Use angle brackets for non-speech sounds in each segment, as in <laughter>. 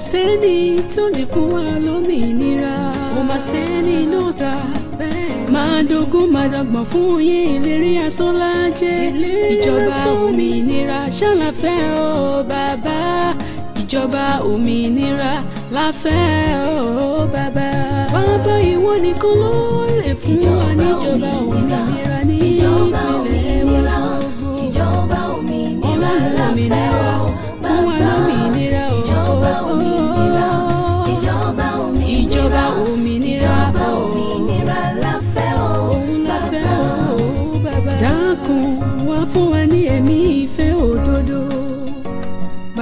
sẹ́ni tó lè fún wa lómìnira kò má sẹ́ni náà ta máa dogun máa dọ́gbọ́n fún yín ìlérí asọ́lájẹ́ ìjọba òmìnira ṣàlàfẹ́ o bàbá ìjọba òmìnira láfẹ́ o bàbá. bàbá ìwọ nìkan ló lè fún wa níjọba òmìnira ní ìpínlẹ̀.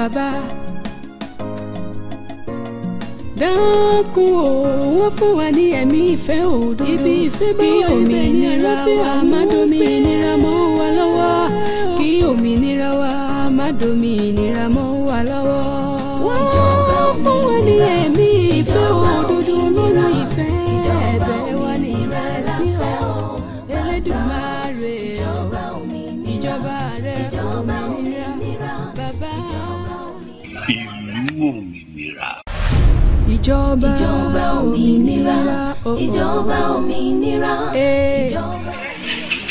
bàbá dákun o wọ́n fún wa ní ẹ̀mí ìfẹ́ òdodo ibi ìfẹ́ bá wà ibẹ̀ wa má dòmìnira mọ́ wa lọ́wọ́ kí òmìnira wa má dòmìnira mọ́ wa lọ́wọ́ wọ́n fún wa ní ẹ̀mí ìfẹ́ òdodo. ìjọba òmìnira ìjọba òmìnira eh. ìjọba.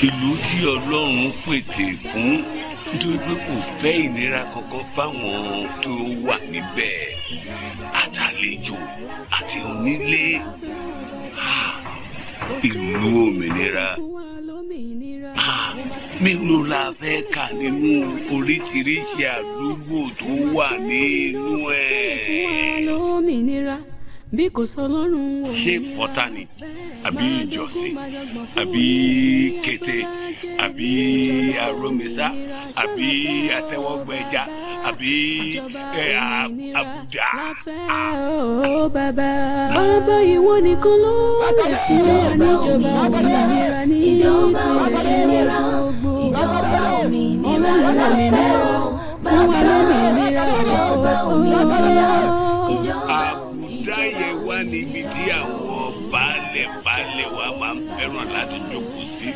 ìlú tí ọlọ́run pètè fún nítorí pé kò fẹ́ ìnira kankan fáwọn tó wà níbẹ̀ àtàlejò àti onílé ah, ìlú òmìnira mélòó la fẹ́ kà nínú oríṣiríṣi àdúgbò tó wà nínú ẹ̀. ṣé pọ́tà ni àbí ìjọsìn àbí kété àbí aromisa àbí àtẹwọgbẹja àbí àbújá. bàbá ọba ìwọ nìkan ló lè fún wa níjọba òmìnira ní ìjọba òmìnira ìjọba òmìnira láfẹ́ o bàbá òmìnira ìjọba òmìnira ìjọba òmìnira. àbùdá yẹn wá níbi tí àwọn baálẹ̀ baálẹ̀ wa máa ń fẹ́ràn láti jókòó sí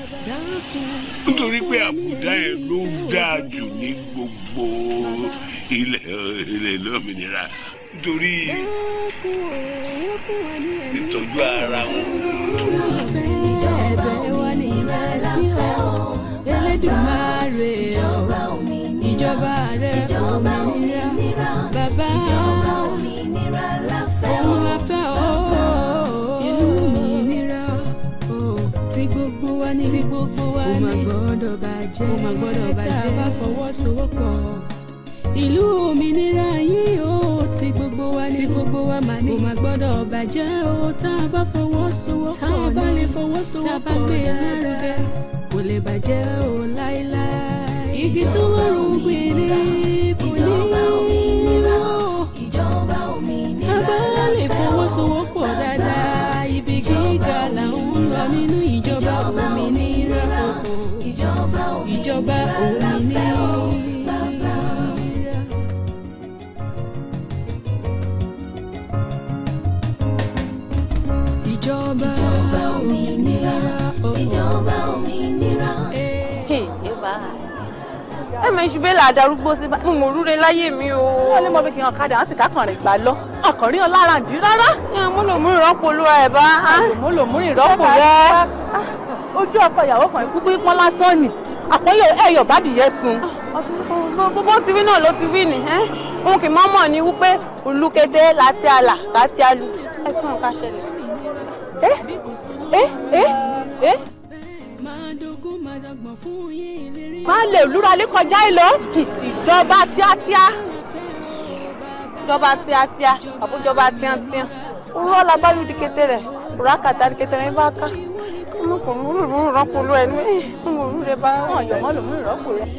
nítorí pé àbùdá yẹn ló dáa jù ní gbogbo ilẹ̀ ilẹ̀ nítorí ìtọ́jú ara wọn. ìjọba òmìnira láfẹ́ o. Elédùmarè ìjọba òmìnira ìjọba rẹ ìjọba òmìnira bàbá ìjọba òmìnira la fẹ́ o òun la fẹ́ o ìlú òmìnira o tí gbogbo wa ní tí gbogbo wa ní ó má gbọ́dọ̀ bàjẹ́ ó má gbọ́dọ̀ bàjẹ́ tá ìlú òmìnira yìí ó ti gbogbo wa ní gbogbo wa mà ní. kò má gbọ́dọ̀ bàjẹ́ o tá a bá fọwọ́sowọ́pọ̀ ní tá a bá lè fọwọ́sowọ́pọ̀ tá a bá gbé e lárugẹ kò lè bàjẹ́ o láéláé. igi tó wọ́rùn gbìn ní kò ní rírọ̀ tá a bá lè fọwọ́sowọ́pọ̀ dáadáa ibi gíga là ń lọ nínú ìjọba òmìnira ìjọba òmìnira. ẹ mọ iṣu bẹ́ẹ̀ àdarúgbó sí mo mọ orúre láyé mi o. wọ́n ní mo fi kìhàn kadà àti kákànrin gbà lọ ọkùnrin ọlára dì rárá. mo lò mú ìrọ́pò lu ẹ̀ bá. mo lò mú ìrọ́pò rẹ. ojú ọkọ ìyàwó kan ikú pé pọ́n lásán ni àpọ́nlé ẹ̀yọ̀ bá dìyẹ sun. bó ti wí náà ló ti wí ni òun kì mọ́ mọ̀ ni wípé olùkéde láti àlà láti àlù ẹ̀sùn kàṣẹlẹ̀. ẹ ẹ ẹ ẹ máa lè lúra lé kọjá ìlò ìjọba tíátíá ìjọba tíátíá àbújọba tíátíá òwúrọ̀ làbáyọ̀ dìkété rẹ̀ òràkàtà dìkété rẹ̀ bá ká olùkùnrin mú ìrọ́pò lọ ẹni òwúrú rẹ̀ bá wọ̀nyọ̀mọ́ lòún ìrọ́pò rẹ̀.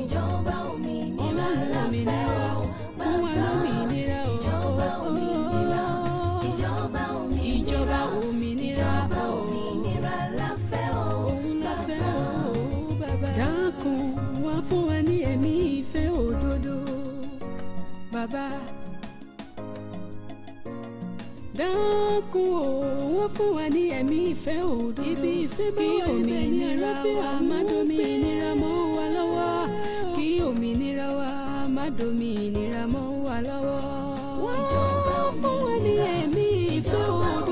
ìjọba òmìnira làfẹ́ o. bàbá dákun o wọ́n fún wa ní ẹ̀mí ìfẹ́ òdodo ibi ìfẹ́ bá wà òmìnira wa má dòmìnira mọ́ wa lọ́wọ́ kí òmìnira wa má dòmìnira mọ́ wa lọ́wọ́. wọ́n fún wa ní ẹ̀mí ìfẹ́ òdodo.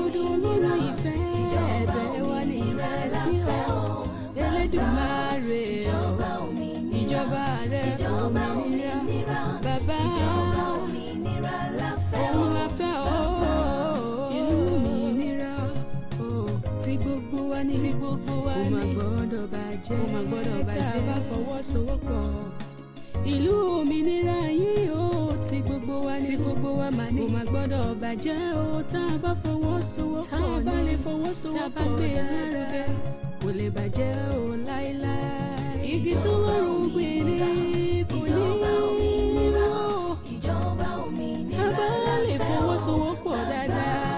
wa ní tí gbogbo wa ní ó máa gbọ́dọ̀ bàjẹ́ ó máa gbọ́dọ̀ bàjẹ́ tá a bá fọwọ́sowọ́pọ̀ ìlú òmìnira yìí ó ti gbogbo wa ní tí gbogbo wa máa ní ó máa gbọ́dọ̀ bàjẹ́ ó tá a bá fọwọ́sowọ́pọ̀ tá a bá lè fọwọ́sowọ́pọ̀ tá a bá gbé lárugẹ kò lè bàjẹ́ ó láéláé igi tó wọ́rùn gbìn ní kò ní ìjọba òmìnira tá a bá lè fọwọ́sowọ́pọ̀ dáadáa.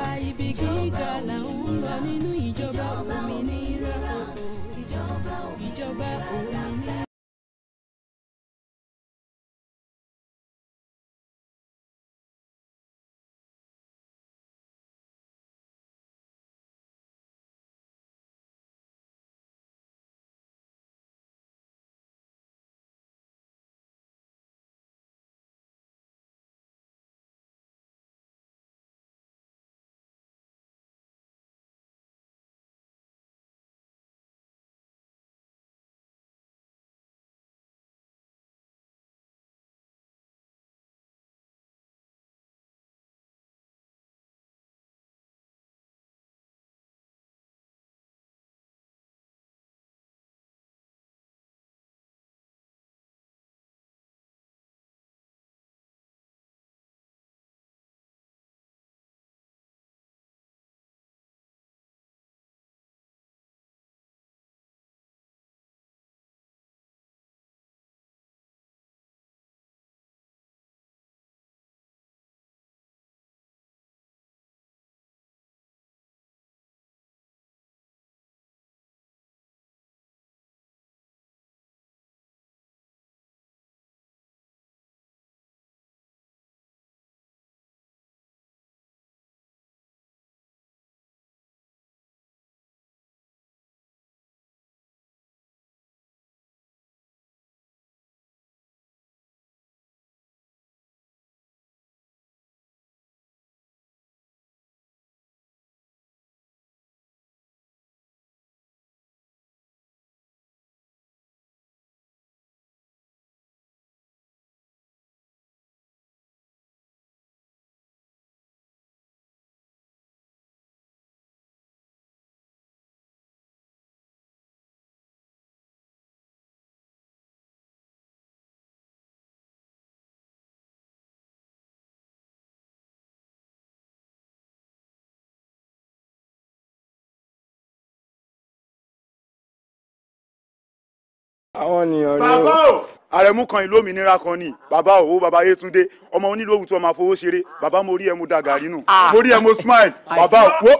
àwọn ènìyàn ni o. bàbá o àrẹ̀mú kan ìlú òmìnira kan ni bàbá òwò bàbá yétúndé ọmọ onílòwù tí wọn máa fowó ṣeré bàbá mo rí ẹ mo da gàrí ah. mo rí ẹ mo smile bàbá òwò.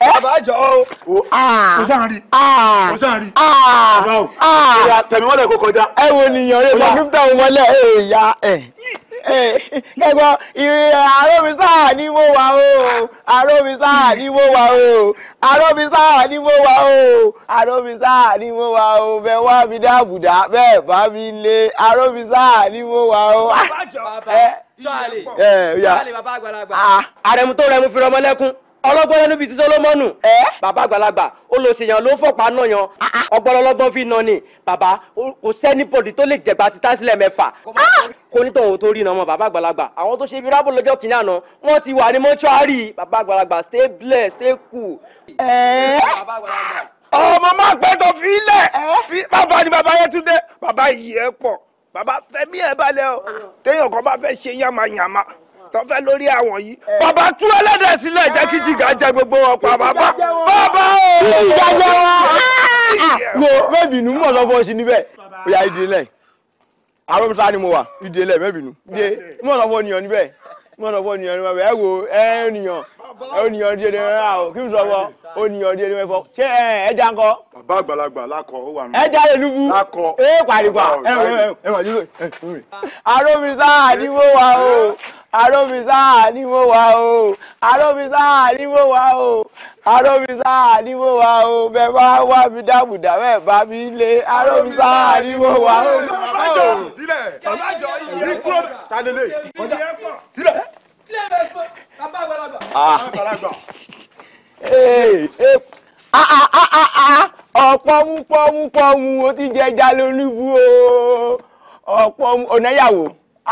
bàbá jọ o. o sàn ah. rí ah. o sàn rí bàbá o. tẹ̀mí wọlé kó kọjá. ẹ wo nìyàn rẹ bá fífẹ́ wọlé ẹ̀yà ẹ̀. <laughs> ẹ̀gbọ́n àròmísà ni mo wà o àròmísà ni mo wà o àròmísà ni mo wà o àròmísà ni mo wà o bẹ́ẹ̀ wá mi dáàbùdá bẹ́ẹ̀ bá mi lé àròmísà ni mo wà o. sọ àlè sọ àlè bàbá àgbàlagbà. Ah, àrẹ̀mú tó rẹ̀mú fi rọmọ lẹ́kún ọlọ́gbọ́n lẹ́nu bíi ti sọlọ́mọ́nù ẹ́ bàbá àgbàlagbà ó ló fọ̀pá náà yan ah, ah. ọgbọ́n ọlọ́gbọ́n fi nà ni bàbá kò sẹ́ni tó lè jẹ̀gbà ti tásílẹ̀ mẹ́fà ah! kò ní tọ̀hún tó rí iná mọ́ bàbá àgbàlagbà àwọn tó ṣe ibi rábò lọ́jọ́ kìíní àná wọ́n ti wà ní mọ́ṣúárì bàbá àgbàlagbà stay blessed stay cool. ẹ̀ẹ́ ọmọ máa gbẹ́ tó fi bàbá ni bàbá yẹn tún dé bàbá yìí ẹ̀ pọ̀ bàbá fẹ́mi ẹ̀ balẹ̀ o téèyàn kan bá fẹ́ ṣe yàmàyàmà tó fẹ́ lórí àwọn yìí. Eh. bàbá tú ẹlẹ́dẹ̀ sílẹ̀ jẹ́ kí jìgá jẹ gbogbo wọn pa bàbá. bàbá o. kí jìgá jẹ wọn. Ah, wo mẹ́bìnú mọ̀ lọ́fọ́ sí níbẹ̀ ó yà ìdí lẹ̀ àrùn sáà ni mo wà ìdí lẹ̀ mẹ́bìnú. mọ̀ lọ́fọ́ nìyàn níbẹ̀ mọ̀ lọ́fọ́ nìyàn níbẹ̀ ẹ wo ẹ nìyàn oníyan díẹ̀ ní ẹ̀rọ àwọ̀ kí n sọ wọ oníyan díẹ̀ ní ẹ̀fọ́ ṣé ẹja ńkọ. bàbá àgbàlagbà lakọ ó wà nù. ẹja èlùbù lakọ ẹ pàdìpà ẹwà nílò ẹ. àròmísà ni mo wà o àròmísà ni mo wà o àròmísà ni mo wà o àròmísà ni mo wà o bẹ́ẹ̀ bá wà mí dàbùdà bẹ́ẹ̀ bá mi lé àròmísà ni mo wà o. bàbá jọ ilẹ̀ bàbá jọ kúrò tani lè ilẹ̀ kílẹ̀ bẹ fún bàbá àgbàlagbà. ọ̀pọ̀ ń pọ̀ ń pọ̀ ń o ti jẹja lónìbù o ọ̀pọ̀ ọ̀nàyàwó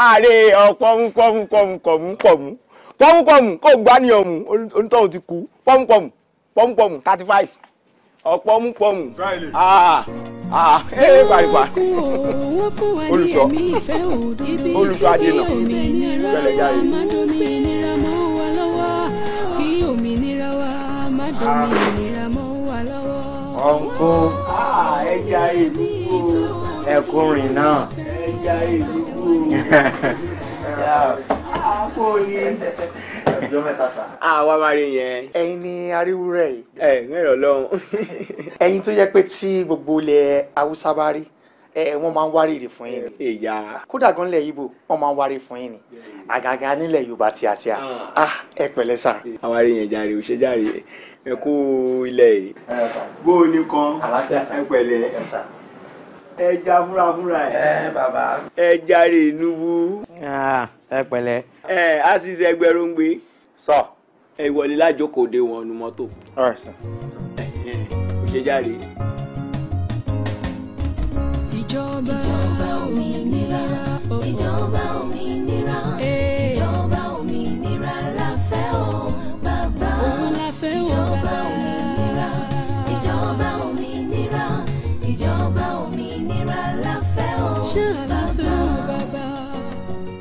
ààrẹ ọ̀pọ̀ ń pọ̀ ń pọ̀ ń pọ̀ ń pọ̀ ń pọ̀mùpọ̀mù kó gbaniyanmu onítọ̀hún ti kú pọ̀mùpọ̀mù pọ̀mùpọ̀mù thirty five ọ̀pọ̀mupọ̀mù ee paripa olùṣọ́ olùṣọ́ adena bẹ̀rẹ̀ jáde. ọ̀nkó ẹja ìlú ẹ̀kúnrin náà ẹja ìlú. <laughs> kó ni. ọjọ́ mẹ́ta sá. àwa máa rí yẹn. ẹ̀yin ni aríwúrẹ́ yìí. ẹ mẹ́rin ọlọ́run. <laughs> ẹ̀yin tó yẹ pé tí gbogbo ilẹ̀ haúsá bá rí wọ́n máa ń wárìrì fún yín ni. ìyá. kódà gan lẹ̀ ibo wọ́n máa ń wárìrì fún yín ni. àgàgà nílẹ̀ yorùbá tíátíá. Ah. ah ẹ pẹ̀lẹ́ sá. àwa rí yẹn jàre òṣè jàre ẹ kú ilẹ̀ yìí. bó o ní kan ẹ pẹ̀lẹ́ ẹja fúrafúra ẹ. ẹ bàbá. ẹja rè nubu. Ah, ẹ pẹ̀lẹ́. ẹ a sì ṣe ẹgbẹ̀rún gbé. sọ. ẹ wọlé lájókòó de wọn nu mọ́tò. ọ̀rẹ́ sọ. ẹ ẹ ṣe jáde. ìjọba òmìnira ìjọba òmìnira. ṣàlàfẹ́ o bàbá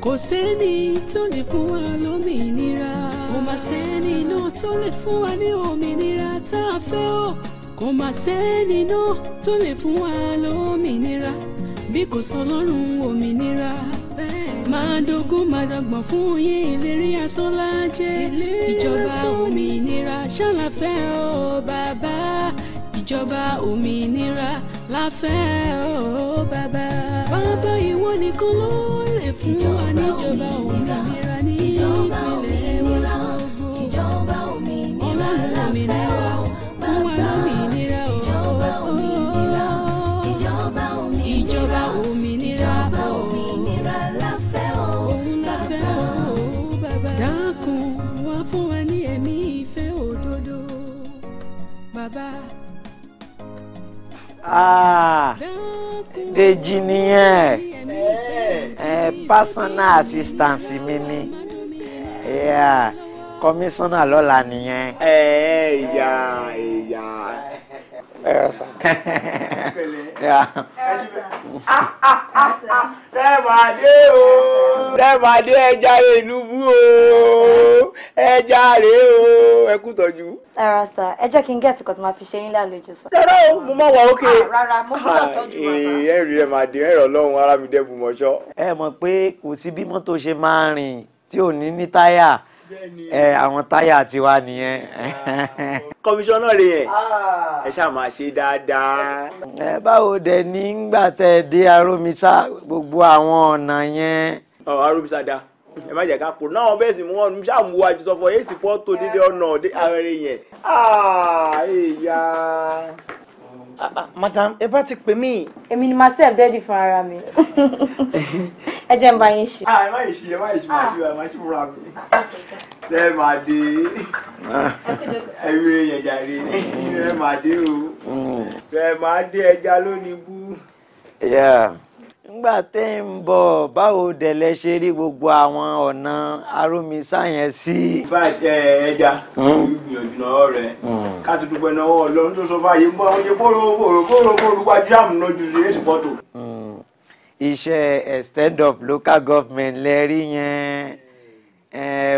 kò sẹ́ni tó lè fún wa lómìnira kò má sẹ́ni náà tó lè fún wa ní òmìnira tá a fẹ́ o kò má sẹ́ni náà tó lè fún wa lómìnira bí kò sọ lọ́rùn òmìnira máa dogun máa dọgbọ̀n fún yín ìlérí asọ́lájẹ́ ìjọba òmìnira ṣàlàfẹ́ o bàbá ìjọba òmìnira la fẹ́ o bàbá. bàbá ìwọ nìkan ló lè fún wa níjọba òmìnira ní ìpínlẹ̀. Ah, Dèjì nìyẹn eh, personal assistance mi ni kọmíṣánná lọ́la nìyẹn. ẹ̀ẹ́ ìyá ìyá ẹ̀rọ̀sà. tẹ́màdé o tẹ́màdé ẹja ènúbú o ẹja rè o ẹ kú tọ́jú. ẹ̀rọ̀sà ẹ jẹ́ kí n gẹ̀ẹ́tì kan tí màá fi ṣe yín lálejò sọ. rárá o mo máa wà ókè. Ah, rárá mo máa ah, tọ́jú eh, bàbá. ẹ rí ẹ màdé ẹ rọ lọ́run ara mi dẹ́bu mọ́ṣọ́. ẹ mọ̀ pé kò sí bí mọ́tò ṣe máa rìn tí ò ní ní táyà ẹ àwọn táyà tiwa nìyẹn. Ah, kọmíṣánná rẹ yẹn ah. ẹ ṣáà máa ṣe dáadáa. ẹ báwo dẹ nígbà tẹ dé aromisa gbogbo àwọn ọ̀nà yẹn. ọ aromisa dáa ẹ má jẹ ká pò náà wọn bẹ́ẹ̀ sì mú wọn ṣáà mú wa jù sọ fún ẹ èsì ọ̀nà ààrẹ yẹn. àà ah, èèyàn. Ah, ah, madam ẹ bá ti pè mí. èmi ni myself dẹ́ẹ̀dì fún ara mi <laughs> ẹ jẹ́ n bá yín ṣe. Ah, ẹ má yìí ṣe ẹ má yìí ṣe máa ṣe ẹ má ṣe fúnra mi ṣe ẹ máa dé ẹwé ẹjà rẹ ẹ máa dé o mm. ṣe ẹ máa dé ẹja lónìí bú nígbà tẹ́ ń bọ̀ báwo dẹ̀lẹ́ ṣe rí gbogbo àwọn ọ̀nà arómisá yẹn sí. bàjẹ́ ẹja gbìyànjú hmm. náà rẹ̀ hmm. ká tó dúpẹ́ náà ọlọ́run tó sọ fáyé mọ́ oye bóró bóró bóró bóró wájú àmúná ju ilé ìsìnkọ́tò. Hmm. iṣẹ́ extend of local government lẹ rí yẹn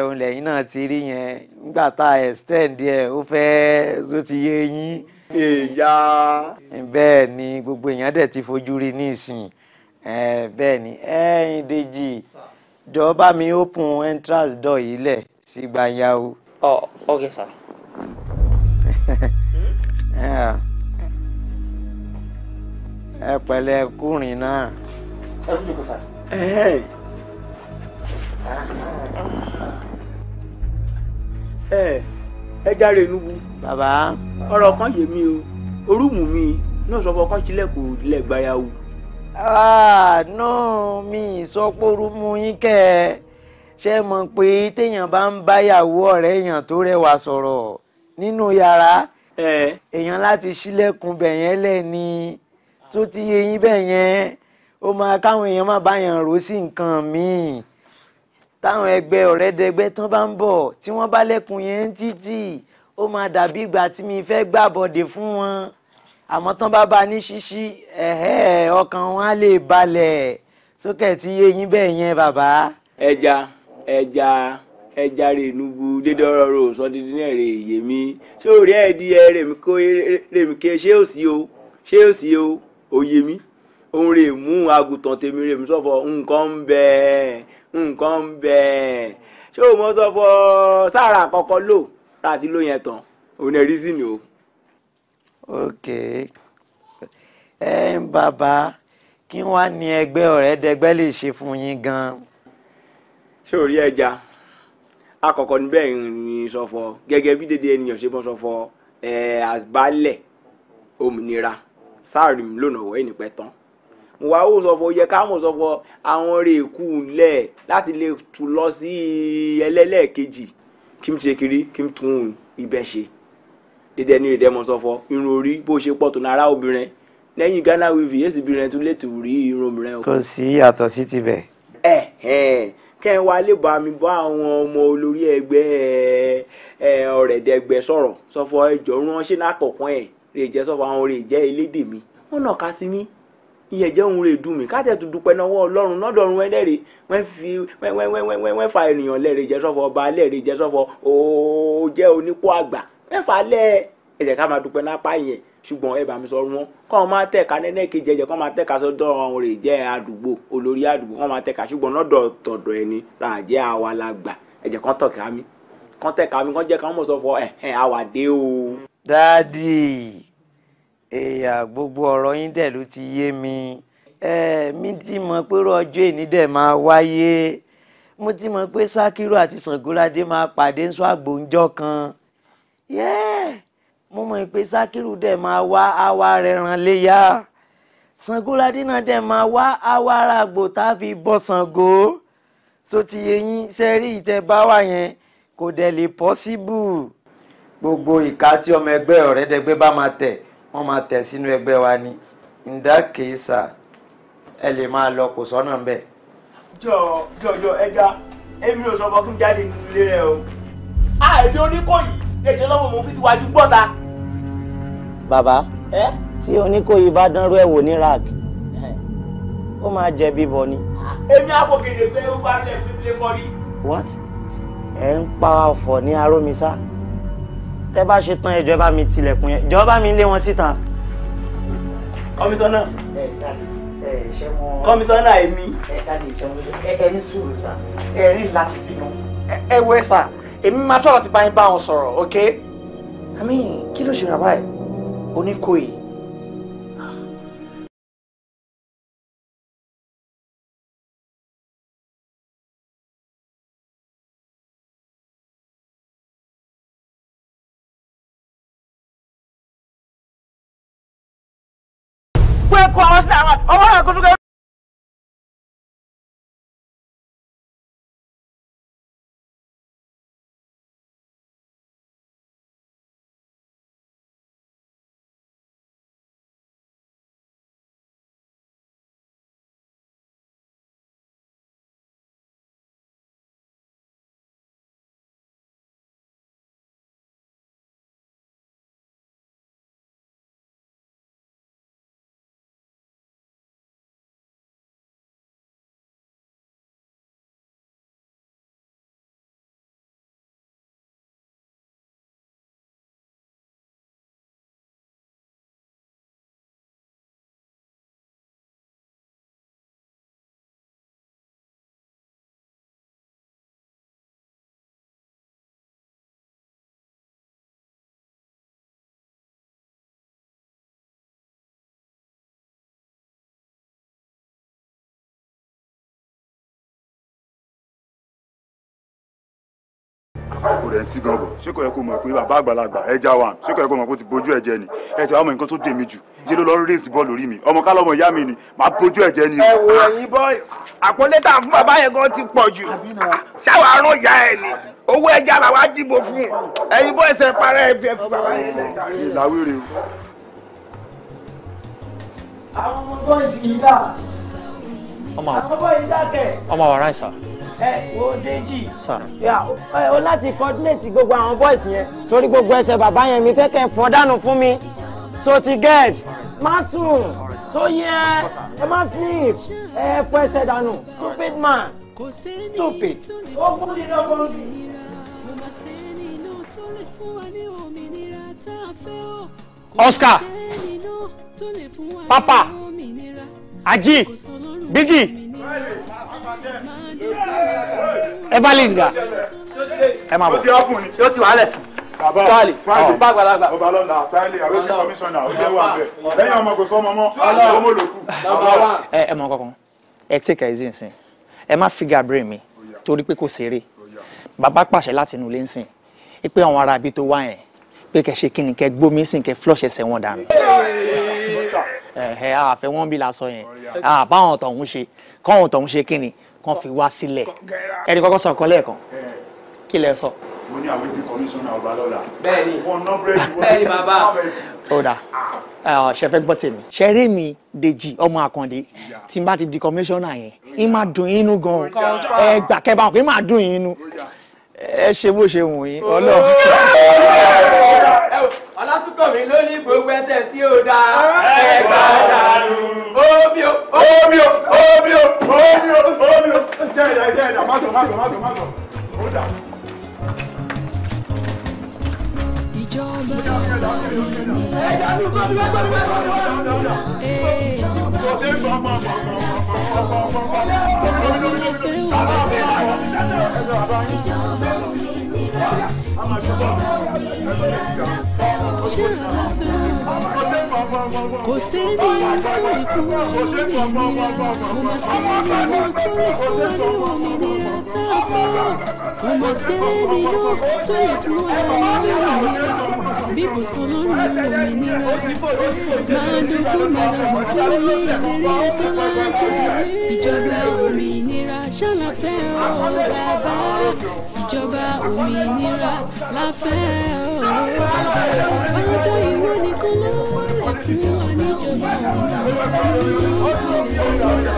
òun lẹ́yìn náà ti rí yẹn nígbà tá a extend ẹ̀ ó fẹ́ tó ti yé yín. èèyàn. bẹ́ẹ̀ ni gbogbo èèyàn dẹ̀ ti fojú rí nísìn bẹ́ẹ̀ ni ẹ̀yin Dèjì jọ bá mi open entrance door yìí lẹ̀ sí gbanya o. ọ ok sir. <laughs> ẹ pẹ̀lẹ́ kúrin náà. ẹ kú jòkó sir. ẹ ẹ járe inúbu. bàbá. ọ̀rọ̀ kan yé mi o orúmù mi náà sọ fún ọkàn tilẹ̀ kò lẹ̀ gbayawu. Ah, náà mi ìsọpọ̀rọ̀ mú yín kẹ́ ẹ ṣe mọ̀ pé téèyàn bá ń báyàwó ọ̀rẹ́ èèyàn tó rẹwà sọ̀rọ̀ nínú yàrá èèyàn láti ṣílẹ̀kùn bẹ̀yẹn lẹ́ni tó ti yé yín bẹ̀yẹn ó máa káwọn èèyàn má báyàn rò sí nǹkan míì táwọn ẹgbẹ́ ọ̀rẹ́dẹgbẹ́ tán bá ń bọ̀ tí wọ́n bá lẹ́kùn yẹn títì ó máa dàbí ìgbà tí mi fẹ́ gbàbọ̀dé fún wọn àmọ́ tán bá bá ní ṣíṣí ọkàn wọn á lè balẹ̀ sókè tí eyín bẹ́ẹ̀ yẹn bàbá. ẹja ẹja ẹja rè nubu dédọrọ rò sọdídì náà rè yé mi ṣé òrí ẹ di ẹ rèmíkẹ ṣé ò sí o ṣé ò sí o òye mi òun rè mú àgùntàn tèmi rè mí sọfọ nǹkan ń bẹ nǹkan ń bẹ ṣé o mọ sọfọ sára àkọ́kọ́ lò láti lóyún tán òun ẹ rí sí ni o ok ẹ ń bàbá kí wá ní ẹgbẹ́ ọ̀rẹ́ dẹgbẹ́ lè ṣe fún yín gan-an. ṣé o rí ẹja àkọ́kọ́ níbẹ̀ ni sọ̀fọ̀ gẹ́gẹ́ bí dédé ènìyàn ṣe bọ́ sọ̀fọ̀ ẹ̀ àgbálẹ̀ òmìnira sáàrìm lónà ọ̀wọ́ ìnìpẹ́ tán mo wá ó sọ̀fọ̀ yẹ ká mọ̀ sọ̀fọ̀ àwọn rèékù ńlẹ̀ láti lè tún lọ sí ẹlẹ́lẹ́ẹ̀kejì kí n ṣe kiri kí n tún ibẹ̀ ṣe dédé ní rèé dẹ́mọ̀ sọ́fọ́ irun orí bó ṣe pọ̀ tó nára obìnrin lẹ́yìn Ghana weaving yéèsì obìnrin tún lè tù rí irun obìnrin. kò sí yàtọ̀ sí tibẹ̀. ẹ ẹ kẹ́hìn wa lè bá mi bá àwọn ọmọ olórí ẹgbẹ́ ẹ ọ̀rẹ́dẹ́gbẹ́ sọ̀rọ̀ sọ́fọ́ ẹjọ́ ránṣẹ́ náà kọ̀ọ̀kan ẹ̀ rè jẹ́ sọ́fọ́ àwọn rè jẹ́ elédè mi wọ́n nà ká sí mi ìyẹn jẹ́ òun rè dùn mí káàtẹ́ tó dúpẹ́ náwó ọlọ́run lọ́dọ̀ọ̀run ẹlẹ́rìí wọ́n fi wọ́n fa ènìyàn lẹ́rìí jẹ́ sọ́fọ́ ọba lẹ́rìí jẹ́ sọ́fọ́ ó jẹ́ onípò àgbà mẹ́fà lẹ́ ẹ jẹ́ ká máa dúpẹ́ lápá yẹn ṣùgbọ́n ẹ bá mi sọ wọn kọ́ ọ máa tẹ̀ka nẹ́nẹ́ kejì ẹ̀jẹ̀ kọ́ máa tẹ̀ka sọ́dọ̀ ọ̀hún rè jẹ́ àdúgbò olórí àdúgbò kọ́ máa tẹ̀ka ṣùgbọ́n lọ́dọ̀ tọ̀dọ̀ ẹni ra àjẹ́ àwa la gbà ẹ̀jẹ̀ kan tọ̀ka mi kan tẹ̀ka mi kan jẹ́ ká mọ̀ sọ fọ ẹ̀hẹ̀n àwa dé o. dáàdì èèyà gbogbo ọ̀rọ̀ yín dẹ̀ ló ti yé mi mi ti mọ̀ pé ọjọ́ èní dẹ̀ máa wáyé mo ti mọ̀ pé Sakiru àti Sangolade máa pàdé ń àgbòǹjọ́ kan mo mọ̀ pé Sakiru dẹ̀ máa wá àwa rẹ̀ ràn léyà Ṣàngóládé náà dẹ̀ máa wá àwa ara àgbò tá a fi bọ́ Ṣàngó so ti eyín sẹ́rí ìtẹ́báwá yẹn kò dẹ̀ lè pọ́síbù. gbogbo ìka tí ọmọ ẹgbẹ́ ọ̀rẹ́dẹ́gbẹ́ bá máa tẹ̀ wọ́n máa tẹ̀ sínú ẹgbẹ́ wa ni in that ẹ lè máa lọ kò sọ́nà ń bẹ̀. jọ jọ jọ ẹja èmi ò sọ ọmọkùnrin jáde nínú ilé rẹ o. àìdí oníkòyí èdè lọ́wọ́ mo fi ti wájú gbọ́ta. bàbá tí oníkòyí bá dánrú ẹ̀ wò ní rag ó máa jẹ bíbọ ni. Ah, èmi àfọkèdè pé ó bá rẹ̀ pípé kọrí. what ẹ ń pa ọ̀fọ̀ ní arómisá tẹ bá ṣe tán ẹjọ́ bá mi tilẹ̀kùn yẹn jọ̀ọ́ bá mi lé wọn síta. kọmísánná kọmísánná èmi. ẹ ní sùúrù sá ẹ ní láti bínú ẹ wẹ sá èmi máa tọ́ láti bá yín bá wọn sọ̀rọ̀ ok i mean kí ló ṣe bàbá ẹ̀ oníkòyí kò rẹ̀ ń tí gan bọ̀ ṣé kò yẹ kó mọ̀ pé bàbá àgbàlagbà ẹja wà ṣé kò yẹ kó mọ̀ pé ti bójú ẹ̀jẹ̀ ni ẹ ti wá mọ nǹkan tó dè mí jù yé ló lọ rèézi bọ́ọ̀lù orí mi ọmọ kálọ̀ ọmọ ìyá mi ni màá bójú ẹ̀jẹ̀ ni. ẹ wo ẹ̀yin boys àpọ́nlé tá a fún bàbá yẹn gan ti pọ̀ jù ṣáwa arún ìyá ẹ ni owó ẹja làwa dìbò fún ẹ̀yin boys ẹ parẹ́ ẹ fi fún bàbá yẹn àwọn ọmọ bọ́ọ̀sì yìí dà dà ọmọ àwàrà ẹ wo Déjì o láti coordinate gbogbo àwọn boys yẹn sórí gbogbo ẹsẹ̀ bàbá yẹn mi fẹ́ kẹ́ fọ́ dànù fún mi so ti get má so yẹ ẹ má sleep ẹ fọ́ ẹsẹ̀ dànù stupid man stupid ó kú nínú ọkọ mi. Oscar papa. Aji, ají bígì evalid ga ẹ máa bọ̀. yóò ti wà lẹ̀ bàbá fáìlì fáìlì bá àgbàlagbà ọba lọ́la fáìlì àwẹsẹ kọmíṣánná ọdẹ wà bẹ lẹ́yìn ọmọ kò sọ ọmọ mọ ọmọ lòkù. ẹ ẹ mọ kankan ẹ take easy nsìn ẹ má figure brain mi torí pé kò ṣeré bàbá pàṣẹ láti inú ilé nsìn pé àwọn ará ibi tó wá yẹn pé kẹ ṣe kí ni kẹ gbómi sìn kẹ flush ẹsẹ̀ wọn dànù ẹ̀hẹ́ eh, àfẹ́ eh, oh, wọn bí la sọ yẹn àbáwọn tọ̀hún ṣe kọ́hún tọ̀hún ṣe kíni kàn fi wá sílẹ̀ ẹni kọ́kọ́ sọ kọ́lẹ́ kan eh. kí lẹ sọ. mo ní àwọn tí kọmíṣánná ọba lọ́la. bẹ́ẹ̀ni bẹ́ẹ̀ni bàbá ọ̀dà ah. ah, ṣẹfẹ́ gbọ́ tèmi. ṣẹ́rí mi Dèjì ọmọ Àkàndé tí n bá ti di kọmíṣánná yẹn ń oh, máa dùn inú gan-an oh, ẹgbà kẹ́ bá wọn pé ń máa dùn inú ẹ ṣe bó ṣe wù yín ọlọ́run. ọlásùnkànmí ló ní gbogbo ẹsẹ̀ tí ó da ẹgbà dànù omi o omi o omi o omi o omi o ṣe ẹ̀dá ṣe ẹ̀dá mátò mátò mátò mátò ó dà. ìjọba ọ̀la ni ẹ̀dá ló gbọ́dọ̀ gbọ́dọ̀ gbọ́dọ̀ gbọ́dọ̀ ìjọba mi kò sẹ́ni tó lè fún wa lómìnira kò má sẹ́ni tó lè fún wa lómìnira tá a fọ́ kò má sẹ́ni tó lè fún wa lómìnira bí kò sọ lọ́rùn lómìnira máa dogun máa dàgbà fún orílẹ̀-èdè rẹ̀ sọ́lájẹ́ ìjọba òmìnira ṣọ́nà fẹ́ ọ́ bàbá ìjọba òmìnira láfẹ́ ọ̀rọ̀ bàbá àbúdá ìwọ nìkan ló lè fún wa níjọba òmìnira níjọba òmìnira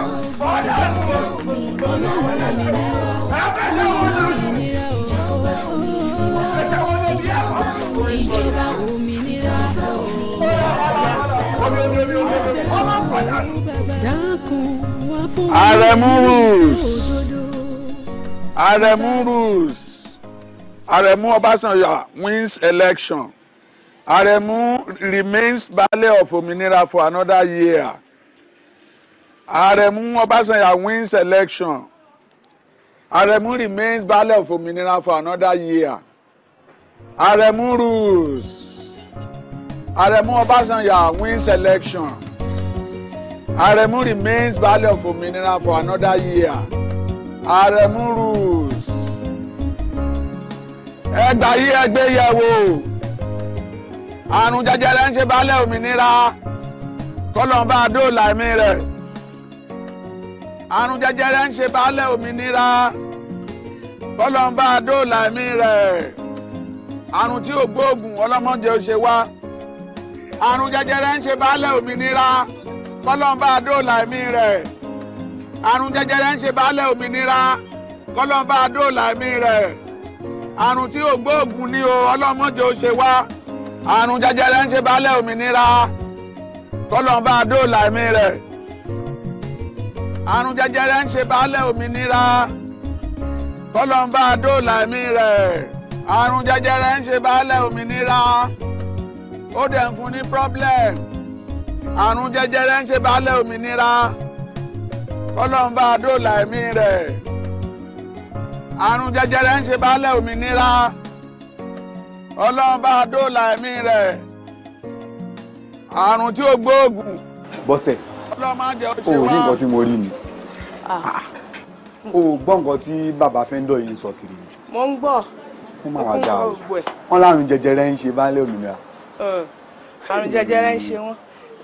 ìjọba òmìnira òmìnira òmìnira ìjọba òmìnira ìjọba òmìnira òmìnira dákun wá fún mi. àrẹ̀mú. Aremu rules Aremu Obasanjo wins election Aremu remains baale of Ominira for another year Aremu Obasanjo wins election Aremu remains baale of Ominira for another year Aremu rules Aremu Obasanjo wins election Aremu remains baale of Ominira for another year. Aremu rules ẹgbà yí ẹgbẹ́ yẹ̀wò àrùn jẹjẹrẹ ń ṣe baálẹ̀ òmìnira kọlọ́nba àdóòlà ẹ̀mí rẹ̀ àrùn jẹjẹrẹ ń ṣe baálẹ̀ òmìnira kọlọ́nba àdóòlà ẹ̀mí rẹ̀ àrùn tí ò gbóògùn ọlọ́mọdé ó ṣe wá àrùn jẹjẹrẹ ń ṣe baálẹ̀ òmìnira kọlọ́nba àdóòlà ẹ̀mí rẹ̀ àrùn jẹjẹrẹ ń ṣe baálẹ̀ òmìnira kọ́lọ́mbà dóòlà ẹ̀mí rẹ̀ àrùn tí ò ni o ọlọ́mọdé ó ṣe wá àrùn jẹjẹrẹ ń ṣe baálẹ̀ òmìnira kọ́lọ́mbà dóòlà ẹ̀mí rẹ̀ àrùn jẹjẹrẹ ń ṣe baálẹ̀ òmìnira kọ́lọ́mbà dóòlà ẹ̀mí rẹ̀ àrùn jẹjẹrẹ ń ṣe baálẹ̀ òmìnira ó dẹ̀ ń fún ní problem àrùn jẹjẹrẹ ń ṣe baálẹ̀ òmìnira ọlọ́run bá a dóòlà ẹ̀mí rẹ̀ àrùn jẹjẹrẹ ń ṣe baálẹ̀ òmìnira ọlọ́run bá a dóòlà ẹ̀mí rẹ̀ àrùn tí ó gbóògùn. bọ́sẹ̀ o ò rí nǹkan tí mo rí ni ah. Ah, ah. o gbọ́ nǹkan tí bàbá fẹ́ńdọ̀ yìí ń sọ kiri ni. mo ń gbọ́ ó máa ga o wọ́n lárùn jẹjẹrẹ ń ṣe baálẹ̀ òmìnira. àrùn jẹjẹrẹ ń ṣe wọ́n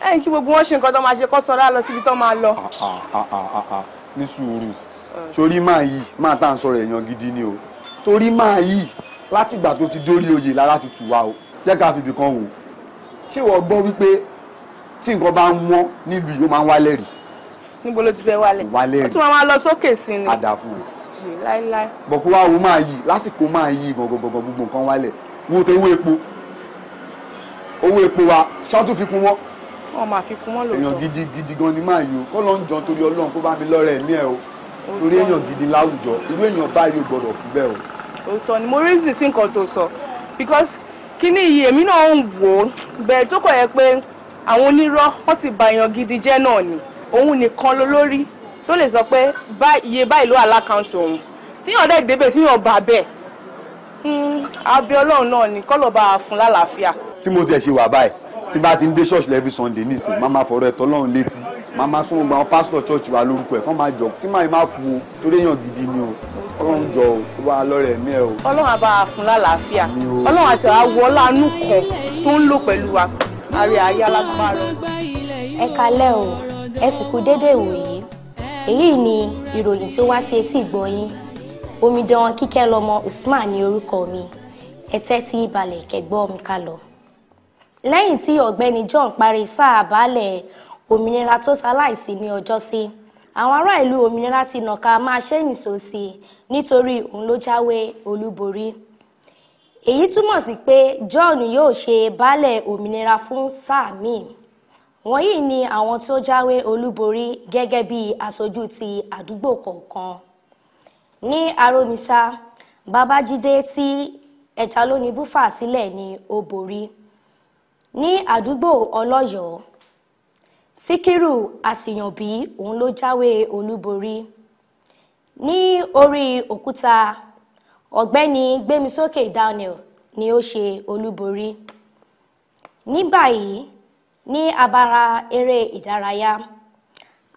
ẹ̀yìn kí gbogbo wọn ṣe nǹkan tó máa ṣe kó sọra lọ síbi tó máa lọ. Ah, ah, ah, ní sùúrù sórí máa yìí máa tá à ń sọ̀rọ̀ èèyàn gidi ni o torí máa yìí láti ìgbà tó ti dórí oyè lára ti tù wá o jẹ́ ká fìbì kan wò ṣé wọ́n gbọ́ wípé tí nǹkan bá ń wọ́n nílùú yìí ó máa ń wálẹ̀ rí. níbo ló ti fẹ́ wálẹ̀ wálẹ̀ rí ó tún máa lọ sókè sí ni. àdàfù láíláí. bọ̀kú wa wo máa yìí lásìkò máa yìí gbọ̀ngbọ̀ngbọ̀n gbogbo nǹkan wálẹ̀ wo tó owó epo owó epo wa ṣáà tún fi kún wọ́n wọn máa fi kún wọn lòótọ́. èèyàn gidi gidi gan ni máa yọ kọ́ ló ń jọ torí ọlọ́run kó bá mi lọ́rẹ̀ ẹ̀mí ẹ̀ o torí èèyàn gidi láwùjọ irú èèyàn báyìí ò gbọ́dọ̀ kú bẹ́ẹ̀ o. òótọ́ ni mo rí sì sí nǹkan tó sọ because kíní iyì èmi náà ń wò ó bẹ́ẹ̀ tó kọ̀ yẹ pé àwọn onírọ́ wọ́n ti bà èèyàn gidi jẹ́ náà ni òun nìkan lólórí tó lè sọ pé iye báyìí ló wà lákàntì òun tíyàn dẹ̀ débẹ̀ tíyàn bà bẹ́ẹ̀ hmm, abẹ́ ọlọ́run náà bá a tí bá ti ń dé ṣọ́ọ̀ṣì lẹ́ẹ̀fì sunday ní ìsìn máa ma fọ̀rọ̀ ẹ̀tọ́ lọ́run létí máa ma fún gbọ́n pásítọ̀ ṣọ́ọ̀ṣì wa lórúkọ ẹ̀ kọ́ máa jọ kí máa má kú o torí èèyàn gidi ni o ọlọ́run jọ o kó wá lọ́rẹ̀ ẹ̀mí ẹ̀ o. ọlọ́run àbá fún lálàáfíà ọlọ́run àti àwọ̀ lánú kan tó ń lò pẹ̀lú wa àrẹ ayé alágbára. ẹ kalẹ́ o ẹ sì kú dédé ìwòyí èyí ni ìròyìn tó wá sí etí ìgbọ́ yín omidan kíkẹ́ lọmọ Usman ní orúkọ mi ẹ tẹ́tí balẹ̀ kẹ́gbọ́ mi ká lẹ́yìn tí ọ̀gbẹ́ni John parí sáà baálẹ̀ òmìnira tó ṣaláìsí ní ọjọ́sí àwọn ará ìlú òmìnira ti nàka máa ṣẹ́yìn sòsì nítorí òun ló jáwé olúborí èyí túmọ̀ sí pé John yóò ṣe baálẹ̀ òmìnira fún sáà míì wọ̀nyí ni àwọn tó jáwé olúborí gẹ́gẹ́ bí aṣojú ti àdúgbò kọ̀ọ̀kan ní Aromisa Babájídé tí Ẹjalónibúfà sílẹ̀ ni ó borí ní àdúgbò ọlọ́yọ̀ọ́ síkírù àsìyànbí òun ló jáwé olúborí ní orí òkúta ọ̀gbẹ́ni gbémisókè daniel ni ó ṣe olúborí ní báyìí ní abala eré ìdárayá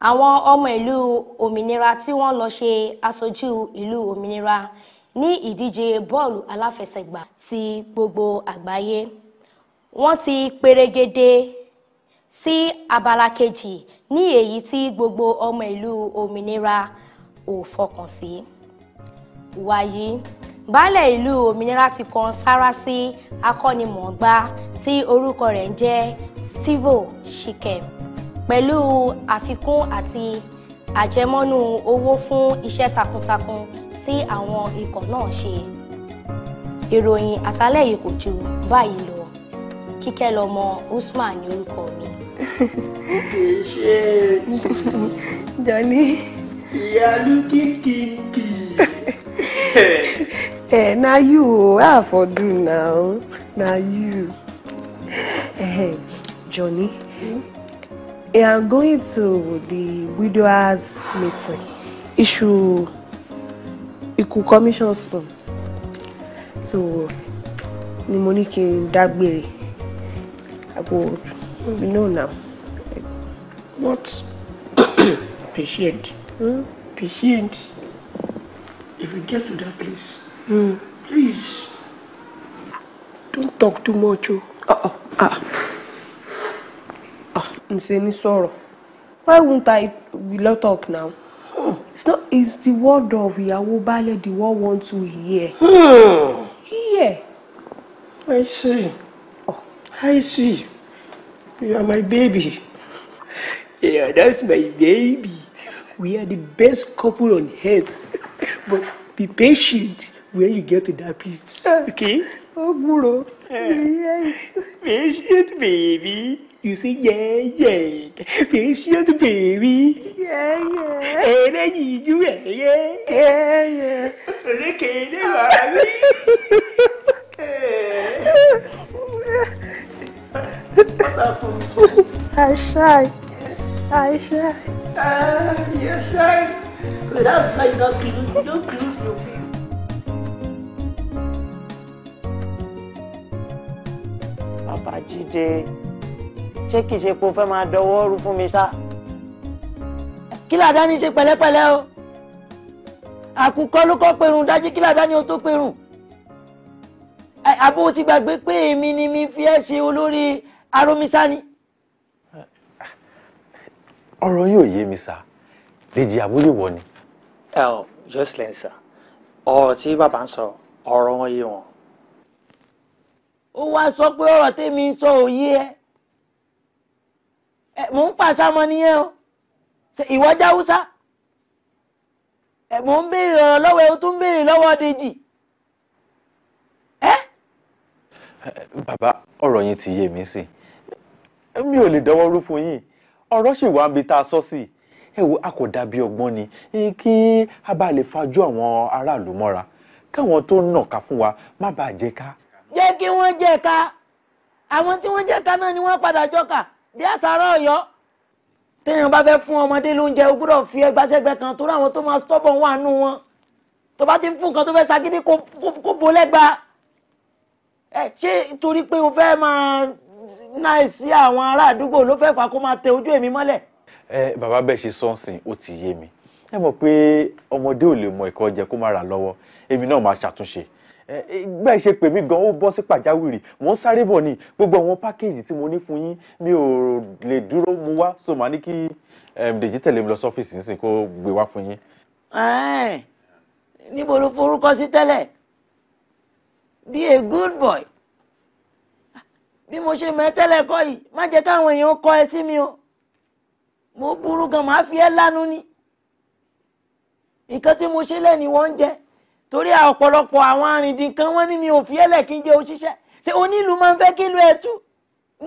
àwọn ọmọ ìlú òmìnira tí wọ́n lọ ṣe aṣojú ìlú òmìnira ní ìdíje bọ́ọ̀lù aláfẹsẹ̀gbá ti gbogbo àgbáyé wọ́n ti perégedé sí abala kejì ní èyí tí gbogbo ọmọ ìlú òmìnira ò fọkàn sí. wàyí baálẹ̀ ìlú òmìnira ti kan sára sí akọ́nimọ̀ọ́gbá tí orúkọ rẹ̀ ń jẹ́ Steve Shikem pẹ̀lú àfikún àti àjẹmọ́nú owó fún iṣẹ́ takuntakun tí àwọn ikọ̀ náà ṣe. ìròyìn àṣálẹ́ yìí kò jù báyìí lọ kíkẹ́ lọmọ usman ní orúkọ mi. ṣe jọni. ìyálú kìkìkì. ẹ na you o a for do now na you. Eh, jọni I am going to the widowers meeting issue ikú commission sùn so ni mo ní kí n dágbére go you know now. But <coughs> patient, hmm? patient. If we get to that place, hmm. please don't talk too much. Oh, uh oh, ah, ah. I'm saying sorrow. Why won't I be let up now? Hmm. It's not. It's the word of ìyàwó baálé. The world wants to hear. Hmm. Hear. I see. Oh. I see. You are my baby. Yeah, that's my baby. We are the best couple on earth. But be patient when you get to that place. Okay? Oh, Guru. yes. Eh. Patient baby. You say, yeah, yeah. Patient baby. Yeah, yeah. And then you do eh, it. Yeah, yeah, yeah. Okay, mommy. <laughs> Eh. Oh, I shy. I shy. Ah, yes, shy. But that's why you don't close, you don't close your face. Bàbá Jídé, ṣé kìí ṣe kó fẹ́ máa dọwọ́ rú fún mi ṣá? Kí làdá ní ṣe pẹ̀lẹ́pẹ̀lẹ́ o? Àkùkọ ló kọ́ perun dájí kí làdá ní o tó perun? Àbó ti gbàgbé pé èmi ni mi fi ẹ́ ṣe olórí aromisa ni. ọ̀rọ̀ yóò yé mi sá Dèjì àbúrò wọ ni. ẹ ọ jocelyn sá ọ̀rọ̀ tí bàbá ń sọ ọ̀rọ̀ wọn yé wọn. ó wá sọ pé ọ̀rọ̀ tèmi ń sọ òye ẹ mò ń pàṣẹ ọmọ nìyẹn o ìwọ jáwúsá ẹ mò ń béèrè ọ̀rọ̀ lọ́wọ́ ẹ o tún ń béèrè lọ́wọ́ Dèjì ẹ. ọ̀rọ̀ yín ti yé mi sí i mi ò lè dọwọ́ rú fún yín ọ̀rọ̀ sì wá bí tá a sọ sí ẹ wo a kò ọgbọ́n ni kí a bá lè fajú àwọn aráàlú mọ́ra káwọn tó nà ká fún wa má bàa jẹ ká. jẹ́ kí wọ́n jẹ ká àwọn tí wọ́n jẹ ká náà ni wọ́n padà jọkà bí àṣàrọ̀ ọ̀yọ́ téèyàn bá fẹ́ fún ọmọdé lóúnjẹ o gbọ́dọ̀ fi ẹgbàṣẹ́gbẹ́ kan torí àwọn tó máa stọ́bọ̀ wà nù wọn tó bá ti ń fún nǹkan tó fẹ́ ṣagídí kó bo lẹ́gba ẹ ṣé torí pé o fẹ́ máa náìsí àwọn ará àdúgbò ló fẹ́ fà kó máa tẹ ojú èmi mọ́lẹ̀. ẹ bàbá bẹ́ẹ̀ ṣe sọ́ọ̀sìn ó ti yé mi ẹ mọ̀ pé ọmọdé ò lè mọ ẹ̀kọ́ jẹ kó má ra lọ́wọ́ èmi náà máa ṣàtúnṣe bẹ́ẹ̀ ṣe pè mí gan ó bọ́ sí pàjáwìrì mò ń sáré bọ̀ ni gbogbo àwọn pákéjì tí mo ní fún yín mi ò lè dúró mu wá so màá ní kí dèjì tẹ̀lé mi lọ sọ́fíìsì nísìnyí kó gbé wá fún yín. níbo ló forúkọ sí tẹ́lẹ̀ be a good boy bí mo ṣe mọ̀ ẹ́ tẹ́lẹ̀ kọ́ yìí má jẹ́ káwọn èèyàn kọ ẹ sí mi o mo burú gan màá fi ẹ́ lánú ni nǹkan tí mo ṣe lẹ́ni wọ́n ń jẹ torí ọ̀pọ̀lọpọ̀ àwọn arìndín kan wọ́n ní mi ò fi ẹlẹ̀ kí n jẹ òṣìṣẹ́ ṣé onílù máa ń fẹ́ kí lu ẹtú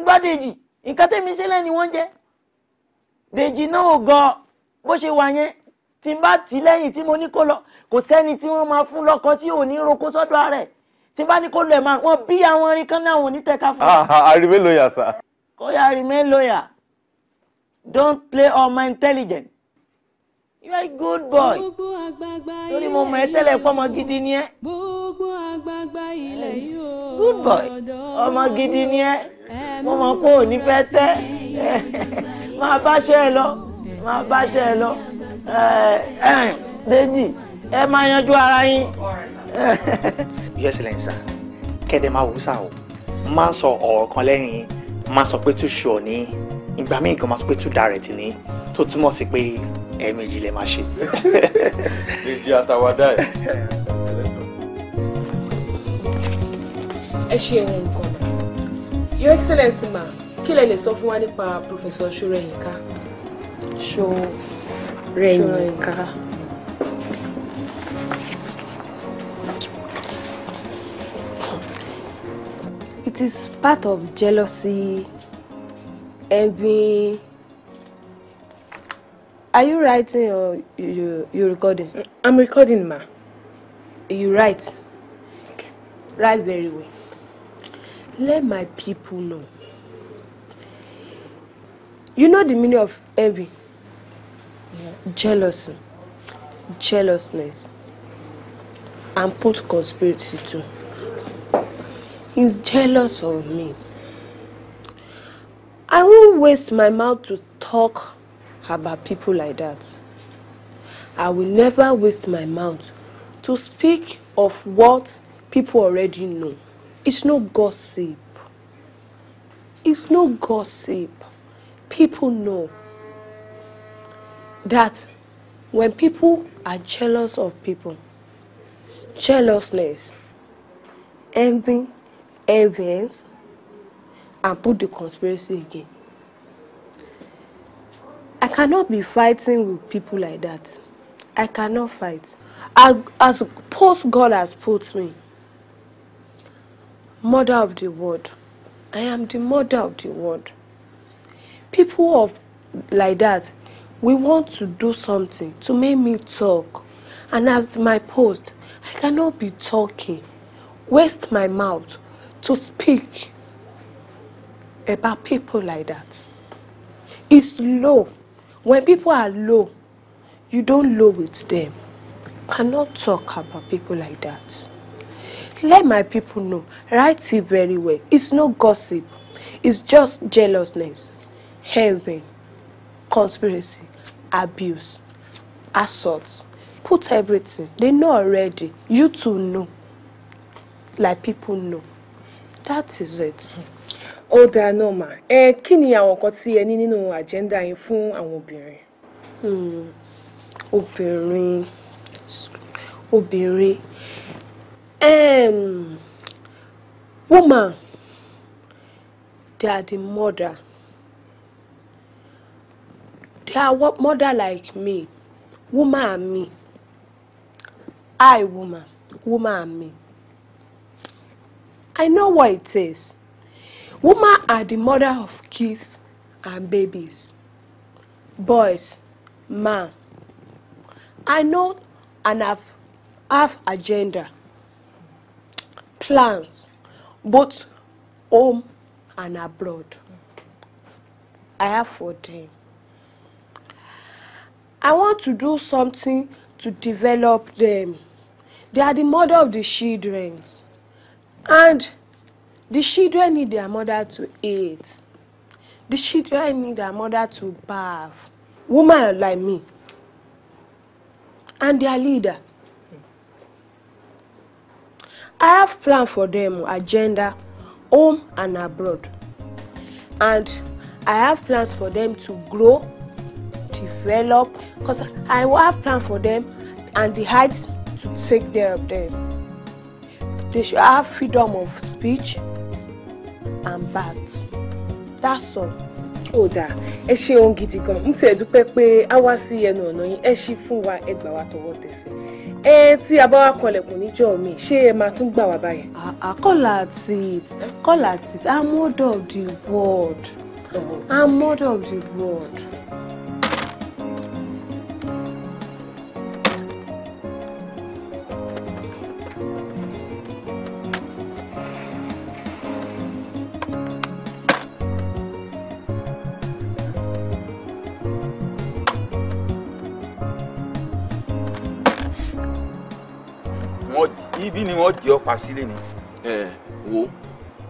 gbọ́dẹ̀jì nǹkan tẹ́mi ṣe lẹ́ni wọ́n jẹ dèjì náà ò gọ bó ṣe wà yẹn tí n bá tì lẹ́yìn tí mo ní kó lọ kò sẹ́ni tí wọ́n máa fún lọ́kọ tí ò ní roko sọ́dọ̀ rẹ̀ tí bá ní kó lọ ẹ̀ máa wọ́n bí àwọn orin kan náà wọ́n ní tẹ́ka fún mi. àrìmé lóyà sá. kó yà àrìmé lóyà don't play on my intelligence you are a good boy lórí mo mọ̀ ẹ́ tẹ́lẹ̀ fọmọ gidi ni ẹ́ good boy ọmọ gidi ni ẹ́ mo mọ̀ pé ò ní fẹ́ tẹ́ <laughs> máa báṣẹ́ ẹ lọ máa báṣẹ́ ẹ lọ Déjì ẹ máa yanjú ara yín. <laughs> your excellence sir kẹ́dẹ̀ máa wò sá o máa ń sọ ọ̀rọ̀ kan lẹ́yìn máa sọ pé too sure ni ìgbà míì gan máa sọ pé too direct ni tó túmọ̀ sí pé ẹ̀ẹ̀mejì lè máa ṣe. ìjì <laughs> àtàwádà ẹ̀. ẹ ṣe ohun kan your excellence ma kí lẹ lè sọ fún wa nípa professor Ṣórẹ̀yìnká. Ṣórẹ̀yìnká. part of jealousy, envy. Are you writing or you you recording? Mm, I'm recording, ma. You write. Write very well. Let my people know. You know the meaning of envy. Yes. Jealousy, jealousness, and put conspiracy too is jealous of me. I won't waste my mouth to talk about people like that. I will never waste my mouth to speak of what people already know. It's no gossip. It's no gossip. People know that when people are jealous of people, jealousness, envy, Events and put the conspiracy again. I cannot be fighting with people like that. I cannot fight. I, as post God has put me, mother of the world, I am the mother of the world. People of like that, we want to do something to make me talk. And as my post, I cannot be talking, waste my mouth to speak about people like that. It's low. When people are low, you don't low with them. cannot talk about people like that. Let my people know, write it very well. It's no gossip. It's just jealousness, envy, conspiracy, abuse, assault. Put everything. They know already. You too know. Like people know that is it. ó dáa náà mà ẹ kí ni àwọn nǹkan tí ẹ ní nínú àjẹ́ndà yín fún àwọn obìnrin. Hmm. obìnrin obìnrin um, woman they are the mother they are what mother like me woman and me i woman woman and me I know what it is. Women are the mother of kids and babies. Boys, man. I know and have, have agenda, plans, both home and abroad. I have for I want to do something to develop them. They are the mother of the children. And the children need their mother to eat. The children need their mother to bath. Woman like me. And their leader. I have plan for them, agenda, home and abroad. And I have plans for them to grow, develop, because I have plan for them and the heights to take care of them. They should have freedom of speech and birth. That's all. ó dáa ẹ ṣe ohun gidi gan n tiẹ̀ dúpẹ́ pé a wá sí ẹnu ọ̀nà yín ẹ ṣí fún wa ẹ gbà wá tọwọ́ tẹsẹ̀ ẹ tí a bá wá kanlẹ̀kùn níjọ́ mi ṣé ẹ máa tún gbà wá báyẹn. call at it call at it I'm mode of the world I'm mode of the world. wọn jẹ́ ọ̀pá sílé ni. ẹ wo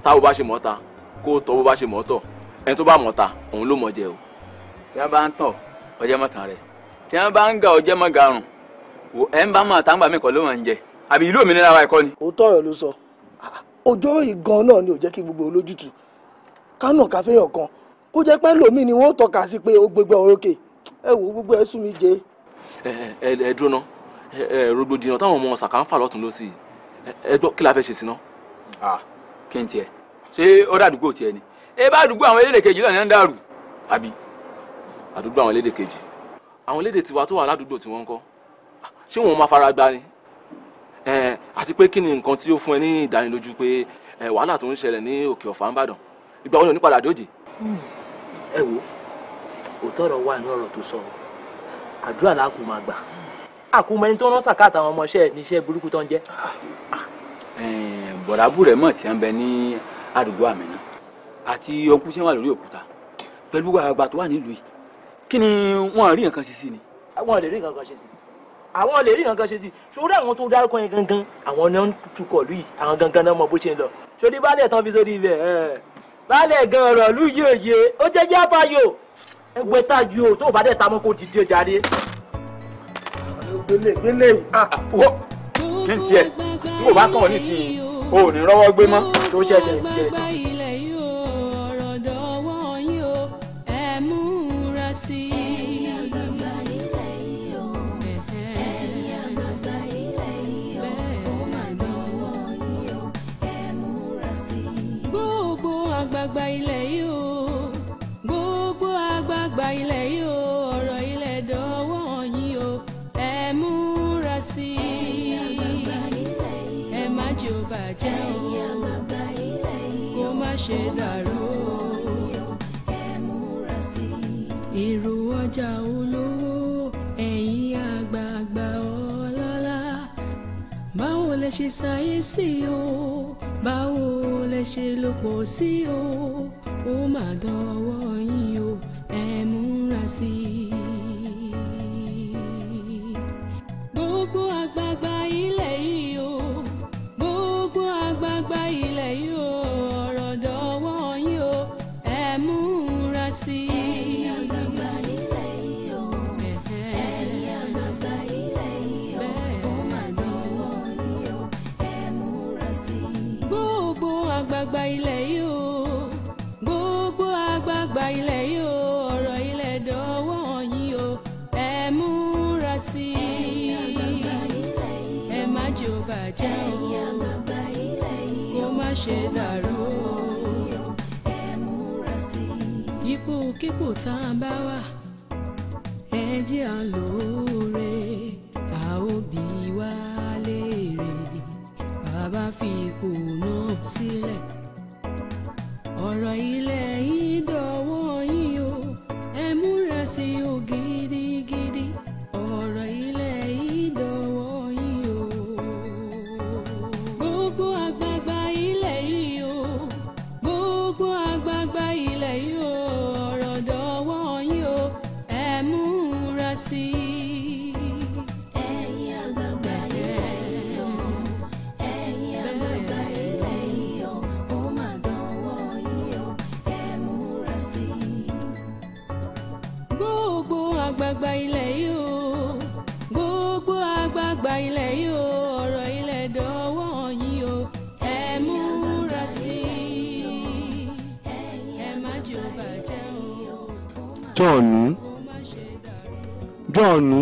táwo bá ṣe mọ́ ta kó tọ́ bó bá ṣe mọ́ tọ̀ ẹni tó bá mọ̀ ta òun ló mọ̀ jẹ o tí wọ́n bá ń tọ̀ ọjẹ́ mọ̀tàn rẹ̀ tí wọ́n bá ń ga ọjẹ́ mọ̀ garùn wò ẹ̀ ń bá mọ̀ àtàǹgbà mi kọ́ ló mọ̀ ń jẹ àbí ìlú òmìnira wa ẹ̀kọ́ ni. òótọ́ ọ̀rọ̀ ló sọ ọjọ́ yìí gan náà ni ò jẹ́ kí gbogbo olójútu kánà káfíńyàn kan kó jẹ́ pé lómi ni wọ́n tọ́ka sí pé ó gbégbá ẹ wò gbogbo ẹ sún mi jẹ. ẹ ẹ ẹ dúró ná ẹ ẹ rògbòdìyàn táwọn ọmọ ṣàkà ń fà lọ́tún lọ́sì yìí ẹgbọ́n kí la fẹ́ ṣe sí náà. Ah. kí n tiẹ̀ ṣé ó dàdúgbò tiẹ̀ ni ẹ bá àdúgbò àwọn elédè kejì náà ní ń dàrú. àbí àdúgbò àwọn elédè kejì àwọn elédè tiwa tó wà ládùúgbò tí wọ́n ń kọ́ ṣé wọn máa fara gba ni àti pé kí ni nǹkan tí ó fún ẹ ní ìdánilójú pé wàhálà tó ń ṣẹlẹ̀ ní òkè ọ̀fà ń bàdàn ìgbà wọn ò ní padà dóje. ẹ wo òótọ́ ọ̀rọ̀ wà ní ọ̀rọ̀ tó sọ àdúrà làákùn máa gbà àkúmọ̀ẹ́ni tó ń rán sàkáàtà àwọn ọmọọṣẹ́ níṣẹ́ burúkú tó ń jẹ́. bọ̀dábù rẹ̀ mọ̀ tí wọ́n bẹ ní àdúgbò àmìnà àti ọkú tí wọ́n wà lórí òkúta pẹ̀lú àgbà tó wà nílùú yìí kí ni wọ́n rí nǹkan ṣe sí ni. wọ́n lè rí nǹkan kan ṣe sí àwọn lè rí nǹkan kan ṣe sí ṣòwúrọ̀ àwọn tó dárúkọ yẹn gangan àwọn náà ń tukọ̀ lù yìí àwọn gangan náà mọ bó ṣe ń lọ ṣòdí baálẹ̀ tán fi sórí ibẹ̀ baálẹ̀ gan ọ̀rọ̀ lù yìí òye ó jẹ́jẹ́ àbáyò ẹgbẹ́ta yìí ò tó bá dẹ̀ ta mọ́ kó dìde jáde gbélé gbélé yìí ah, wọ́ kí n tiẹ̀ n kò bá kàn ọ́ nísìnyí o ò ní rọ́wọ́ gbé mọ́ tó ṣẹ̀ṣẹ̀ jẹ. gbogbo àgbààgbà ilẹ̀ yìí o gbogbo àgbààgbà ilẹ̀ yìí. sí ẹ má jẹ́ ó bàjẹ́ o kó má ṣe dàrú o èrò ọjà olówó ẹ̀yin àgbààgbà ọlọ́lá báwo lẹ ṣe ṣàyè sí o báwo lẹ ṣe lòpọ̀ sí o ó mà dọwọ́ yín o ẹ múra sí i. see. kíkù tá a bá wà ẹ jẹ́ à ń lóore a ó bí wá léèrè bàbá fi ipò náà sílẹ̀ ọ̀rọ̀ ilẹ̀ yìí dọ̀wọ́ yín o ẹ múra sí o. Jọ̀ọ̀nù Jọ̀ọ̀nù.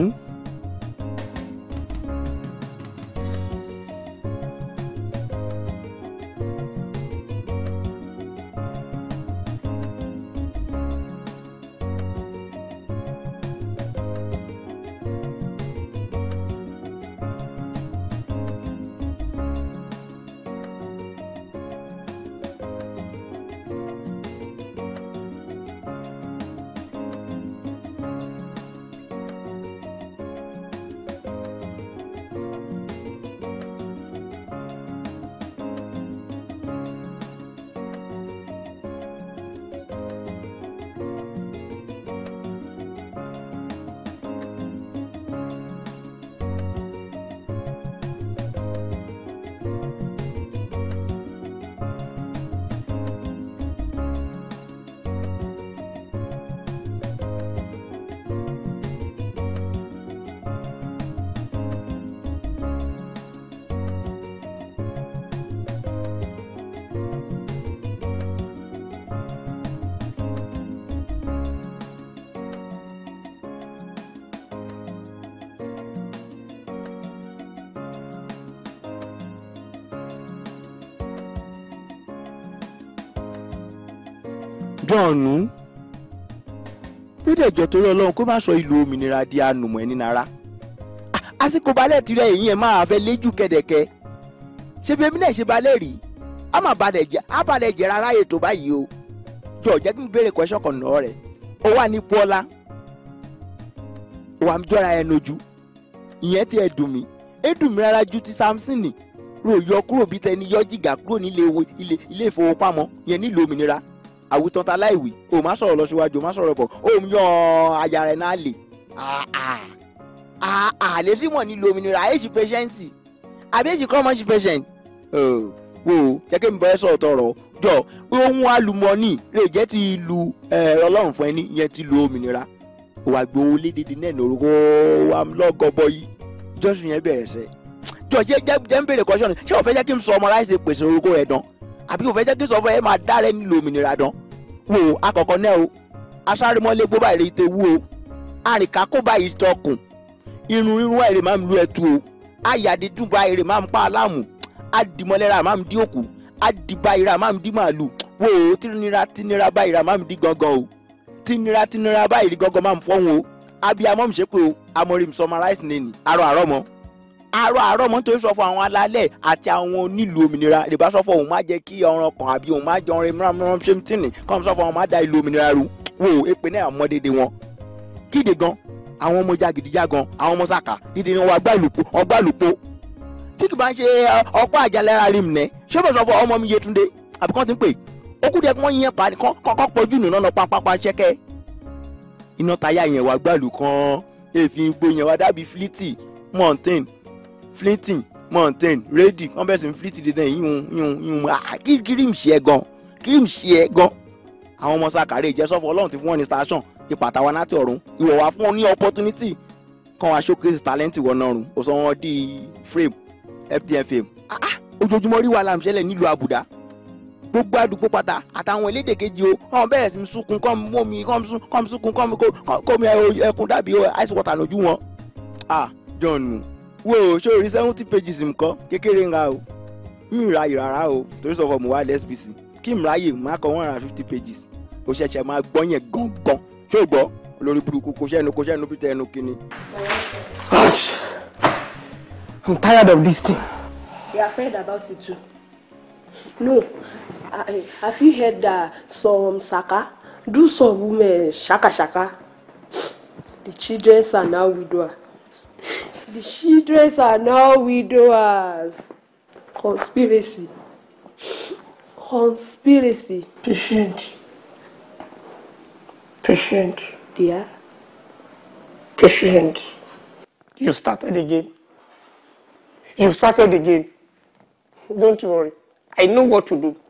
dànù bídẹ̀jọ́ torí ọlọ́run kó má sọ ìlú òmìnira di ànùmọ̀ ẹni nara ah, àsìkò balẹ̀ tirẹ̀ èyí ẹ̀ máa fẹ́ léjú kẹ̀dẹ̀kẹ́ ṣe bí èmi náà ṣe balẹ̀ rí a máa balẹ̀ jẹ́ a balẹ̀ jẹ́ rárá ètò báyìí o jọ jẹ́ kí n béèrè question kan náà rẹ̀ ó wà ní pọ́lá wà á jọra ẹnu ojú ìyẹn ti ẹ̀ dùn mí ẹ̀ dùn mí rárá ju ti samson rò kúrò bí tẹni yọ jìgà kúrò nílé ilé ìfowópamọ́ yẹn nílùú òmìnira àwùtán ta láìwí o má sọ̀rọ̀ lọ síwájú o má sọ̀rọ̀ bọ̀ o ń yan aya rẹ̀ náà lè àlè sí mọ̀ nílò òmìnira àyè sí pẹ́ṣẹ́ǹtì àbí èsì kọ́ ọmọ sí pẹ́ṣẹ́ǹtì wo jẹ́ kí n bọ́ ẹ sọ̀rọ̀ tọrọ jọ ohun àlùmọ́ọ́nì rè jẹ́ ti ìlú ọlọ́run fún ẹni yẹn ti lu òmìnira wà gbowó lédèdè náà ní orúkọ wa lọ́gọ́bọ yìí jọ́sùn yẹn bẹ̀rẹ̀ sẹ́ jọ jẹ́ jẹ́ ń bèrè kọ́ṣọ́nù ṣé o fẹ́ jẹ́ kí n sọ ọmọ láìsí pèsè orúkọ rẹ̀ dán àbí kò fẹ́ jẹ́ kí n sọ fún ẹ máa dára ẹni lòmìnira dán wò ó akọ̀kọ̀ náà o aṣárémọ́lé gbó báyìí rèé tewú o àrìnká kó báyìí tọkùn irun irun àìrè máa ń lu ẹtu o àyàdídùn bá àìrè máa ń pa aláàmù àdìmọ́lẹ́ra máa ń dí òkú àdìbà ìrà máa ń dí màálù wò ó tínira tínira bá ìrà máa ń dí gangan o tínira tínira bá ìrì gangan máa ń fọ́hún o abiyamọ́ mi ṣe pé o amọ̀rìm àárọ̀ àárọ̀ mọ́ nítorí sọ fún àwọn alálẹ̀ àti àwọn onílù òmìnira ìdìbò sọ fún òun má jẹ́ kí ọ̀ràn kan àbí òun má jẹ ọ̀rìn mìíràn ṣe ń tìǹì kọ́m sọ fún àwọn má da ìlú òmìnira rú wò ó èpè náà mọ́ déédéé wọn. kíde gan àwọn ọmọ jàgídíjàgan àwọn ọmọ sàkà dídì ni wọn ọgbà ìlúpo ọgbà ìlúpo tí kì bá ń ṣe ọ̀pọ̀ àjàlára rí mi nẹ ṣé bọ̀ sọ fún ọmọ mi Yétúndé àbí kàn ti ń pè ó kú díẹ̀ pa kọ́kọ́ pọ̀jù nù lọ́nà pápápá ṣẹ́kẹ́ iná táyà yẹn wà gbàlù kan èéfín mountain flinting mountain ready wọ́n bẹ̀rẹ̀ sí ní flinting dídán yíyún yíyún yíyún ah, kiri ń ṣe é gan kiri ń ṣe é gan àwọn ọmọ sàkárẹ̀ ìjẹ́sọ́fọ́ ọlọ́run ti fún wọn ní station ìpàtàwọn láti ọ̀run ìwọ̀ wá fún wọn ní opportunity kan wá showcase talent wọn náà rùn kò sọ wọn di frame ftm fame ah, ah, ojoojúmọ́ rí wàhálà ìṣẹ̀lẹ̀ nílùú àbùdá gbogbo àdúgbò pátá àtàwọn elédè kejì o wọn bẹ̀rẹ̀ sí sunkún kọ́ mú omi kọ́ mú sunkún kọ́ mú ẹkún dàbí ice water lójú wọn ah john wo ṣé o rí seventy pages nǹkan kékeré ń ra o ń ra ìrara o torí sọ fún Mohbad SBC kí n ráyè má kọ one hundred and fifty pages o ṣẹ̀ṣẹ̀ máa gbọ́ yẹn gangan ṣé o gbọ́ lórí burúkú kò ṣẹ́nu kò ṣẹ́nu pété ẹnu kínní. I'm tired of this thing. You are afraid about it too. No, I, have you heard that some saka do some women shaka shaka? The children are now widows. The children are now widowers. Conspiracy. Conspiracy. Patient. Patient. Dear. Patient. You started again. You started again. Don't worry. I know what to do.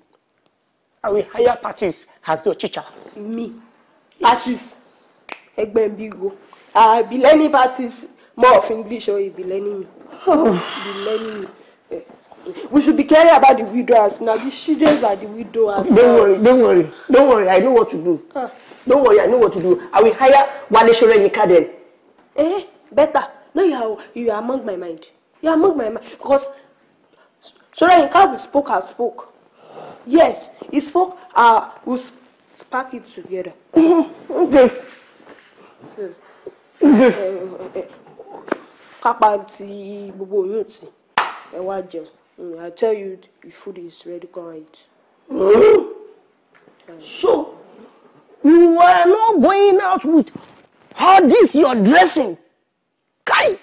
I will hire parties as your teacher. Me? Parties? Ẹgbẹ́ go. I be learning parties more of English or you be learning me. Be learning me. Eh, we should be caring about the widowers. Now the children are the widowers. Don't worry, don't worry, don't worry. I know what to do. Huh. Ah. Don't worry, I know what to do. I will hire Wale Shere Yika then. Eh, better. No, you are you are among my mind. You are among my mind because Shere Yika we spoke and spoke. Yes, he spoke. Uh, we spark it together. Mm-hmm. okay. Mm. Okay. Eh, eh, kápá ti gbogbo yóò tì ẹ wá jẹun mm, I tell you the food is ready come eat. Hmm? So you were not going out with how this your dressing kai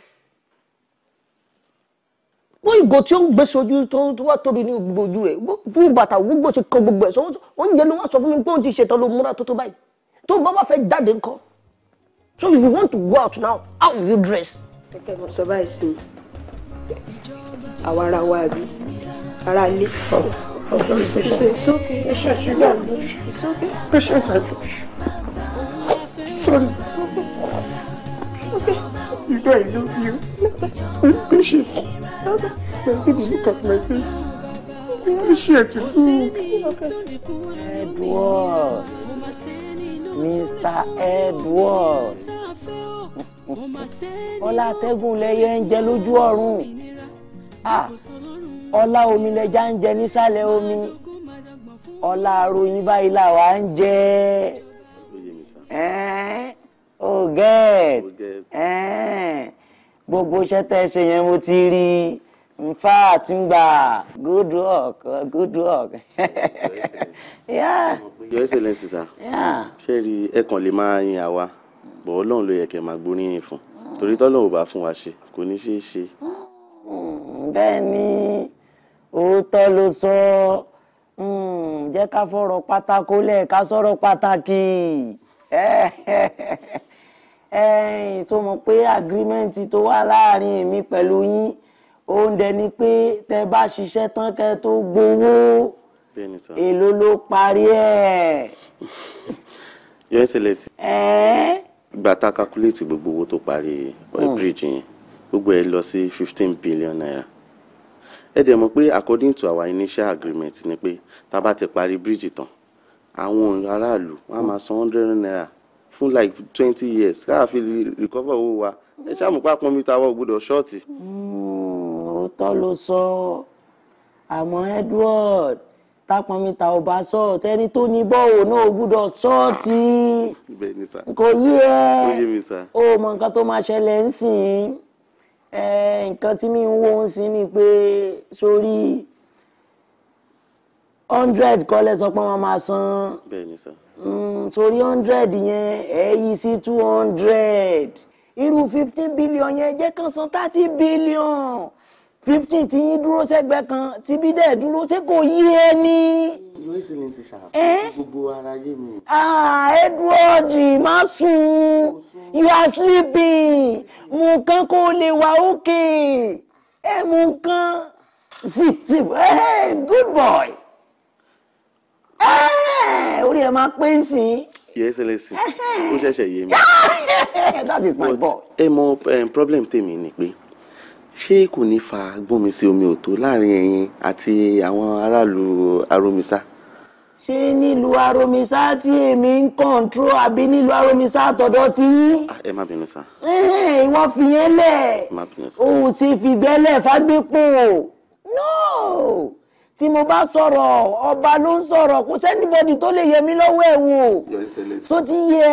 wọ́n ìgò tí ó ń gbé sojú tó wá tóbi ní gbogbo ojú rẹ̀ bí bàtà gbogbo ṣe kan gbogbo ẹ̀ sọ oúnjẹ ló wá sọ fún mi pé òun ti ṣètò ló múra tó tó báyìí tó bá wà fẹ́ jáde ńkọ́ so if you want to go out now how will you dress kẹ́kẹ́ mọ̀ sọ báyìí sí mi àwa ara wa àbí ara ilé. It's okay. It's okay. It's okay. Sorry. Okay. You know I love you. I'm patient. My baby, look at my face. I'm patient. Okay. Edward. Mr. Edward ọlá atẹ́gùn lẹyẹ ń jẹ lójú ọ̀run ọlá omi lẹja ń jẹ nísàlẹ̀ omi ọlá aroyin báyìí làwa ń jẹ ọgẹt gbogbo iṣẹ́ tẹ́ ṣe yẹn mo ti rí in fact ń gbà good work good work. <laughs> your excellence sir ṣé ẹ kàn lè máa yin àwa bọ̀ ọlọ́run ló yẹ kẹ́ máa gbóríyìn fún torí tọ́lọ́run ò bá fún wa ṣe kò ní ṣeé ṣe. Hmm, bẹ́ẹ̀ ni òótọ́ ló sọ hmm, jẹ́ ká fọ̀rọ̀ pátákó lẹ̀ ká sọ̀rọ̀ pàtàkì tó <laughs> mọ̀ pé agreement tó wà láàrin èmi pẹ̀lú yín oúnjẹ ni pé tẹ bá ṣiṣẹ́ tán kẹ́ tó gbowó èló ló parí ẹ̀. yọ ẹsẹ̀ lẹ́sìn ìgbà tá a calculate gbogbo owó tó parí hmm. bridge yẹn gbogbo ẹ lọ sí fifteen billion naira ẹ dẹ̀ mọ̀ pé according to our initial agreement ni pé tá a bá ti parí bridge tán àwọn aráàlú wọn á máa san hundred naira fún like twenty years káà fi recover owó wa ẹ ṣàmù pápọ̀ mi ta wọ́ gbọ́dọ̀ ṣọ́ọ̀tì. Hmm, òótọ́ ló sọ àmọ́ Edward tápọn mi ta ọba sọ̀rọ̀ tẹni tó ní bọ́ọ̀ náà gbúdọ̀ ti. kò yí ẹ o mọ nǹkan tó máa ṣẹlẹ̀ ń sìn nǹkan tí mi ń wo ń sìn ni pé sórí hundred kọ́lẹ̀ sọ pé wọ́n máa san mm, sórí hundred yẹn ẹ yí sí two hundred irú fifteen billion yẹn jẹ́ kan san thirty billion fifty tí yín dúró sẹ́gbẹ́ kan tí bí dẹ̀ dúró ṣé kò yí ẹ ní. yóò ṣe lè ṣe ṣàkóso gbogbo ara yé mi. Edward má sùn you are sleeping mu nǹkan kó lè wà òkè ẹ mu nǹkan zip zip hey, good boy orí ẹ máa pé ń sìn. yes lẹ́sì ó ṣẹ̀ṣẹ̀ yé mi. <laughs> that is my boy. ẹ mọ eh, problem tèmi ni pé ṣé kò ní fa gbọ́nmi sí omi òtó láàrin ẹ̀yin àti àwọn aráàlú aromisa. ṣé nílùú aromisa tí èmi ń kọ̀ǹtró àbí nílùú aromisa àtọ̀dọ̀ ti yín. Ah, ẹ má bínú sá. ìwọ fi yẹn lẹ̀ òun sì fìgbẹ́ lẹ̀ no tí mo bá sọ̀rọ̀ ọba ló ń sọ̀rọ̀ kò sẹ́nibọ́dì tó lè yẹ mí lọ́wọ́ ẹ̀ wò so ti yẹ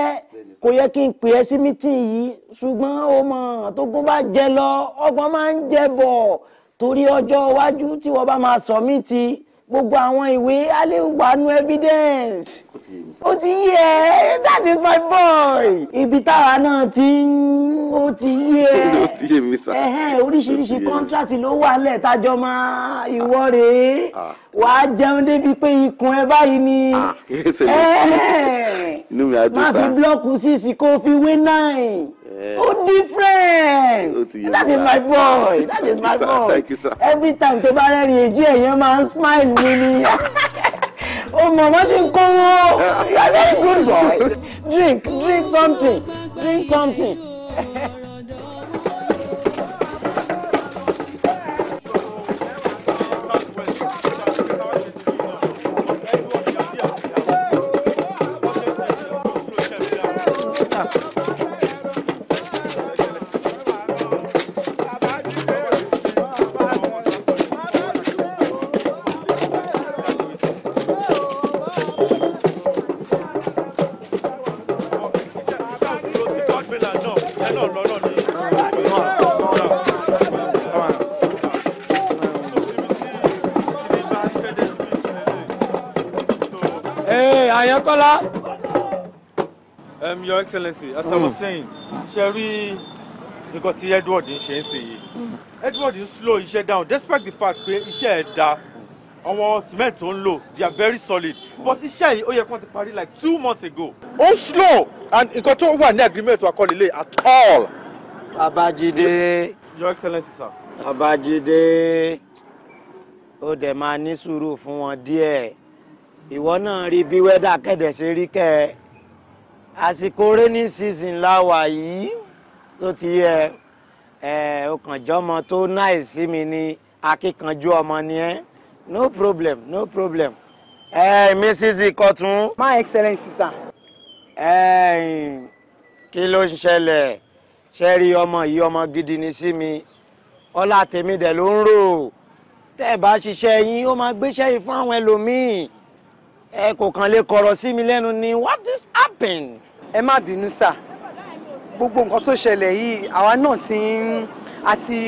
kò yẹ kí n pè ẹ́ sí mítìn yìí ṣùgbọ́n o mọ̀ tó gún bá jẹ lọ ọgbọ́n máa ń jẹ bọ̀ torí ọjọ́ iwájú tí wọ́n bá máa sọ mí ti gbogbo àwọn ìwé aléwàánu evidence ó ti yé ẹ that is my boy ibi táwa náà ti ń ó ti yé ẹ <laughs> oríṣiríṣi contract ló wà lẹ̀ máa ìwọ rèé ah. wàá jẹun débi pé ikùn ẹ báyìí ni ah, <laughs> má fi blọọkù sísì kó fi wé náà. Eh. Oh, ó different <laughs> that is my boy that is my boy Thank you, sir. every time to buy rẹ́rìn èjì ẹ̀yẹn máa ń smile mi me. Oh, mama, wọ́n you are very good boy drink drink something drink something. <laughs> Adekola. Um, Your Excellency, as mm. I was mm. saying, ṣe rí nǹkan tí Edward ń ṣe ń ṣe yìí. Mm. Edward ń slow iṣẹ́ down despite the fact pé iṣẹ́ ẹ̀ da àwọn cement tó ń lò they are very solid but iṣẹ́ yìí ó yẹ kó ti parí like two months ago. ó slow and nǹkan tó wà ní agreement akọ́lélẹ̀ at all. Babajide. Your Excellency sir. Babajide ó dẹ̀ máa ní sùúrù fún wọn díẹ̀ ìwọ náà rí bí wẹ́dà kẹ̀dẹ̀ ṣe rí kẹ́ ẹ àsìkò rainy season la wà yìí tó ti yẹ ẹ ọkànjọ́ tó náì sí mi ní akíkanjú ọmọ ni ẹ no problem no problem ẹ mrs Ìkọ̀tún. my excellency sir. ẹ kí ló ń ṣẹlẹ̀ ṣe rí ọmọ yìí ọmọ gidi ni sí mi ọlá tèmi dẹ̀ ló ń rò tẹ́ ẹ bá ṣiṣẹ́ yín ó máa gbéṣẹ́ yìí fún àwọn ẹlòmíì ẹ kò kàn lè kọ̀rọ̀ sí mi lẹ́nu ni what is happen. ẹ má bínú sà gbogbo nǹkan tó ṣẹlẹ̀ yìí àwa náà ti ń àti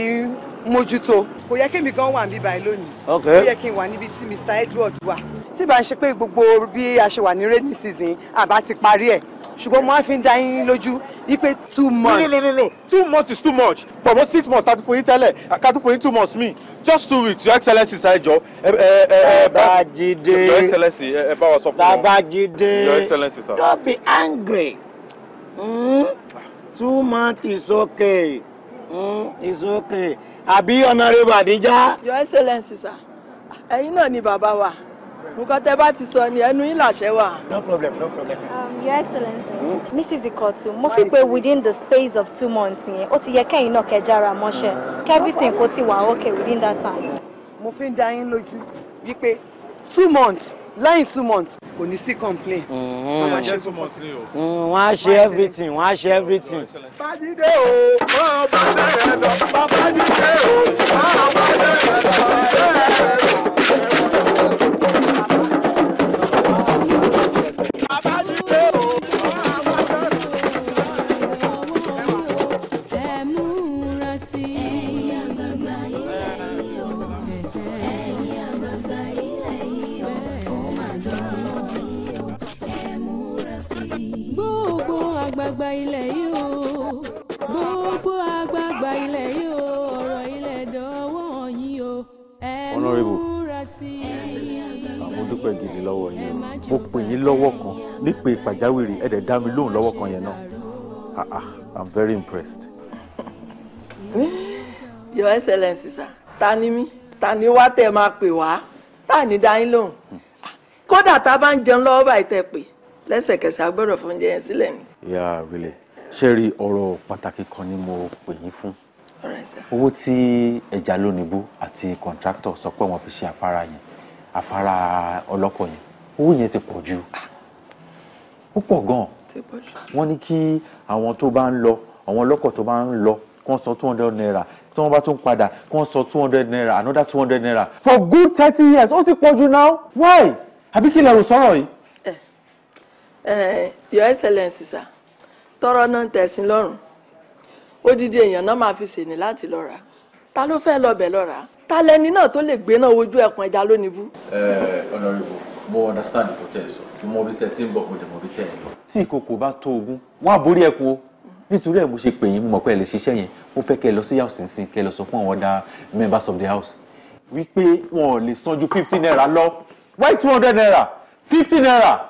mójútó kò yẹ kí èmi gan wà níbí báyìí lónìí kò yẹ kí n wà níbi tí Mr. Edward wà tí bá ń ṣe pé gbogbo bí a ṣe wà ní rainy season àbá ti parí ẹ̀ ṣùgbọ́n mo á fi ń da yín lójú wípé two months. no no no no two months is too much but mo six months tàbí fún yín tẹ́lẹ̀ kàtó fún yín two months mi just two weeks your excellency sá ẹjọ́. Babájídé your excellency ẹ bá wa sọ fún wọn Babájídé your excellency Sir. don't be angry mm? two months is okay mm? is okay àbí honourable Adija. your excellency Sir. ẹ̀yin náà ni bàbá wa nǹkan tẹ bá ti sọ ni ẹnu yín làṣẹ wà. no problem no problem. Um, your excellence hmm? mrs ikotu mo fi pe within the space of two months yẹn ó ti yẹ kẹ́yìn náà kẹjára mọ́ṣẹ́ kẹ́fìtìn kò ti wà okay within that time. mo fi ń dá yín lójú wípé two months lẹ́yìn two months kò ní sí complain. Mhm. Mhm, wọ́n á ṣe everything wọ́n á ṣe everything. fájídé o máa bá ṣe lọ bá fájídé o máa bá ṣe lọ bá ṣe lọ. mo dúpẹ́ gidi lọ́wọ́ yín mo pè yín lọ́wọ́ kan nípe pàjáwìrì ẹ̀dẹ̀ dá mi lóhùn lọ́wọ́ kan yẹn náà ah ah i'm very impressed. your excellence sir ta ni mí ta ni wá tẹ́ máa pè wá ta ni dá yín lóhùn hmm. ah, kódà tá a bá ń jẹun lọ́wọ́ báyìí tẹ́ pè lẹ́sẹ̀kẹsẹ̀ a gbọ́dọ̀ fún oúnjẹ sílẹ̀ ni. yeah really ṣé rí ọ̀rọ̀ pàtàkì kan ni mo pè yín fún owó tí ẹja lónìbó àti kọ̀ǹtráktọ̀ sọ pé wọ́n fi ṣe afárá yẹn afárá ọlọ́kọ̀ yẹn owó yẹn ti pọ̀ jù púpọ̀ ah. gan-an wọ́n ní kí àwọn tó bá ń lọ àwọn ọlọ́kọ̀ tó bá ń lọ kí wọ́n san two hundred naira tí wọ́n bá tún padà kí wọ́n san two hundred naira another two hundred naira for good thirty years ó ti pọ̀ jù now why àbí kí lẹ rò sọ̀rọ̀ yìí. Eh. Eh, your excellence sir tọrọ náà tẹ̀sí lọ́rùn odidi èèyàn náà máa fi sèní láti lọ rà ta ló fẹ́ lọ́bẹ̀ lọ́ra ta lẹni náà tó lè gbé náà wojú ẹ̀pọ̀n ẹja lónìí bú. ẹ ẹ honorable mo understand nǹkan tẹ́ ẹ sọ mo mọ bí tẹ́ ti ń bọ̀ mo dẹ̀ mọ bí tẹ́ ẹ lọ. tí ìkòkò bá tó ogún wọn á borí ẹ kú o nítorí ẹ mo ṣe pè yín mo mọ̀ pé ẹ lè ṣiṣẹ́ yẹn mo fẹ́ kẹ́ ẹ lọ sí house nísìnyí kẹ́ ẹ lọ sọ fún àwọn other members of the house wípé wọn ò lè san ju fifty naira lọ why two hundred naira fifty naira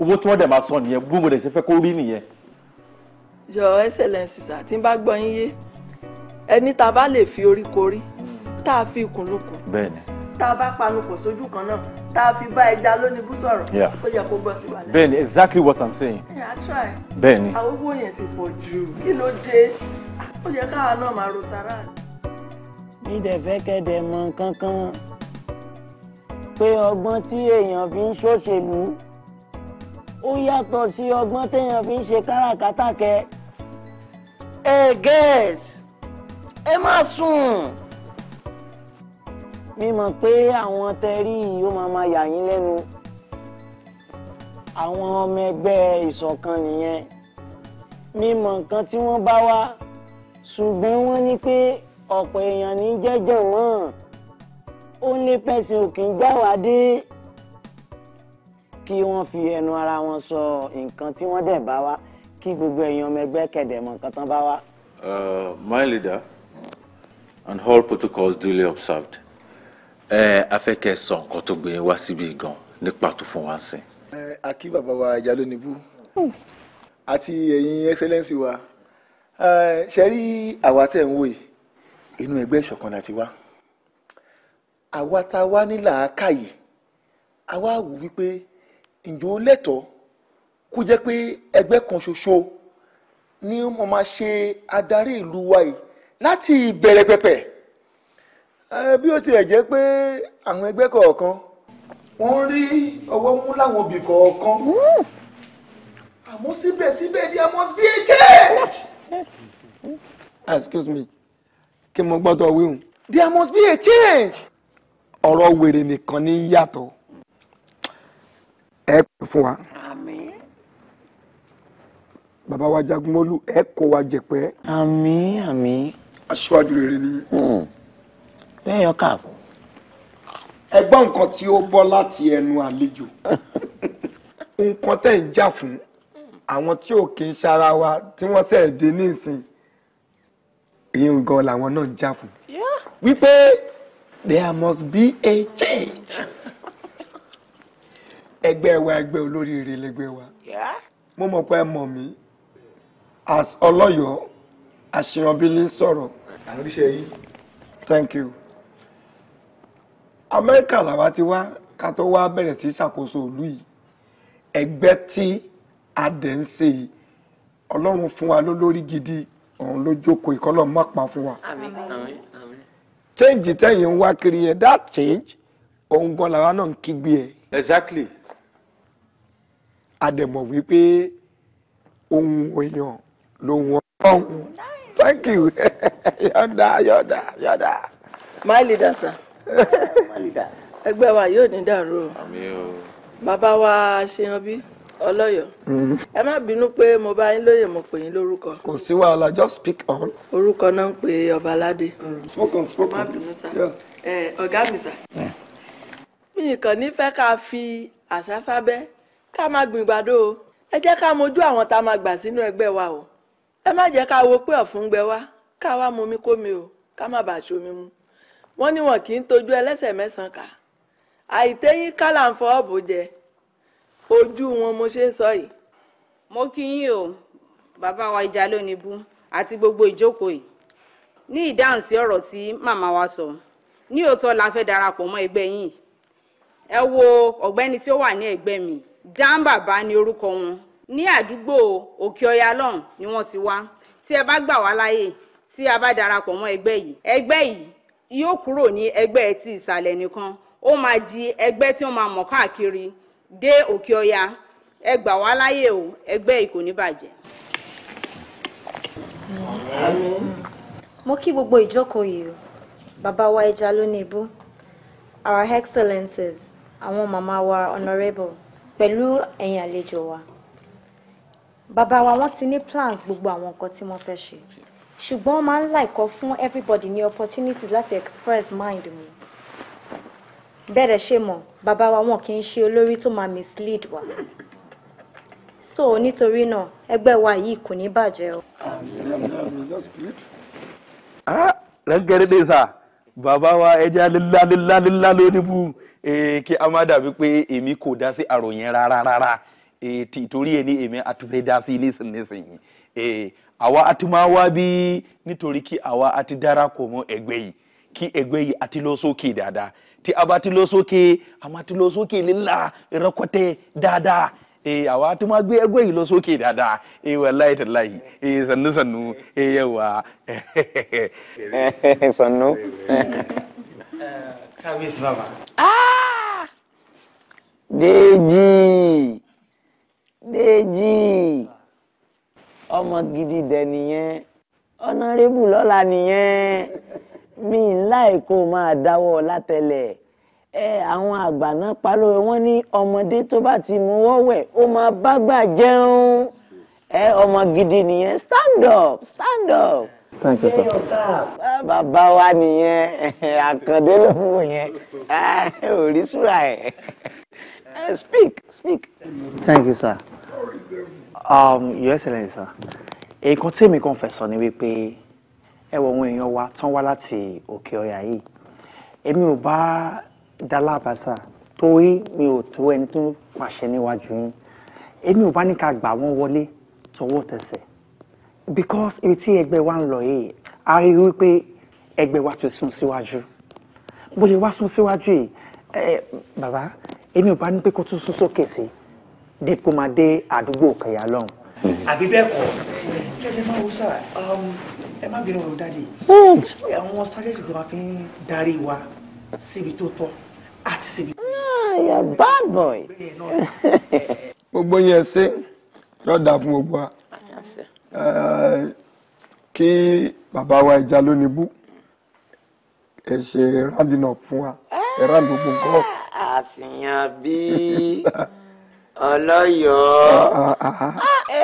owó tí wọ́n dẹ̀ máa san nìyẹn gbogbo dẹ̀ ṣe fẹ́ kó rí nìyẹn your excellence sà tí n bá gbọ́ yín yé ẹni tá a bá lè fi orí tá a fi ikùn tá a bá panupọ̀ sójú kan náà tá a fi bá ẹja lónìí sọ̀rọ̀ ó yẹ kó gbọ́ sí wa lẹ́nu. bẹ́ẹ̀ni exactly what i'm saying. ẹyà try. bẹ́ẹ̀ni. àwọn owó yẹn ti pọ̀ jù kí ló dé ó yẹ káwa náà máa ro tara. mi dẹ̀ fẹ́ kẹ́dẹ̀ mọ̀ kankan pé ọgbọ́n tí èèyàn fi ń ṣòṣèlú ó yàtọ̀ sí ọgbọ́n téèyàn fi ń ṣe káràkátà kẹ́ẹ́ ẹ get ẹ má sùn mi mọ̀ pé àwọn tẹ́rí yìí ó máa máa yà yín lẹ́nu àwọn ọmọ ẹgbẹ́ ìṣọ̀kan nìyẹn mi mọ̀ nǹkan tí wọ́n bá wá ṣùgbọ́n wọ́n ní pé ọ̀pọ̀ èèyàn ní jẹ́jọ́ wọ́n ó ní pẹ̀sìn òkè ń jáwádé kí wọ́n fi ẹnu ara wọn sọ nǹkan tí wọ́n dẹ̀ bá wá kí gbogbo èèyàn ọmọ ẹgbẹ́ kẹ̀dẹ̀ mọ̀ nǹkan tán bá wá. Uh, my leader and all protocols duly observed ẹ afẹ́kẹ́ sọ nǹkan tó gbé wá síbí gan ní pàtó fún wa sí. ẹ akí bàbá wa ìjà ló níbú àti ẹ̀yin excellence wa ṣe rí àwa tẹ̀ ń wò yìí inú ẹgbẹ́ ìṣọ̀kan láti wá àwa tá wá ní làákàyè àwa wù wípé ǹjọ́ lẹ́tọ̀ọ́ kó jẹ́ pé ẹgbẹ́ kan ṣoṣo ni mo máa ṣe adarí ìlú wa yìí láti ìbẹ̀rẹ̀ pẹ̀pẹ̀ bí ó tilẹ̀ jẹ́ pé àwọn ẹgbẹ́ kọ̀ọ̀kan wọ́n rí ọwọ́ mú láwọn òbí kọ̀ọ̀kan àmọ́ síbẹ̀síbẹ̀ there must be a change. excuse me kí mo gbọ́dọ̀ wíhùn. there must be a change. ọ̀rọ̀ wèrè nìkan ní yàtọ̀ ẹ pè fún wa bàbá wa Jagunmọ́lú ẹ kó wa jẹ̀pẹ́. àmín àmín. aṣáájú rere ni. Hmm. bẹ́ẹ̀ yọ káàbù. ẹ gbọ́ nǹkan tí ó bọ́ láti ẹnu àlejò <laughs> nǹkan tẹ̀ ń jà fún àwọn tí ò kì í ṣara wa tí wọ́n ṣẹ̀ dé nísìn ìyẹn gan làwọn náà ń jà fún. wípé there must be a change <laughs> ẹgbẹ́ wa ẹgbẹ́ olóríire lẹgbẹ́ wa mo mọ̀ pé ẹ mọ̀ mí as ọlọ́yọ̀ọ́ àṣeyọbílí sọ̀rọ̀. àríṣẹ́ yìí. thank you. amẹ́ríkà làwa ti wá ká tó wá bẹ̀rẹ̀ sí ṣàkóso ìlú yìí ẹgbẹ́ tí a dẹ̀ ń ṣe yìí ọlọ́run fún wa lólórí gidi òun ló jókòó ìkọlọ́ má pa fún wa. change tẹ̀yìn ń wá kiri yẹn that change òun gan làwa náà ń kígbe ẹ̀. exactly. a dẹ̀ mọ̀ wípé ohun èèyàn lòun ọ̀hún thank you yọ̀dà yọ̀dà yọ̀dà. my leader sir <laughs> ẹgbẹ́ wa yóò ní dàrú o bàbá wa ṣeyanbí ọlọ́yọ̀ mm. ẹ má bínú pé mo bá yín lóye mo pè yín lórúkọ. kò sí wàhálà just speak on. orúkọ náà ń pe ọbaládé. Mm. spoken spoken má bínú sá ọ̀gá mi sá. mi kàn nífẹ̀ẹ́ ká fi àṣà sábẹ́ ká má gbìn gbàdo o ẹ jẹ́ ká mojú àwọn tá a máa gbà sínú ẹgbẹ́ wa o ẹ má jẹ́ ká wo pé ọ̀fun gbẹ wá ká wá mu mi kómi o ká má bàa ṣomi mu wọ́n ní wọn kì í tọ́jú ẹlẹ́sẹ̀ mẹ́sàn-án kà àìtẹ́yìn kálà ń fọ ọ̀bù jẹ ojú wọn mo ṣe ń sọ yìí. mo kí yín o bàbá wa ìjà lónìí bú àti gbogbo ìjókòó yìí ní ìdáhùn sí ọ̀rọ̀ tí màmá wa sọ ní òótọ́ la fẹ́ darapọ̀ mọ́ ẹgbẹ́ yìí ẹ wo ọ̀gbẹ́ni tí ó wà ní ẹ̀gbẹ́ mi dáńbàbá ni orúkọ wọn ní àdúgbò òkèọyà lọ́hùn ni wọ́n ti wá tí ẹ bá gbà wá láàyè tí a bá darapọ̀ mọ́ ẹgbẹ́ yìí ẹgbẹ́ yìí yóò kúrò ní ẹgbẹ́ ti ìsàlẹ̀ nìkan ó máa di ẹgbẹ́ tí wọ́n máa mọ̀ káàkiri dé òkèọyà ẹ gbà wá láàyè o ẹgbẹ́ yìí kò ní bàjẹ́. mo kí gbogbo ìjókòó yìí o bàbá wa ẹja ló ní ibú our excellences àwọn màmá wa honourable pẹ̀lú ẹ̀yin àlejò wa bàbá wa wọ́n ti ní plans gbogbo àwọn nǹkan tí wọ́n fẹ́ ṣe ṣùgbọ́n wọ́n máa ń láìkọ́ fún everybody ní opportunity láti express mind mi bẹ́ẹ̀ dẹ̀ ṣe mọ̀ bàbá wa wọn kì í ṣe olórí tó máa mislead wa so nítorí náà ẹgbẹ́ wa yìí kò ní bàjẹ́ o. Ah, lẹ́gẹ̀rẹ́ dé sà bàbá wa ẹja lílá lílá lílá lónìí fún kí a má dàbí pé èmi kò dá sí àròyìn rárá rárá ìtorí eh, ẹ ní èmi àtúnfẹ́ dá sí nísinsìnyí eh, àwa àti máa wá bí nítorí kí àwa àti darapọ̀ mọ́ ẹgbẹ́ yìí kí ẹgbẹ́ yìí àti lọ sókè dáadáa tí a bá ti lọ sókè a máa ti lọ sókè lílà rẹkọtẹ dáadáa eh, àwa àti máa gbé ẹgbẹ́ yìí lọ sókè dáadáa wallahi tallahi sannu sannu yẹwà. <laughs> sannu. kábíyèsí bàbá. Ah! Déjì. Dèjì ọmọ gidi dẹ̀ nìyẹn ọ̀nàrẹ́bù lọ́la nìyẹn mi láì kó máa dáwọ́ látẹlẹ̀ ẹ àwọn àgbà náà palówe wọn ní ọmọdé tó bá ti mọwọ́ wẹ̀ ó máa bá gbà jẹun ẹ ọmọ gidi nìyẹn stand up stand up. thank you sir. bàbá wa nìyẹn àkàndé ló ń wò yẹn ò rí ẹ. Hey, eh, speak, speak. Thank you, sir. Um, Your Excellency, sir. Èkó tèmi kan fẹ́ sọ ni wípé ẹ wọ ohun èèyàn wa tán wá láti òkè ọ̀yà yìí. Èmi ò bá to torí mi ò tó ẹni tó pàṣẹ níwájú yín. Èmi ò bá ní ká gbà wọ́n wọlé tọwọ́ tẹsẹ̀. Because ibi tí ẹgbẹ́ wa ń lọ a rí wípé ẹgbẹ́ wa ti sún síwájú. Bóyá wá sún síwájú yìí, ẹ bàbá èmi ò bá ní pé kó tún sún sókè sí dípò máa dé àdúgbò kẹyà lọ́hùn. Mhm. àbí bẹ́ẹ̀ kọ́ kẹ́lẹ́ máa wo sá um, ẹ má bínú ọ̀rọ̀ dáadé àwọn sájẹ́jì tí wọ́n fi ń darí wa síbi tó tọ́ àti síbi tó yẹ. Ah, bad boy. <laughs> gbogbo yẹn ṣe lọ́dà fún gbogbo wa eh, kí bàbá wa ìjà lónìí bú ẹ ṣe rounding up fún wa ẹ round gbogbo nǹkan àtìyàn bí <laughs> ọlọ́yọ̀ọ́ ah, ah, ah.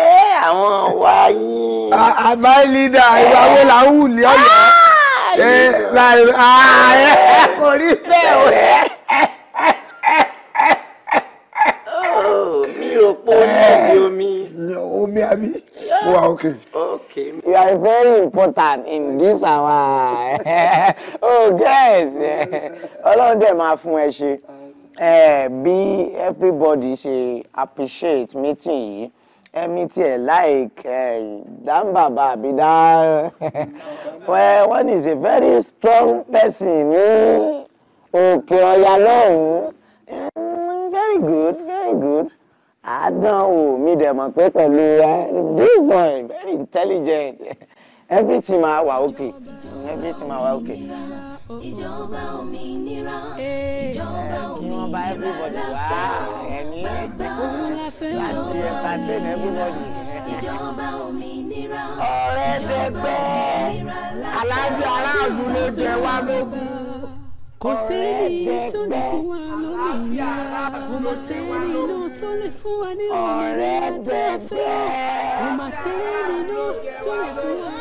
eh, àwọn wa yín. àbáyé lídà ìwà wo làwọn wù ní ọ̀yọ́ eh, eh, kò rí bẹ́ẹ̀ wẹ́ẹ́. pò eh, omi. Omi àbí? Ó wà okay. Okay. You are very important in this our <laughs> oh guys ọlọ́run dẹ̀ máa fún ẹ ṣe bí everybody ṣe appreciate meeting yìí ẹmi tiẹ̀ like dáńbàbà àbí <laughs> Well, one is a very strong person ní òkè ọ̀yà lọ́hùn-ún mm, very good very good àdánwò mi dẹ̀ mọ̀ pé pẹ̀lú this boy very intelligent everything ma wa okay everything ma wa okay. ìjọba òmìnira eh. ìjọba òmìnira eh, kí wọ́n bá everybody wá ẹni láti entertain everybody. ìjọba òmìnira ọ̀rẹ́ dẹgbẹ́ aláàbí aráàlú ló jẹ wá lógún kò sẹ́ni tó lè fún wa lómìnira kò má sẹ́ni náà tó lè fún wa ní òmìnira tẹ́ fẹ́ kò má sẹ́ni náà tó lè fún wa.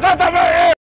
戦う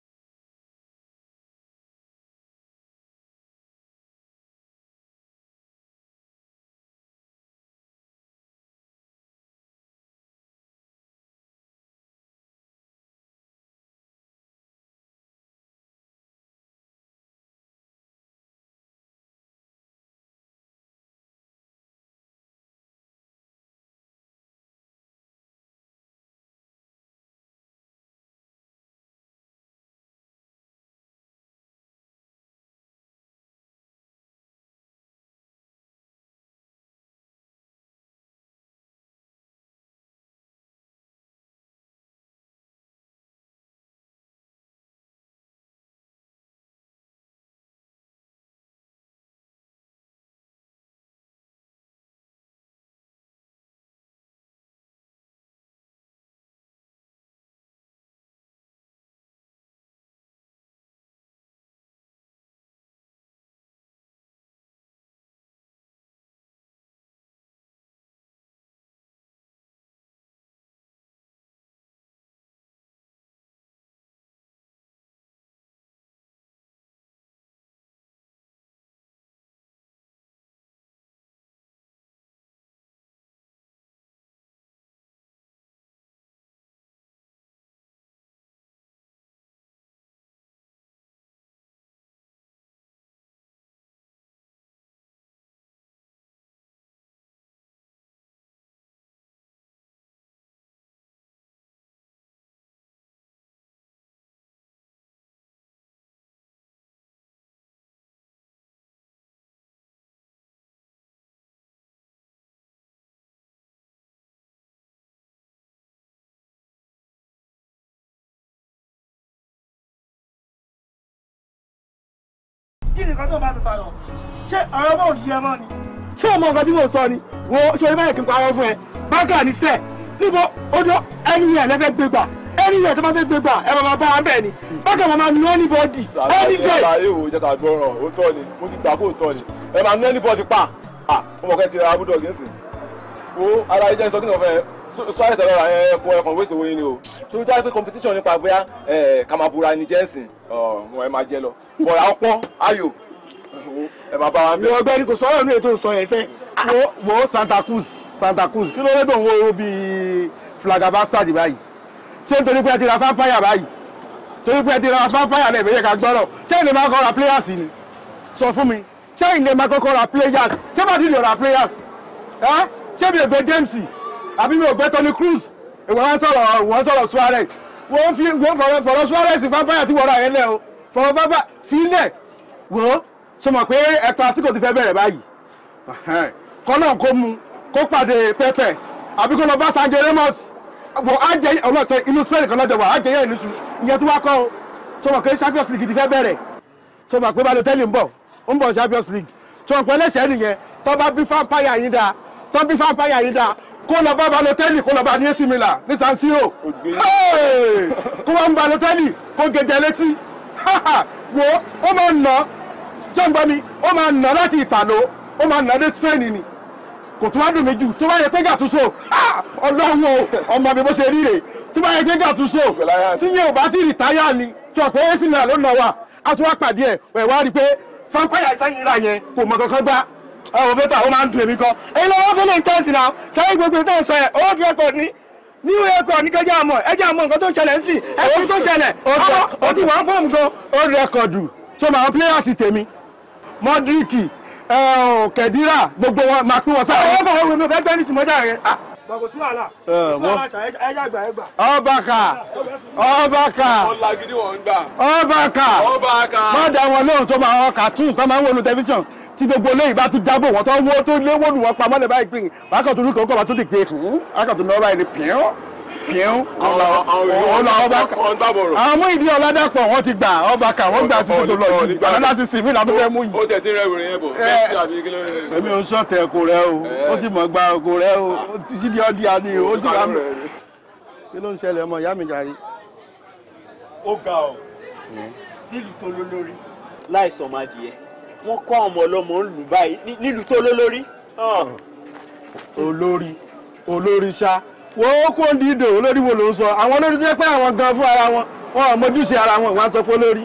kí nìkan tó nǹkan tí mo sọ ni wo ṣe orí báyìí kí n fún ẹ báńkà ní sẹ́ẹ̀ níbo ojú ẹni yẹn lẹ́fẹ́ gbé gbà ẹni yẹn tó bá fẹ́ gbé gbà ẹ máa bá wọn bẹ́ẹ̀ ni báńkà máa nu anybody ẹni jẹ́. ṣàlàyé ṣàlàyé wo ìjọba gbọ́ràn ó tọ́ ni mo ti gbà kó tọ́ ni ẹ máa nu anybody pa ọmọkẹ́ ti ra abúdọ̀ gẹ̀ẹ́sì wo ara ẹjẹ́ sọ kí ni wọ́n fẹ́ sọ àìsàn lọ́ra ẹ̀kọ́ ẹ̀kan wéṣẹ̀ wo yín ni o torí dájú pé competition nípa bóyá eh, ká máa búra ẹni jẹ́sìn ẹ máa jẹ lọ bọ̀rọ̀ ọpọ́n ayò ẹ máa bá wa bẹ̀rẹ̀. ọ̀gbẹ́ni kò sọ̀rọ̀ nínú ètò ìsọ yẹn sẹ́ wo Santa Cruz Santa Cruz kí ló dé tó ń wo bíi flagabastard báyìí ṣé nítorí pé ẹ ti ra fáfáyà báyìí torí pé ẹ ti ra fáfáyà náà ìbéyẹ ká gbọ́rọ̀ ṣé ìní máa kọ́ ra players ni sọ fún mi ṣé ìní máa kọ́kọ́ ra players ṣé bàtí ìdí ọ̀ra players ṣé bí ègbè dẹ́msì àbí mi ò gbé Toni Cruz ìwọ wọn sọ̀rọ̀ wọn sọ̀rọ̀ Suarez wọn fi wọn fọ̀rọ̀ fọ̀rọ̀ Suarez fábáyà tí wọ́n yẹn lẹ̀ o fọ̀rọ̀ fábà sílẹ̀ wò ó sọ mọ̀ pé ẹ̀tọ́ àsìkò ti fẹ́ bẹ̀rẹ̀ báyìí kọ́nà kó mu kó pàdé pẹ́pẹ́ àbí kó lọ bá Sancho Ramos wọ́n á jẹ inú Spain kan lọ́jọ́ wà á yẹn níṣu ìyẹn tó wá o sọ pé Champions League ti fẹ́ bẹ̀rẹ̀ sọ mọ̀ pé Balotelli ń bọ̀ ń bọ̀ Champions League sọ pé ẹlẹ́sẹ̀ nìyẹn tó bá bí fáńpáyà yín bí yín kó lọ bá balotẹ́lì kó lọ bá ní èsì mìlà ní San Siro kó wá ń balotẹ́lì kó gègé létí wo ó máa ń nà jọ́ǹgbọ́n mi ó máa ń nà láti ìtàló ó máa ń nà dé Spain ni kò tó wá dùn mí jù tó bá yẹ pé Gattuso ọlọ́run o ọmọ mi bó ṣe ríre tó bá yẹ pé Gattuso tí yẹn ò bá ti rìtáyà ni tó pé èsì mìlà ló nà wá a tún wá pàdé ẹ̀ wẹ̀ wá rí i pé fampáyà ìtayìnra yẹn kò mọ kankan gbá ẹ wò pépà ó máa ń dùn èmi gan èyí lọ́wọ́ fún mi tẹ́sí náà ṣáyé gbogbo ìtẹ́ sọ ẹ̀ old record ni new record ní kẹjá àmọ́ ẹjá àmọ́ nǹkan tó ń ṣẹlẹ̀ ńsì ẹ̀sìn tó ṣẹlẹ̀ ó ti wà fóòmù gan. old record tó máa players tèmi Modric Kedira gbogbo wọn máa pín wọn sáré. ọwọ́ bàbá wo mi ò fẹ́ gbẹ́ ní ìsìnmọ́jà rẹ̀ ah, bàbá sí wàhálà ọbàkà ọbàkà ọbàkà ọbàkà má dá wọn lóhùn tó máa ọkà tún kọ́ máa ń wọnú tẹlifíṣàn tí gbogbo olóyìn bá tún dábò wọn tó wó tó léwó lù wọn pamọ́ lè báyìí pín in wákàtí orúkọ ọkọ̀ bá tún dìde wákàtí náà báyìí ni pìún pìún ọlọ ọba àwọn mú ìdí ọládàpọ̀ wọn ti gbà ọba kà wọ́n gbà sísè tó lọ yìí àná láti sìn mí làbí fẹ́ mú yìí. ó tẹ̀ tí rẹ wìrì yẹn bò bẹ́ẹ̀ sí àbí kí ló rẹ. èmi ò ń sọ̀tẹ̀ ẹ̀kọ́ rẹ o ó ti mọ̀ gba ẹ̀kọ́ rẹ o sídi ọdí àní o ti wà mí. kí ló ń ṣẹlẹ̀ ọmọ ìyá mi jàre. ó ga ọ hmm. nílùú tó lólórí láìsàn máa di ẹ wọ́n kọ́ ọmọ ọlọ́mọ ń lù báyìí nílùú tó lólórí. Ah. olórí olórí ṣá wọ́n ó kó ń dídò olórí wo ló ń sọ àwọn olórí tó yẹ pé àwọn gan fún ara wọn wọn ò mójúṣe ara wọn ìwà ń tọpọ lórí.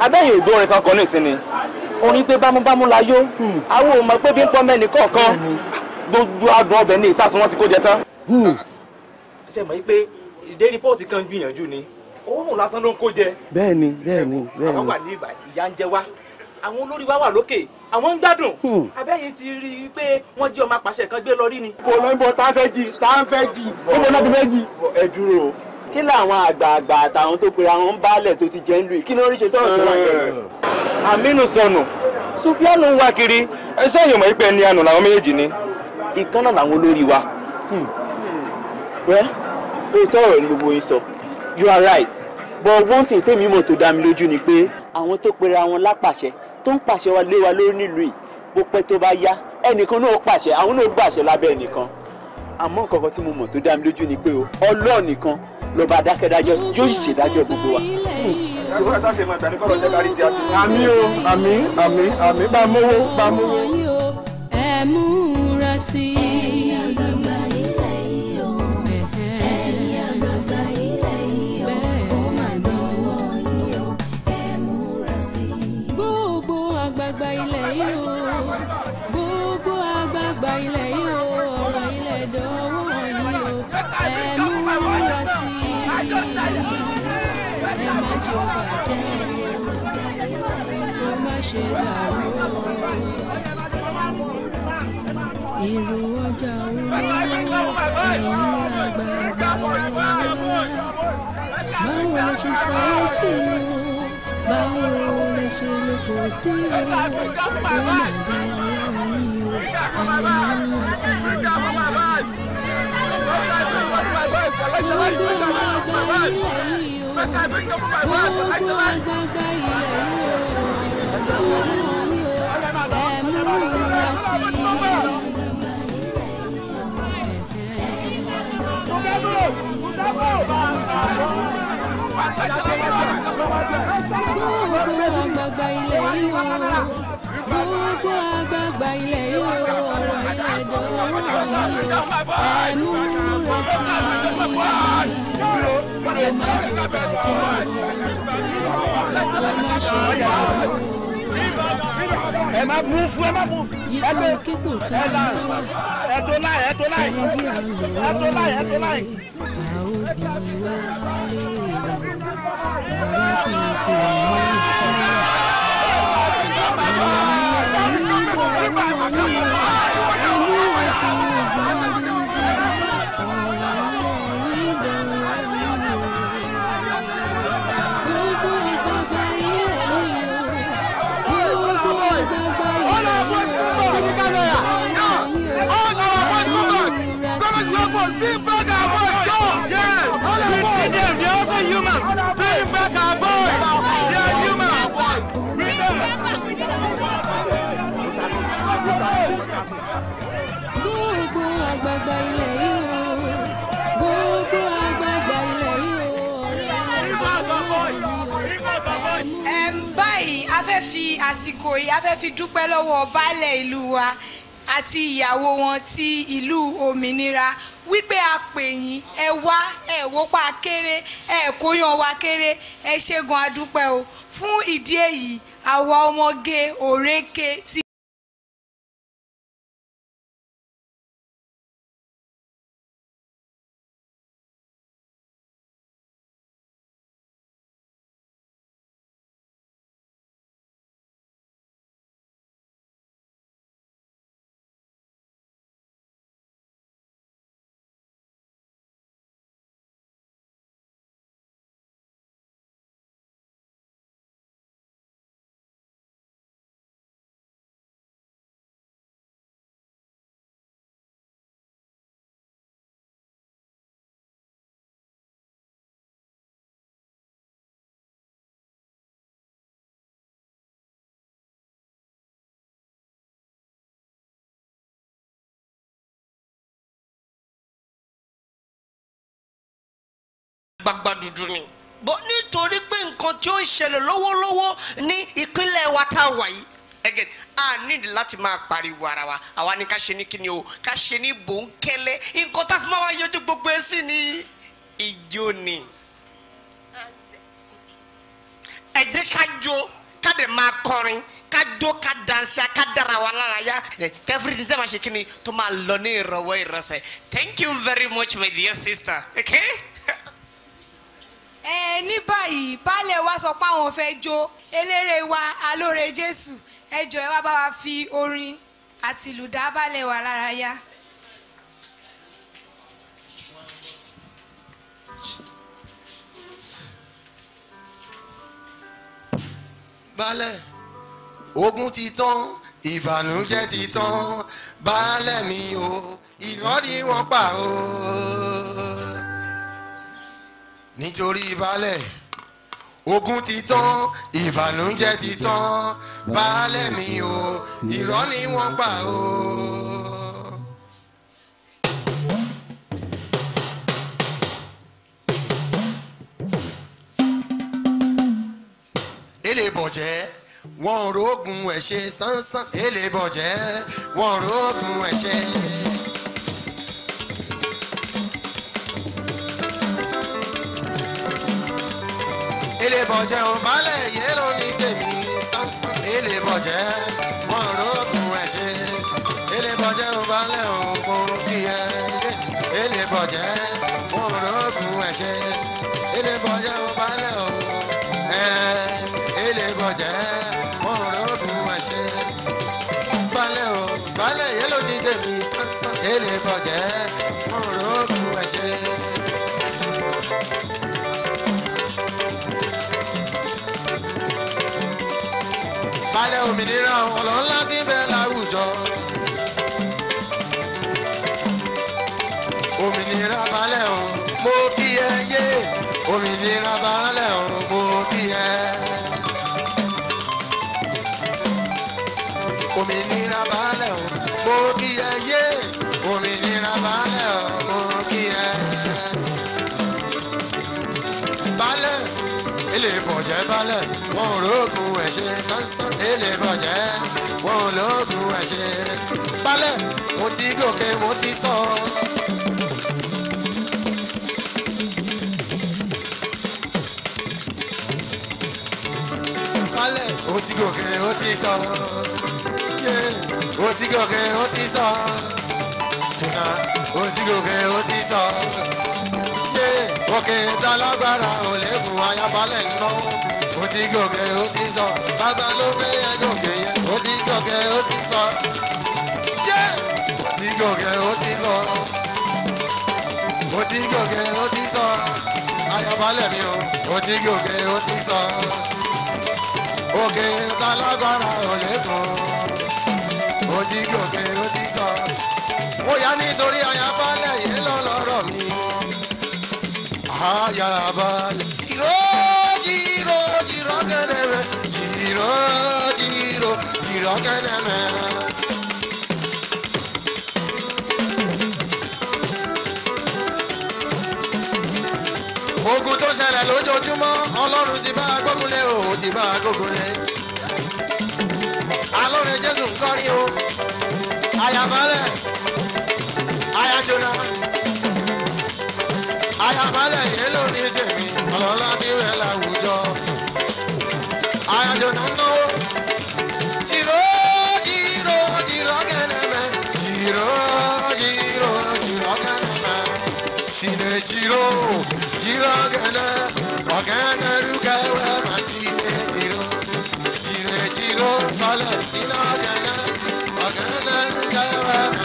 abẹ́yẹ̀ ìgbó orin kan kọ ní ìsinmi orin pé bámúbámú la yó hmm. àwọn ò mọ̀ pé bí ń pọ́ mẹ́ni kọ̀ọ̀kan hmm. gbogbo adùn ọbẹ̀ ní ìsásùn wọn ti kó jẹ tán. Hmm. ṣe mọ̀ pé ìdé rìpọ́ọ̀tì kan gbìyànjú ni òórùn lásán ló ń kó jẹ. bẹ́ẹ̀ni bẹ́ẹ̀ni bẹ́ẹ̀ni àwọn wà ní ìyà ń jẹ wá àwọn olórí wa wà lókè àwọn ń gbádùn hmm. abẹ́yẹ ti rí i pé wọ́n jí ọmọ apàṣẹ kan gbé lọ rí ni. kò lọ ń bọ tá a fẹ́ jí tá a fẹ́ jí ó bọ náà tó fẹ́ jí. ẹ dúró kí làwọn àgbààgbà àtàwọn tó pera wọn ń bálẹ̀ tó ti jẹ́ ń lu yìí kí ló ń ṣe sọ̀rọ̀ tó wà nílẹ̀. Aminu sọnù Sufianu ń wá kiri ẹṣẹ́ ìyọ̀mọ̀ ìpẹ́ ẹni àná làwọn méjèèjì ni. ìkan náà làwọn olórí wa. Hmm. wẹ́ òótọ́ ọ̀rọ̀ ni gbogbo yín sọ you are right but one thing tèmi mọ̀ tó dá mi lójú ni pé àwọn tó pera wọn lápàṣẹ tó ń pàṣẹ wa lé wa lórí nílùú yìí bó pẹ́ tó bá yá ẹnìkan náà pàṣẹ àwọn náà gbàṣẹ lábẹ́ ẹnìkan àmọ́ nǹkan tí mo mọ̀ tó dá mi lójú ni pé o Ọlọ́run nìkan lọ́ba adákẹ́dájọ́ yóò ṣèdájọ́ gbogbo wa. àmín o àmín àmín àmín bá a mówó bá a mówó. ẹ múra sí i. ṣe dàrú èrò ọjà olówó ẹ̀yìn àgbààgbà báwo lè ṣe sáré sí i báwo lè ṣe lè kó sí i ó má dá ọlọ́run yìí o ẹ̀yìn ńlá sí i. gbogbo àgbààgbà ilẹ̀ yìí o gbogbo àgbààgbà ilẹ̀ yìí o ẹ mú wọn sí gbogbo àgbààgbà ilẹ̀ yìí o gbogbo àgbààgbà ilẹ̀ yìí o ọ̀rọ̀ ilẹ̀ dọ̀wọ́ yìí o ẹ mú sí ẹ má jù bàjẹ́ o ẹ má o ẹ má mú fún ẹ má mú ẹ lé ẹ là ẹ tó láì ẹ tó láì ẹ tó láì ẹ tó láì. Thank you. àsìkò yìí a fẹ́ fi dúpẹ́ lọ́wọ́ baálẹ̀ ìlú wa àti ìyàwó wọn ti ìlú òmìnira wípé a pè yín ẹ wá ẹ wó pa kéré ẹ kóyan wa kéré ẹ ṣẹ́gun adúpẹ́ o fún ìdí èyí àwa ọmọge òrèké ti. gbagba dúdú ni. bó nítorí pé nǹkan tí ó ń ṣẹlẹ̀ lọ́wọ́lọ́wọ́ ní ìpínlẹ̀ wa tá wà yìí again a need láti máa pariwo ara wa àwa ni ká ṣe ní kíni o ká ṣe ní bòńkẹ́lẹ́ nǹkan tá a wá yọjú gbogbo ẹ̀ ni ijó ni ẹ jẹ́ ká jó ká dẹ̀ máa kọrin ká jó ká dansi ká dara wa lára yá kẹfìrí ti tẹ́wọ́ ṣe kíni tó máa lọ ní ìrọ̀wọ́ ìrọ̀sẹ̀ thank you very much my dear sister okay. ẹ ní báyìí baálẹ̀ wa sọ pé àwọn fẹ́ jó eléré wa alóore jésù ẹ jọ̀ọ́ ẹ wá bá wa fi orin àti ìlù dá wa lára yá. baálẹ̀ ogun ti tán ìbànújẹ́ ti tán baálẹ̀ mi o ìrọ́lì wọn pa o nítorí baálẹ̀ ogun ti tán ìbànújẹ́ ti tán baálẹ̀ mi o irọ́ ni wọ́n pa o. èlé bọ̀jẹ́ wọ́n rògùn ẹ̀ṣẹ̀ sánsán èlé bọ̀jẹ́ wọ́n rògùn ẹ̀ṣẹ̀. èlé bọ̀jẹ́ ò balẹ̀ yé ló ní tèmi sánsán. èlé bọ̀jẹ́ wọn rókun ẹ̀ ṣe. Ele bọ̀jẹ́ o balẹ̀ o, kí ẹ. èlé bọ̀jẹ́ wọn rókun ẹ̀ ṣe. èlé bọ̀jẹ́ ò balẹ̀ o ẹ̀. èlé bọ̀jẹ́ wọn rókun ẹ̀ ṣe. balẹ̀ ò balẹ̀ yé ló ní tèmi sánsán. èlé bọ̀jẹ́ balẹ̀ wọn ò rógun ẹ̀ṣẹ̀ sánsán èlé bọ̀jẹ́ wọn ò lóògùn ẹ̀ṣẹ̀ balẹ̀ mo ti gòkè mo ti sọ. balẹ̀ mo ti gòkè mo ti sọ mo ti gòkè mo ti sọ mo ti gòkè mo ti sọ òkè tálágbára ò lẹ́kùn ayabalẹ̀ ń náwó ó ti gòkè ó ti sọ bàbá ló fẹ́ yẹ gòkè yẹn ó ti gòkè ó ti sọ yẹ ó ti gòkè ó ti sọ ó ti gòkè ó ti sọ ayabalẹ̀ mi o ó ti gòkè ó ti sọ òkè tálágbára ò lẹ́kùn ó ti gòkè ó ti sọ ó yá nítorí ayabalẹ̀ yẹn lọ́lọ́rọ̀ mi hayabal. Jiro jiro jiro keleme. Jiro jiro jiro keleme. ogun tó ṣẹlẹ̀ lójoojúmọ́ ọlọ́run ti bá gbógunlé o ti bá gbógunlé. alórin jésù ń kọrin o àyàbálẹ̀ àyàjọ́nà ayamálẹ̀ yé lórí tèmi ọlọ́lá ti rẹ̀ láwùjọ. ayájọ náà náwó jìrò jìrò jìrò kẹlẹmẹ jìrò jìrò jìrò kẹlẹmẹ sílẹ̀ jìrò jìrò kẹlẹ ọ̀kẹ́nẹ́ lùkẹ́ wẹ́ mà sílẹ̀ jìrò jìrè jìrò falẹ̀ sílẹ̀ kẹlẹ ọ̀kẹ́nẹ́ lùkẹ́ wẹ́ mà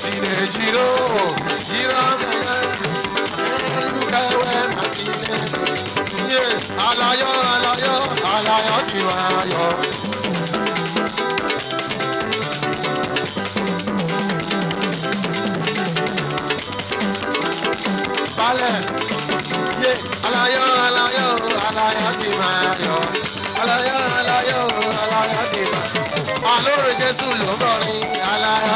sílẹ̀ jìrò jìrè jìrò wẹ́wẹ́ má sí ilé. Iye alayọ̀ alayọ̀ alayọ̀ ti wá yọ. Balẹ̀ iye alayọ̀ alayọ̀ alayọ̀ ti wá yọ. Alayọ̀ alayọ̀ alayọ̀ ti wá yọ. Alóore Jésù ló ń bọ̀ ní alayọ̀.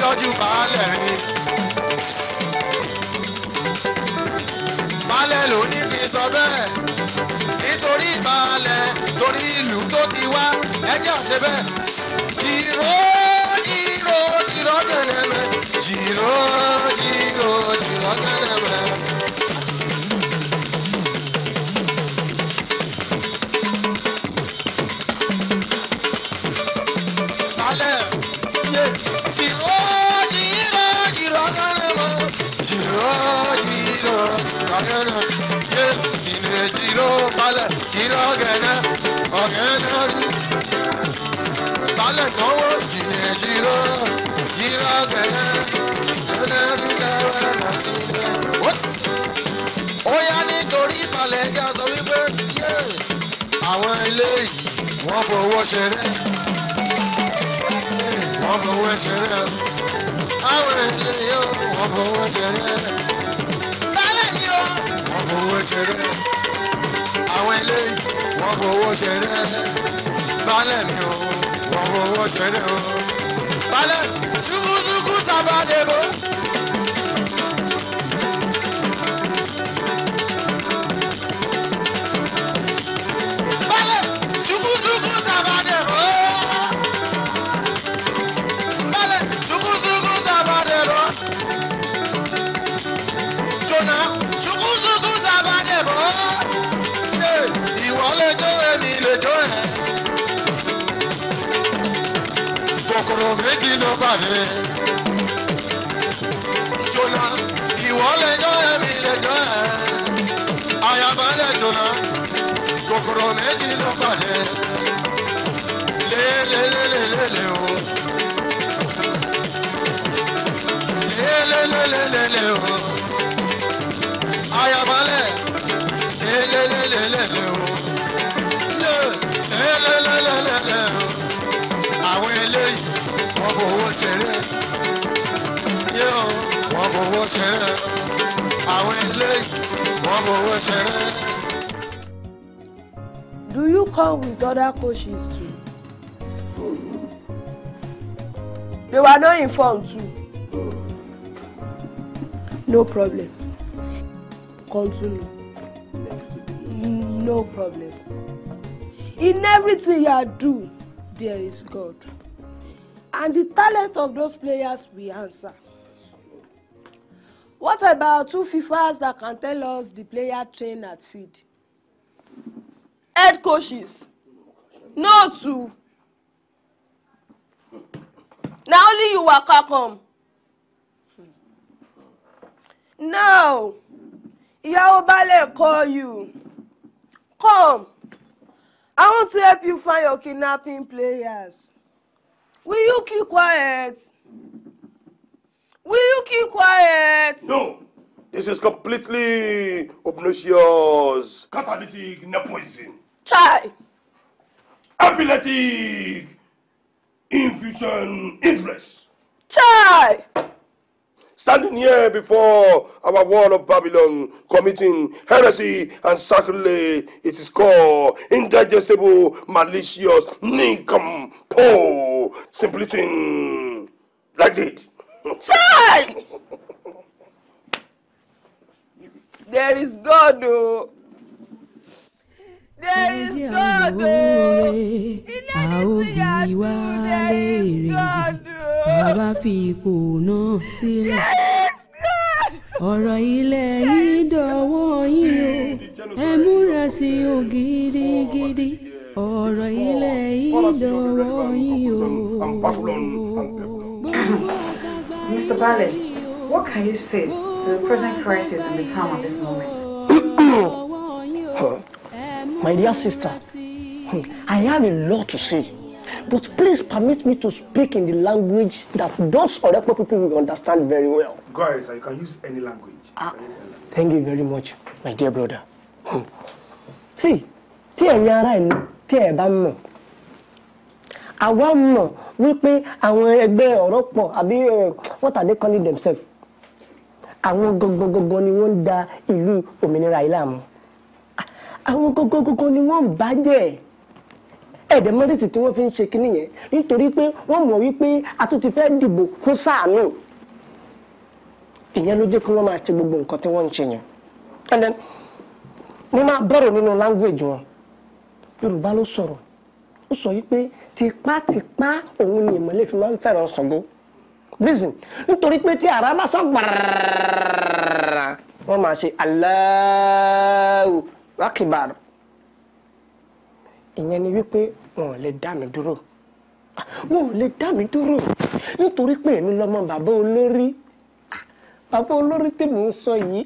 lójú baálẹ̀ ni. baálẹ̀ ló ní kí n sọ bẹ́ẹ̀ nítorí baálẹ̀ torí ìlú tó ti wá ẹjẹ́ àṣẹ bẹ́ẹ̀. jìrò jìrò jìrò gẹ̀lẹ́mẹ̀ jìrò jìrò jìrò gẹ̀lẹ́mẹ̀. baálẹ̀ yé jìrò. ló balẹ̀ tí rọ́gẹ̀dẹ̀ ọ̀gẹ̀dẹ̀ rí. balẹ̀ náwó jìnnà jìrọ̀ tí rọ́gẹ̀dẹ̀ ẹ̀dẹ̀ rí lẹ́wẹ̀ náà sí rẹ̀. ó yá nítorí balẹ̀ ẹja sọ wípé àwọn ilé yìí wọ́n fowó ṣeré wọ́n fowó ṣeré àwọn ilé yìí wọ́n fowó àwọn ilé wọn fowó ṣeré balẹ̀ mi o wọn fowó ṣeré o balẹ̀ ṣùkúṣùkú sábà dé bo. tí ló pàdé. Jona ìwọ lẹjọ́ ẹ̀mí lẹjọ́ ẹ̀. Ayaba lẹjọ́ náà kòkòrò méjì ló pàdé. Lélelélelele o. Lélelélelele o. Ayaba lẹ. wọ́n fowó ṣeré àwọn eléyìí wọ́n fowó ṣeré. Do you come with other coaches too? They were not informed too. No problem. Continue. No problem. In everything you do, there is God. And the talent of those players we answer. What about two FIFAs that can tell us the player train at feed? Head coaches. No two. Now only you waka come. Now, Ìyàwó Baálẹ̀ call you. Come. I want to help you find your kidnapping players. Will you keep quiet? Will you keep quiet? No. This is completely obnoxious, catalytic nepotism. Chai. Epileptic infusion interest. Chai. Standing here before our wall of Babylon, committing heresy and sacrilege, it is called indigestible, malicious, nincompoop, simpleton, like it. Chai! There is God, oh. There is God, oh. Ilé ní ti yàtú, there is God, oh. Bàbá fi ipò náà sílẹ̀. Ọ̀rọ̀ ilẹ̀ yìí dọ̀wọ́ yín o, ẹ múra sí o gidigidi. Ọ̀rọ̀ ilẹ̀ yìí dọ̀wọ́ yín o. Mr. Bale, what can you say to the present crisis in the town at this moment? <coughs> My dear sister, I have a lot to say, but please permit me to speak in the language that those Orekpo people will understand very well. Guys, You can use any language. Ah, Thank you very much, my dear brother. Hmm. See, tí ẹ̀yin ará ìlú àwa mọ̀ wípé àwọn ẹgbẹ́ ọ̀rọ̀ pọ̀ àbí what are they calling themselves àwọn gọgọgọgọ ni wọ́n ń da ìlú òmìnira yìí láàmú àwọn gọgọgọgọ ni wọ́n ń bàjẹ́ ẹ̀ẹ́dẹ̀mọ́rẹ́sì tí wọ́n fi ń ṣe kínní yẹn nítorí pé wọ́n mọ̀ wípé a tún ti fẹ́ dìbò fún sáà náà ìyẹn ló jẹ́ kí wọ́n máa ṣe gbogbo nǹkan tí wọ́n ń ṣe yẹn and then mo máa bọ̀rọ̀ nínú language wọn Yorùbá ló sọ̀rọ̀ ó sọ yìí pé tipátipá òun ni ìmọ̀lẹ́ fi máa ń fẹ́ràn Ṣàngó reason nítorí pé tí ara bá sọ gbàràràràrà wọ́n máa ṣe Allahu akbar ìyẹn ni wípé wọn ò lè dá mi dúró wọn ò lè dá mi dúró nítorí pé èmi lọ́mọ bàbá olórí bàbá olórí tèmi ń sọ yìí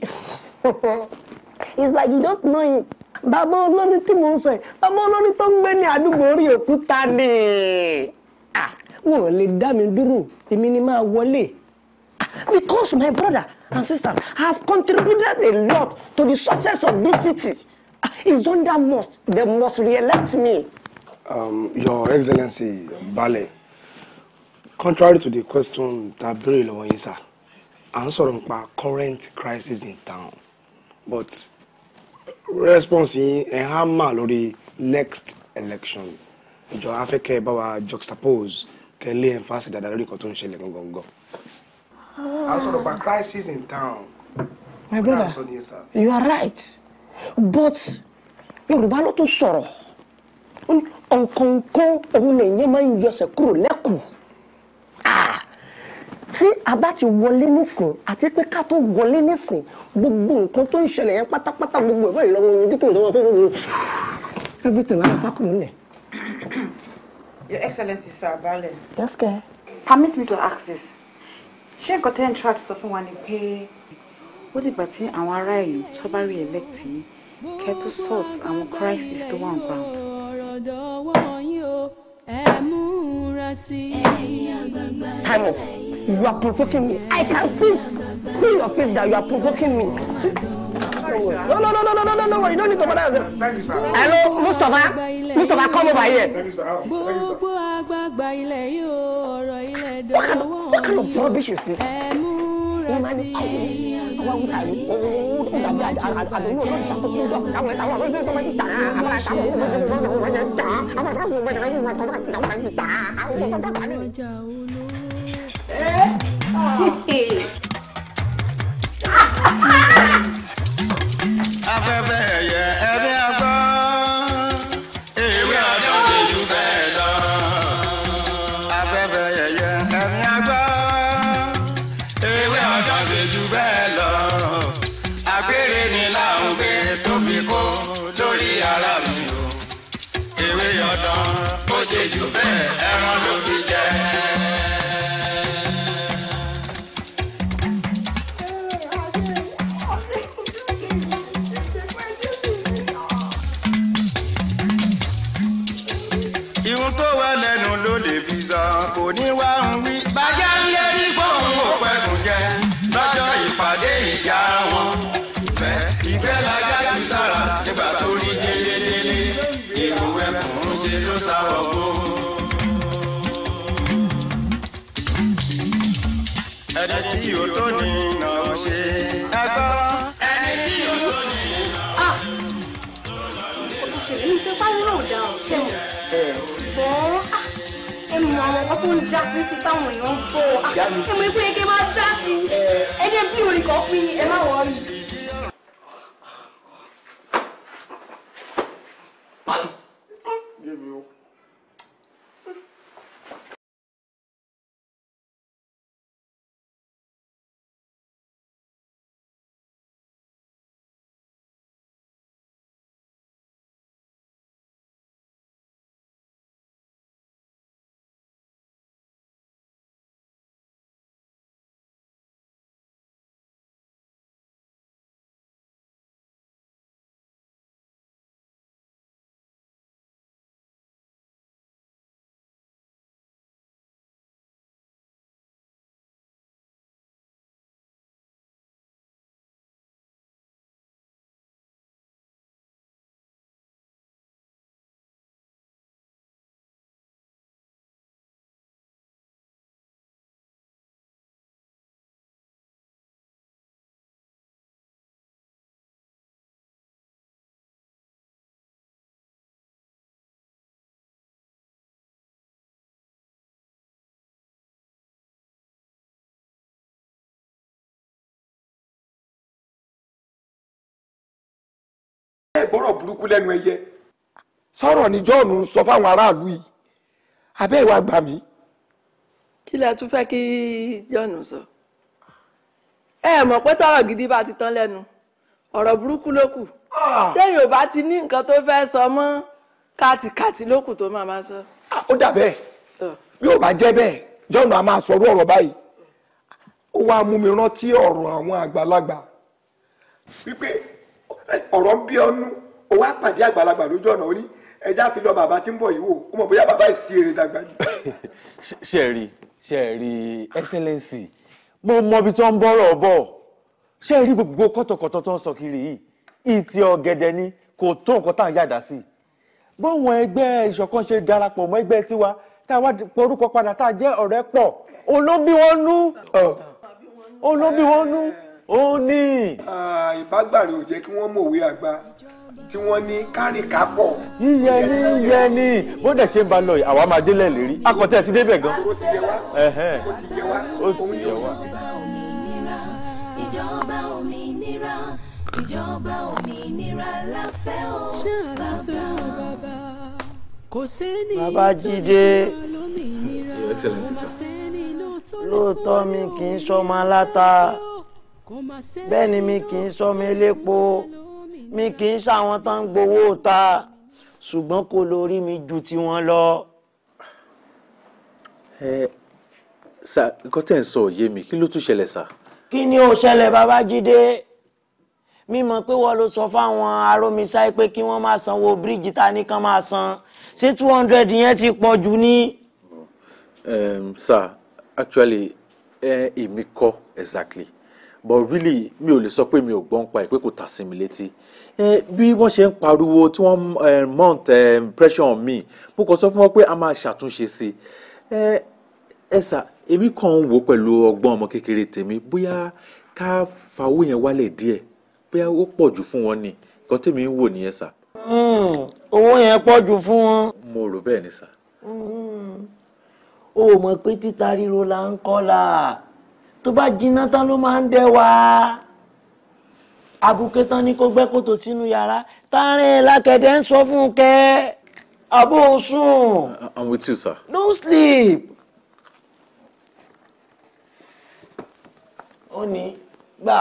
it's like you don't know it bàbá olórí tí mo ń sọ yìí bàbá olórí tó ń gbé ní àdúgbò orí òkúta ni wọn ò lè dá mi dúró èmi ni máa wọlé because my brother and sisters have contributed a lot to the success of this city it's under must they must re-elect me. Um, your excellency Baálẹ̀ contrary to the question ta béèrè lọ́wọ́ yín sir à ń sọ̀rọ̀ nípa current crisis in town but response yín ẹ̀ há mà lórí next election ìjọ afẹ́kẹ́ bá wa juxtapose kẹ́ lé ẹ̀ǹfàsì dáadáa lórí nǹkan tó ń ṣẹlẹ̀ gangan. a sọ̀rọ̀ pa crisis in town. my brother you are right but yorùbá ló tún sọ̀rọ̀ ọ̀nkọ̀ǹkọ̀ òun lè yẹn máa ń yọsẹ̀ kúrò lẹ́kùn. Ah! tí a bá ti wọlé nísìn àti pé ká tó wọlé nísìn gbogbo nǹkan tó ń ṣẹlẹ̀ yẹn pátápátá gbogbo ìwé ìlọ́wọ́ ojú kò lọ́wọ́ fún mi everything lára fákùnrin lẹ̀. your excellency sir baálẹ̀. yes kẹ́. permit me to ask this ṣé nǹkan tẹ́ ń tra ti sọ fún wa ni pé ó dìgbà tí àwọn ará ìlú tó bá rí elect yìí kẹ́ tó sort àwọn crisis tó wà on ground. time off. You are provoking me. I can see it through your face that you are provoking me. No, no, no, no, no, no, no, no You don't need to bother yourself. Thank you, sir. Hello, Mustapha. Mustapha, come over here. Thank you, sir. Thank you, sir. What kind of, what kind of rubbish is this? Ìmọ̀ ni àwọn ọ̀rọ̀ sí. I've afẹ́fẹ́ ẹ̀yẹ ẹni agbọ́. tún já sí sí táwọn èèyàn ń bọ̀ ẹ mọ̀ pé ẹ kẹ́ máa já sí ẹ jẹ́ bí orin kan fún yín ẹ má wọ̀ọ́rì. gbọ́rọ̀ burúkú lẹ́nu ẹyẹ sọ̀rọ̀ ni John sọ fáwọn aráàlú yìí abẹ́ ìwà gbà mí. kí la tún kí sọ ẹ mọ̀ pé tọrọ gidi bá ti tán lẹ́nu ọ̀rọ̀ burúkú ló kù ò ah. bá ti ní nǹkan tó fẹ́ sọ mọ́ káàtìkáàtì ló kù tó máa máa sọ. Ah, ó dà bí bá jẹ́ bẹ́ẹ̀ a máa ọ̀rọ̀ báyìí ó wá mú mi rántí ọ̀rọ̀ àwọn àgbàlagbà wípé ó wá pàdé àgbàlagbà lójú ọ̀nà ó ẹja fi lọ bàbá tí ń bọ̀ yìí wò ó mọ̀ bóyá bàbá ìsí eré dàgbà ni. <laughs> ṣe rí ṣe rí excellency mo mọ ibi tó ń bọ́rọ̀ bọ̀ ṣe rí gbogbo kọ́tọ̀kọ́tọ̀ tó ń sọ kiri yìí ìtì ọ̀gẹ̀dẹ̀ ni kò tó nǹkan tá à ń yàdá sí báwọn ẹgbẹ́ ìṣọ̀kan ṣe darapọ̀ mọ́ ẹgbẹ́ tiwa tá a wá porúkọ padà tá a jẹ́ ọ̀rẹ́ pọ̀ olóbi wọn nú olóbi wọn nú ó ní. ìbágbàre tí wọ́n ní kárìkápọ̀. yíyẹ ní yíyẹ ní bó dẹ̀ ṣe ń ba lọ yìí àwa máa délẹ̀ lérí akọ̀tẹ́ ti débẹ̀ gan. ó ti yẹ wá ó ti yẹ wá ó ti yẹ wá. ìjọba òmìnira ìjọba òmìnira la o bàbá. kò sẹ́ni bàbá jíde lóòótọ́ mi kì í sọmọ aláta bẹ́ẹ̀ ni mi kì í sọmọ elépo mi kì í ṣàwọn tán ń gbowó ta ṣùgbọ́n kò lórí mi ju tiwọn lọ. ẹ sà nǹkan tẹ̀ ń sọ òye mi kí ló tún ṣẹlẹ̀ sà. kí ni ó ṣẹlẹ̀ babájídé mi mọ̀ pé wọ́n ló sọ fáwọn arómisáì pé kí wọ́n máa sanwó bíríìjì ta ní kán máa san ṣé two hundred yẹn ti pọ̀ jù ní. sà actually èmi eh, exactly but really mi ò lè sọ pé mi ò gbọ́n pa ẹ̀ pé kò tà sí mi létí bí wọ́n ṣe ń pariwo tí wọ́n mount pressure on me mo kàn sọ fún wọn pé a máa ṣàtúnṣe sí ẹ sà èmi kàn ń wò pẹ̀lú ọgbọ́n ọmọ kékeré tèmi bóyá ká fawó yẹn wálẹ̀ díẹ̀ bóyá ó pọ̀ jù fún wọn ni nǹkan tèmi ń wò nìyẹn sà. Hmm, owó yẹn pọ̀ jù fún wọn. mo rò bẹ́ẹ̀ ni sà. Hmm, o mọ̀ pé títa ríro la ń kọ́ la tó bá jiná tán ló máa ń dẹ́ wa àbùké tán ni kó gbẹ́ kòtò sínú yàrá tààrin lákẹ̀dẹ̀ ń sọ fún kẹ́ àbó sùn. Uh, I'm with you sir. Don't sleep. ó ní gbà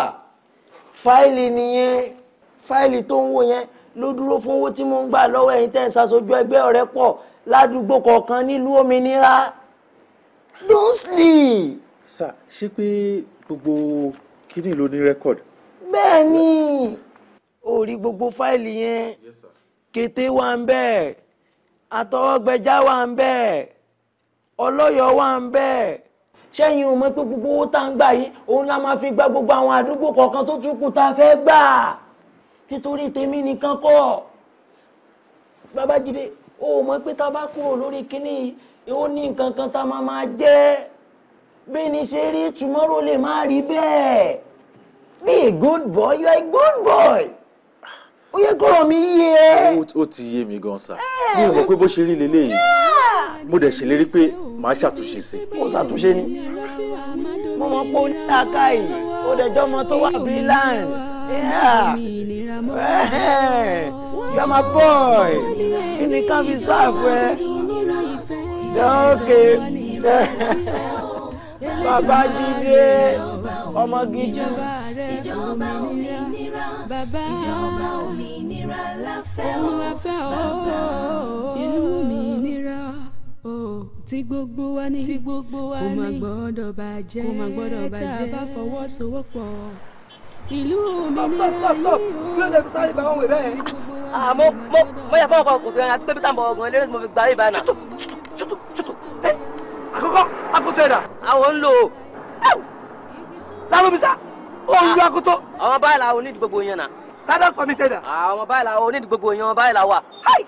fáìlì nìyẹn fáìlì tó ń wò yẹn ló dúró fún owó tí mo ń gbà lọ́wọ́ ẹ̀yin tẹ́ ń ṣàṣojú ẹgbẹ́ ọ̀rẹ́ pọ̀ ládùúgbò kọ̀ọ̀kan nílùú òmìnira don't sleep. sà ṣé pé gbogbo kíní ló ní rẹ́kọ̀dì bẹ́ẹ̀ ni ó rí gbogbo fáìlì yẹn kété wà ń bẹ́ẹ̀ àtọwọ́gbẹjá wà ń bẹ́ẹ̀ ọlọ́yọ̀ wà ń bẹ́ẹ̀ ṣẹ́yìn ò mọ̀ pé gbogbo owó tá ń gbà yìí òun la máa fi gba gbogbo àwọn àdúgbò kọ̀ọ̀kan tó tún kù tá a fẹ́ gbà títorí tèmi nìkan kọ́ babájídé ó mọ̀ pé tá a bá kúrò lórí kínní ó ní nǹkan kan tá a máa máa jẹ́ bẹ́ẹ̀ ni ṣe rí tomorrow lè má rí bẹ́ẹ̀ be a good boy you are a good boy ó yẹ kọ́rọ̀ mi yé ẹ. ó ti yé mi gan sa eh, mi ò mọ̀ pé bó ṣe rí leléyìí mo dẹ̀ ṣèlérí pé màá ṣàtúnṣe sí i. mo ṣàtúnṣe ni mo mọ̀ pé ó ní àká yìí ó dẹ̀ jọ́ ọmọ tó wà brilliant eh, you are my boy kí ni ká fi ṣáàfù ẹ. ok <laughs> bàbá jíde ọmọ gíjú. ìjọba òmìnira bàbá ìjọba òmìnira láfẹ́ o bàbá ìlú òmìnira tí gbogbo wa ní tí gbogbo wa ní kò má gbọ́dọ̀ bàjẹ́ kò má gbọ́dọ̀ bàjẹ́ tá a bá fọwọ́sowọ́pọ̀ ìlú òmìnira yìí ó kí ló dé fi sáré gba wọn wè bẹ́ẹ̀. àmọ́ mo mo yẹ fún ọkọ kò fi hàn àti pé peter mbọ̀ ọ̀gàn eléré tí mo fi gbà rí ìbànú. jùtù jùtù jùtù ẹ àkọ́kọ́ àkùtù ẹ̀dà. àwọn ń lò ó lálùmísà òun yọ akoto. àwọn báyìí la onídìí gbogbo yẹn na. ládàs permitted. àwọn ah, báyìí la onídìí gbogbo yẹn báyìí la wa. hi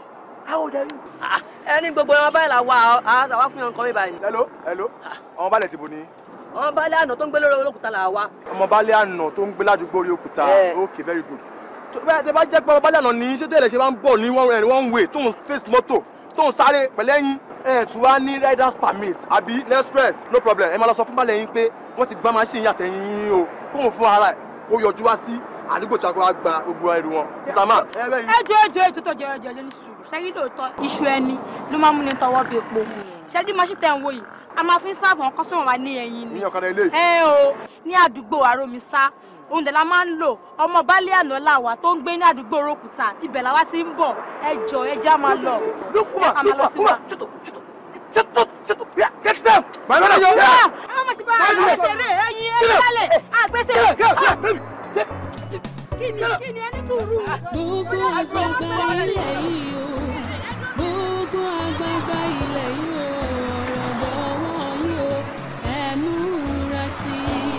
how old are you. Ah, ẹni gbogbo yẹn báyìí la wà ah, á wá fún yẹn nǹkan mi báyìí. hello hello àwọn báyìí ti bò ní. àwọn báyìí àná tó ń gbé lórí olókùúta la wà. ọmọ báyìí àná tó ń gbé ládùúgbò orí òkúta eh. okay very good. bẹ́ẹ̀ tẹ bá jẹ́ pé ọmọ báyìí àná ní ṣé eh, tó yẹ tó ń sáré pẹ̀lẹ́yìn ẹ̀ tún wá ní riders permit àbí express no problem ẹ máa lọ sọ fún balẹ̀ yín pé wọ́n ti gbá machine yàtẹ̀yìn yín o kóun fún ara ẹ̀ kó yọjú wá sí àdúgbò tí a kò wá gba gbogbo ẹrù wọn. ìsàmà. ẹjọ ẹjọ ètò tó jẹ ẹjọ ní sùúrù ṣẹ́yìn lóòótọ́ iṣu ẹni ló máa ń múni tọwọ́ bí epo ṣẹ́yìn máa ṣì tẹ̀ ń wò yìí a máa fi ń sáàbù wọn kọ́sọ́mọ̀ wa ní ẹ̀yìn ni. ní ọ̀kadà ilé. ẹ o ní àdúgbò àròmísá òun dẹ̀ la máa ń lò ọmọ baálé àná làwà tó ń gbé ní àdúgbò òrókùtà ibẹ̀ làwa ti ń bọ̀ ẹ jọ ẹ já máa lọ. lukuma lukuma kuma tutu tutu tutu tutu ya get them. bàbá mi yọ wá. ẹ má ṣe bá ara ṣeré ẹyin ẹ lálẹ́ àgbẹ̀sẹ̀. kí ni kí ni ẹni tó rú. gbogbo àgbààgbà ilẹ̀ yìí o gbogbo àgbààgbà ilẹ̀ yìí o ọ̀rọ̀ bọ̀ wọ̀nyí o ẹ̀ múra sí i.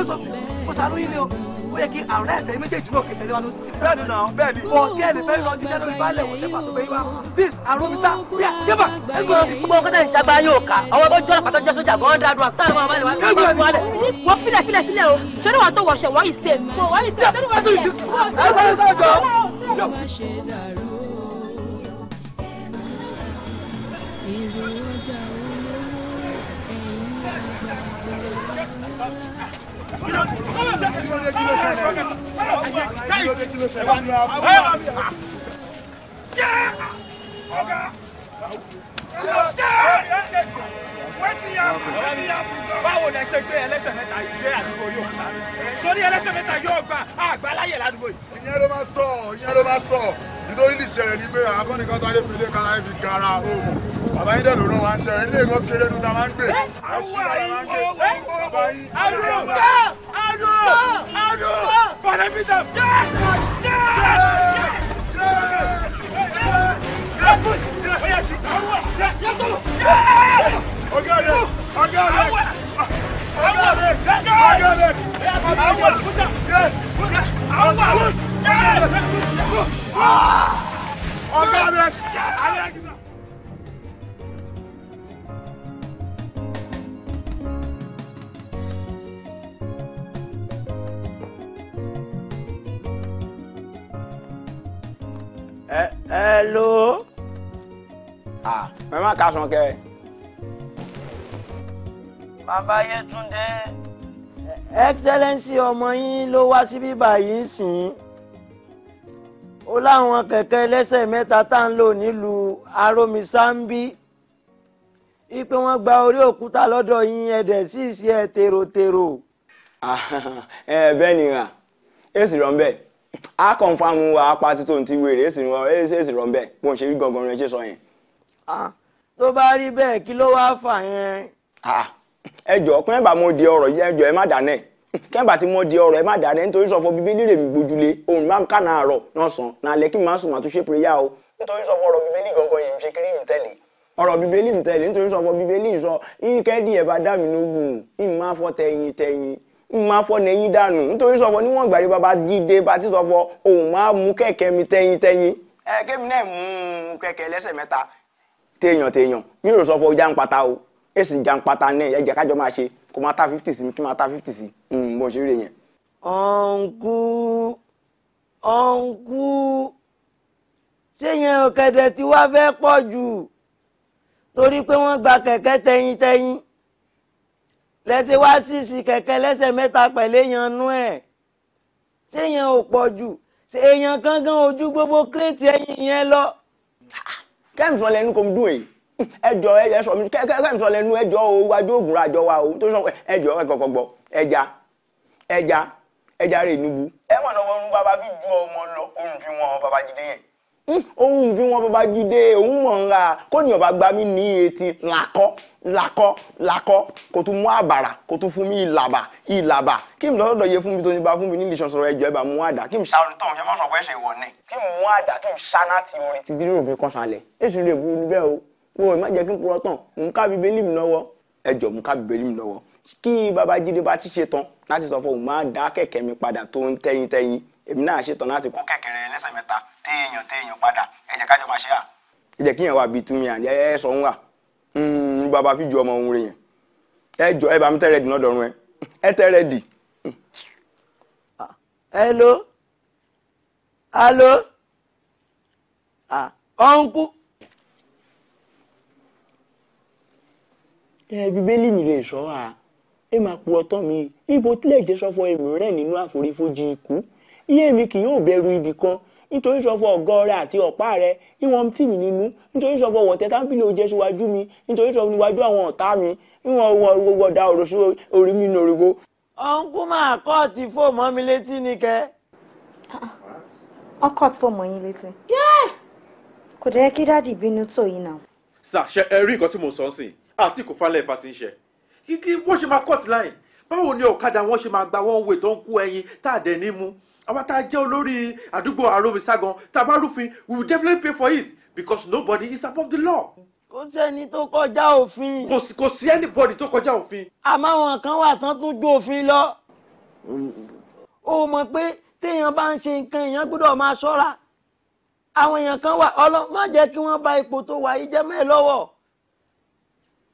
know something mo ṣàánú yín ni o ó yẹ kí àrùn ẹsẹ̀ méjèèjì náà kẹtẹ̀lé wa ló ti bẹ́ẹ̀ ni náà bẹ́ẹ̀ ni. wọ́n kí ẹni fẹ́ẹ́ lọ jíṣẹ́ lórí balẹ̀ wò lẹ́fà tó bẹ́ẹ̀ wá bíis àrùn mi sá bíà yébà. ẹgbẹ́ mi gbọ́ kọ́tà ìṣàgbá yóò ká àwọn tó jọ́ pàtó jẹ́ sójà gan-an dáadọ́ àti táwọn ọmọ wa wọ́n filẹ̀ filẹ̀ filẹ̀ o ṣé wọ́n tó wọ̀ṣẹ̀ wọ́n yìí sè mí. wọ́n yìí sè mí. wọ́n yìí sè mí. Yeah! báwo lẹ ṣe gbé ẹlẹ́sẹ̀ mẹ́ta yìí dé àdúgbò yóò gbà torí ẹlẹ́sẹ̀ mẹ́ta yóò gbà àgbáláyè ládùúgbò yìí. ìyẹn ló máa sọ ìyẹn ló máa sọ nítorí ìṣẹ̀lẹ̀ ni pé akọ́nìkan tàdé fi ilé kára fi gara oòrùn bàbá yín dẹ̀lú náà wá ń ṣẹlẹ̀ ilé ìkan kéré nu ta máa ń gbé. àṣìwò la máa ń gbé bàbá yín. àdùn àdùn àdùn bọ̀dẹ̀ pizza yẹ yẹ yẹ yẹ yẹ I got it. I got it. I got it. I got it. I got it. Yes. I got it. I got it. I got it. Hello. Ah, mẹ má ka sọn kẹ bàbá Yétúndé. Excellency ọmọ yín ló wá síbí báyìí ń sìn ó láwọn kẹ̀kẹ́ ẹlẹ́sẹ̀ mẹ́ta tá ń lò nílùú aromisambi ipe wọ́n gba orí òkúta lọ́dọ̀ yín ẹ̀dẹ̀ sí ìsí ẹ̀ tèrotèro. <laughs> ẹ bẹ́ẹ̀ ni rà èsì rọ̀ ń bẹ̀ á kọ̀ǹfàmù apá títò ti wèrè èsì rọ̀ ń bẹ̀ bó ń ṣe rí gangan rẹ̀ ṣe sọ yẹn. Ah, tó bá rí bẹ́ẹ̀ kí ló wáá fà yẹn. Ah, ẹjọ kí wọn bá mo di ọ̀rọ̀ yẹ ẹjọ ẹ má dáná ẹ kí wọn bá ti mo di ọ̀rọ̀ ẹ má dáná ẹ nítorí sọfọ bíbélì rèmi gbójúlé òun máa ń kà náà rọ náà sàn náà lẹ n máa sùn máa o nítorí sọfọ ọ̀rọ̀ bíbélì gangan kiri bíbélì nítorí sọfọ bíbélì sọ bá dá mi lógun dànù nítorí sọfọ níwọ̀n bàbá bá ti òun ẹ sì jà ń pata náà ẹ jẹ́ kájọ máa ṣe kó máa ta fifty sí mi kí máa ta fifty sí hmm, bó ṣe rí yẹn. ọ̀nkú ọ̀nkú ṣéyẹn ọ̀kẹ́dẹ̀ tí wàá fẹ́ pọ̀ jù torí pé wọ́n gba kẹ̀kẹ́ tẹyintẹyin lẹ́sẹ̀ wá sísì kẹ̀kẹ́ lẹ́sẹ̀ mẹ́ta pẹ̀lú èèyàn nú ẹ̀ ṣéyẹn ò pọ̀ jù èèyàn kankan ojú gbogbo kírètì ẹyin yẹn lọ. kẹ́mi fún ọ lẹ́nu kò ń dùn èyí ẹjọ ẹ sọ mi kẹ́kẹ́ mi sọ lẹ́nu ẹjọ o wájú ògùn ra àjọ wa o tó sọ ẹjọ ẹ kọ̀kọ̀ gbọ́ ẹja ẹja ẹja rẹ̀ níbu. ẹ mọ̀ lọ́wọ́ ń bàbá fi ju ọmọ lọ òun fi wọn Babájídé yẹn. òun hmm, fi wọn Babájídé òun mọ̀ ń ra kóníyàn bá gba mí ní etí làkọ́ làkọ́ làkọ́ kò tún mú àbàrà kò tún fún mi ìlàbà ìlàbà kí n lọ́dọ̀ yẹ fún mi tó ní bá fún mi nílé ìṣọ̀sọ̀rọ̀ ẹjọ́ ẹ bá mú àdá kí n ṣàrùn tó ń ṣe mọ́sàn fún ẹ̀ṣẹ̀ ìwọ̀n ni kí n mú àdá kí n ṣáná ti orí títí rírun fi kàn ṣàlẹ̀ èsì rẹ̀ burú bẹ́ẹ̀ o wọn ò má jẹ́ kí n purọ́ tán mò ń ká bíbélì mi lọ́wọ́ ẹ jọ̀ọ́ mò ń ká bíbélì mi lọ́wọ́ kí Babájídé bá ti ṣe tán láti sọ fún òun máa dá kẹ̀kẹ́ mi padà tó ń tẹ́yìn tẹ́yìn èmi náà ṣetán láti kó kẹ̀kẹ́ rẹ lẹ́sẹ̀ mẹ́ta téèyàn téèyàn padà ẹ jẹ́ kájọ máa ṣe à ẹ jẹ́ kíyàn wà bíi túnmí à ẹ ẹ sọ ń wà bàbá fi ju ọmọ òun rè yẹn ẹ jọ ẹ bá mi tẹ́rẹ̀ dì náà dọ̀run ẹ ẹ tẹ́rẹ̀ dì. Ah, hello hello ọ̀nkú. Ah, ẹ bíbélì nìrè ìṣọ́ra ẹ máa pu ọtọ́ mi ibo tilẹ̀ jẹ́ ṣọ̀fọ̀ èmi rẹ̀ nínú àforífojì ikú iye mi kì yóò bẹ̀rù ibì kan nítorí ṣọ̀fọ̀ ọ̀gọ́ rẹ àti ọ̀pá rẹ ìwọ̀n tì mí nínú nítorí ṣọ̀fọ̀ wọ̀tẹ́ tábìlì ò jẹ́ síwájú mi nítorí ṣọ̀fọ̀ níwájú àwọn ọ̀tá mi ìwọ̀n wọ̀ da ọ̀rọ̀ sí orí mi nòrigo. ọ̀nkú máa kọ́ ti fò mọ́ mi létí ni kẹ́. ọkọ ti fò mọ́ yín létí. kò dẹ́ kí dáàdì bínú tó yìí náà. sà ṣe ẹ rí nǹkan tí mo sọ ń sìn àti ah, kò falẹ̀ ìfà ti ń ṣe kíkí wọ́n ṣe máa cut line báwo ni ọ̀kadà wọn ṣe máa gba one way tó ń kú ẹyin tá a dẹ̀ ní mu àwa tá a jẹ́ olórí àdúgbò àròmíságan tá a bá rúfin we will definitely pay for it because nobody is above the law. kò sẹ́ni tó kọjá òfin. kò sí kò sí anybody tó kọjá òfin. àmọ́ àwọn kan wà tán tún jó òfin lọ. o mọ̀ pé téèyàn bá ń ṣe nǹkan èèyàn gbọ́dọ̀ máa ṣọ́ra àwọn èèyàn kan wà ọlọ́ má jẹ́ kí wọ́n bà ipò tó wà yìí jẹ́ mẹ́ẹ̀ lọ́wọ́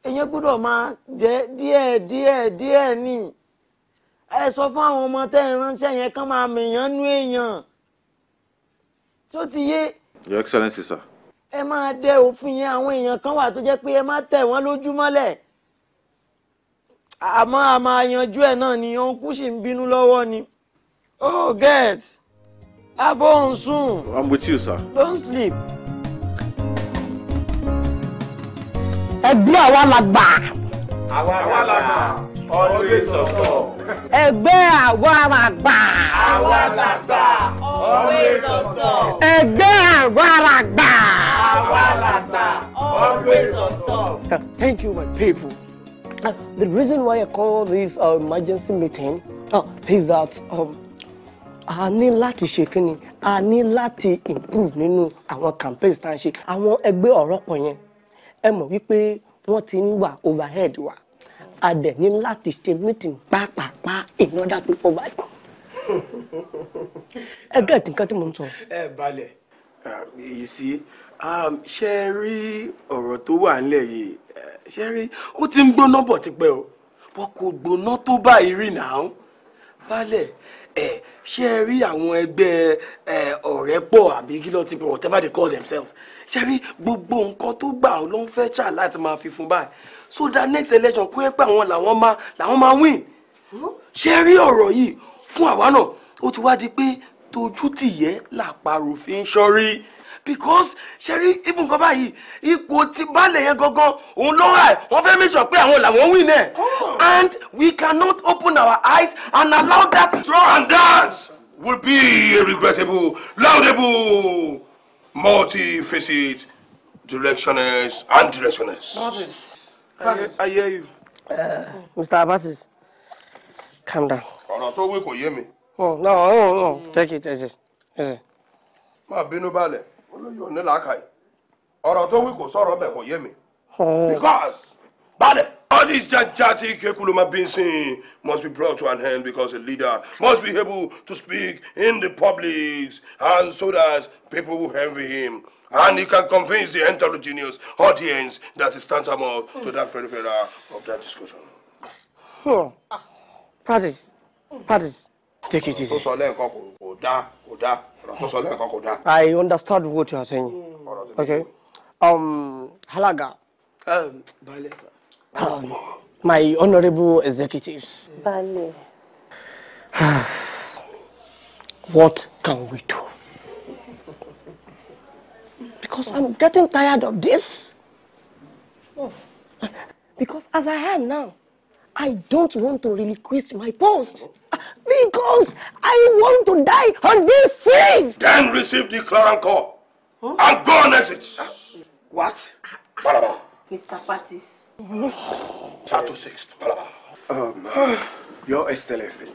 èyàn gbọ́dọ̀ máa jẹ díẹ̀ díẹ̀ díẹ̀ ni ẹ sọ fún àwọn ọmọ tẹ́ ẹ ránṣẹ́ yẹn kán máa mèèyàn nú èèyàn tó ti yé. your excellency sir. ẹ máa dẹ òfin yẹn àwọn èèyàn kan wà tó jẹ́ pé ẹ má tẹ̀ wọ́n lójú mọ́lẹ̀ àmọ́ a máa yanjú ẹ̀ náà ni òun kù sì ń bínú lọ́wọ́ ni oh get abo ń i'm with you sir. don't sleep. ẹbí àwa la gbà. àwa la gbà always ọ̀tọ̀. ẹgbẹ́ àwa la gbà. àwa la gbà always ọ̀tọ̀. ẹgbẹ́ àwa la gbà. àwa la gbà always ọ̀tọ̀. Thank you, my people. Uh, the reason why I call this uh, emergency meeting uh, is that um, a ní láti ṣe kí ni a ní láti improve nínú àwọn campaigns tá à ń ṣe àwọn ẹgbẹ́ ọ̀rọ̀pọ̀ yẹn ẹ mọ̀ wípé wọ́n ti ń wà overhead wa a dẹ̀ ní láti ṣe meeting pàápàá in order to provide. ẹ gẹ́ẹ̀tì nǹkan tí mo ń sọ. ẹ balẹ̀ èyí sí um, ṣe rí ọ̀rọ̀ tó wà nílẹ̀ yìí ṣe rí ó ti ń gbóná bọ̀ tipẹ́ o wọn kò gbóná tó báyìí rí náà balẹ̀ ẹ ṣe rí àwọn ẹgbẹ́ ọ̀rẹ́ pọ̀ àbí kí ló ti pọ̀ whatever they call themselves ṣebí gbogbo nǹkan tó gbà ọ ló ń fẹ́ ṣáà láti máa fi fún báyìí so that next election kó yẹ pé àwọn làwọn máa làwọn máa win ṣe rí ọ̀rọ̀ yìí fún àwa náà ó ti wá di pé tójú tìyẹ́ làpárò fi ń ṣọ́rí because ṣe rí ibù nǹkan báyìí ipò tí baálẹ̀ yẹn gangan òun ló rà ẹ̀ wọ́n fẹ́ make sure pé àwọn làwọn win ẹ̀ and we cannot open our eyes and allow that. so and that will be a regrettable laudable multi-facet directioners and directioners. Notice. I, hear you. Uh, Mr. Abatis, calm down. ọ̀rọ̀ tó wí kò yé mi. Oh, no no no take it easy easy. má bínú balẹ̀ olóyè ò ní làákàyè ọ̀rọ̀ tó wí kò sọ̀rọ̀ bẹ̀ kò yé mi. Oh. because balẹ̀. All these jajati kekuluma binsing must be brought to an end because a leader must be able to speak in the public and so that people will envy him. And he can convince the heterogeneous audience that is tantamount to that peripheral of that discussion. Oh, Paddy, take it easy. I understand what you are saying. Mm. Okay. Um, Halaga. Um, Bailesa. Um, my honorable executive. Bale. What can we do? Because I'm getting tired of this. Because as I am now, I don't want to relinquish my post. Because I want to die on this seat. Then receive the clan call huh? and go on exit. What? Mr. Pati's? Sato sexto. Um, Your Excellency,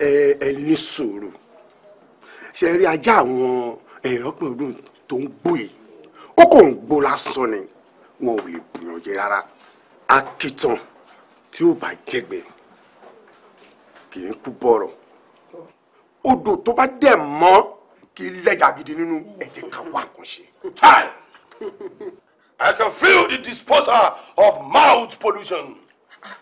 ẹ ní sùúrù. Ṣé rí ajá àwọn ẹ̀rọ pẹ̀lú tó ń gbò yìí? Ó kò ń gbó lásán ni. Wọn ò lè bùyàn jẹ rárá. Akitan tí ó bá jẹgbẹ́ kì í kú bọ̀rọ̀. Odò tó bá dẹ̀ mọ́ kì í lẹ́jà gidi nínú ẹ̀jẹ̀ ká wà kàn ṣe. I can feel the disposer of mouth pollution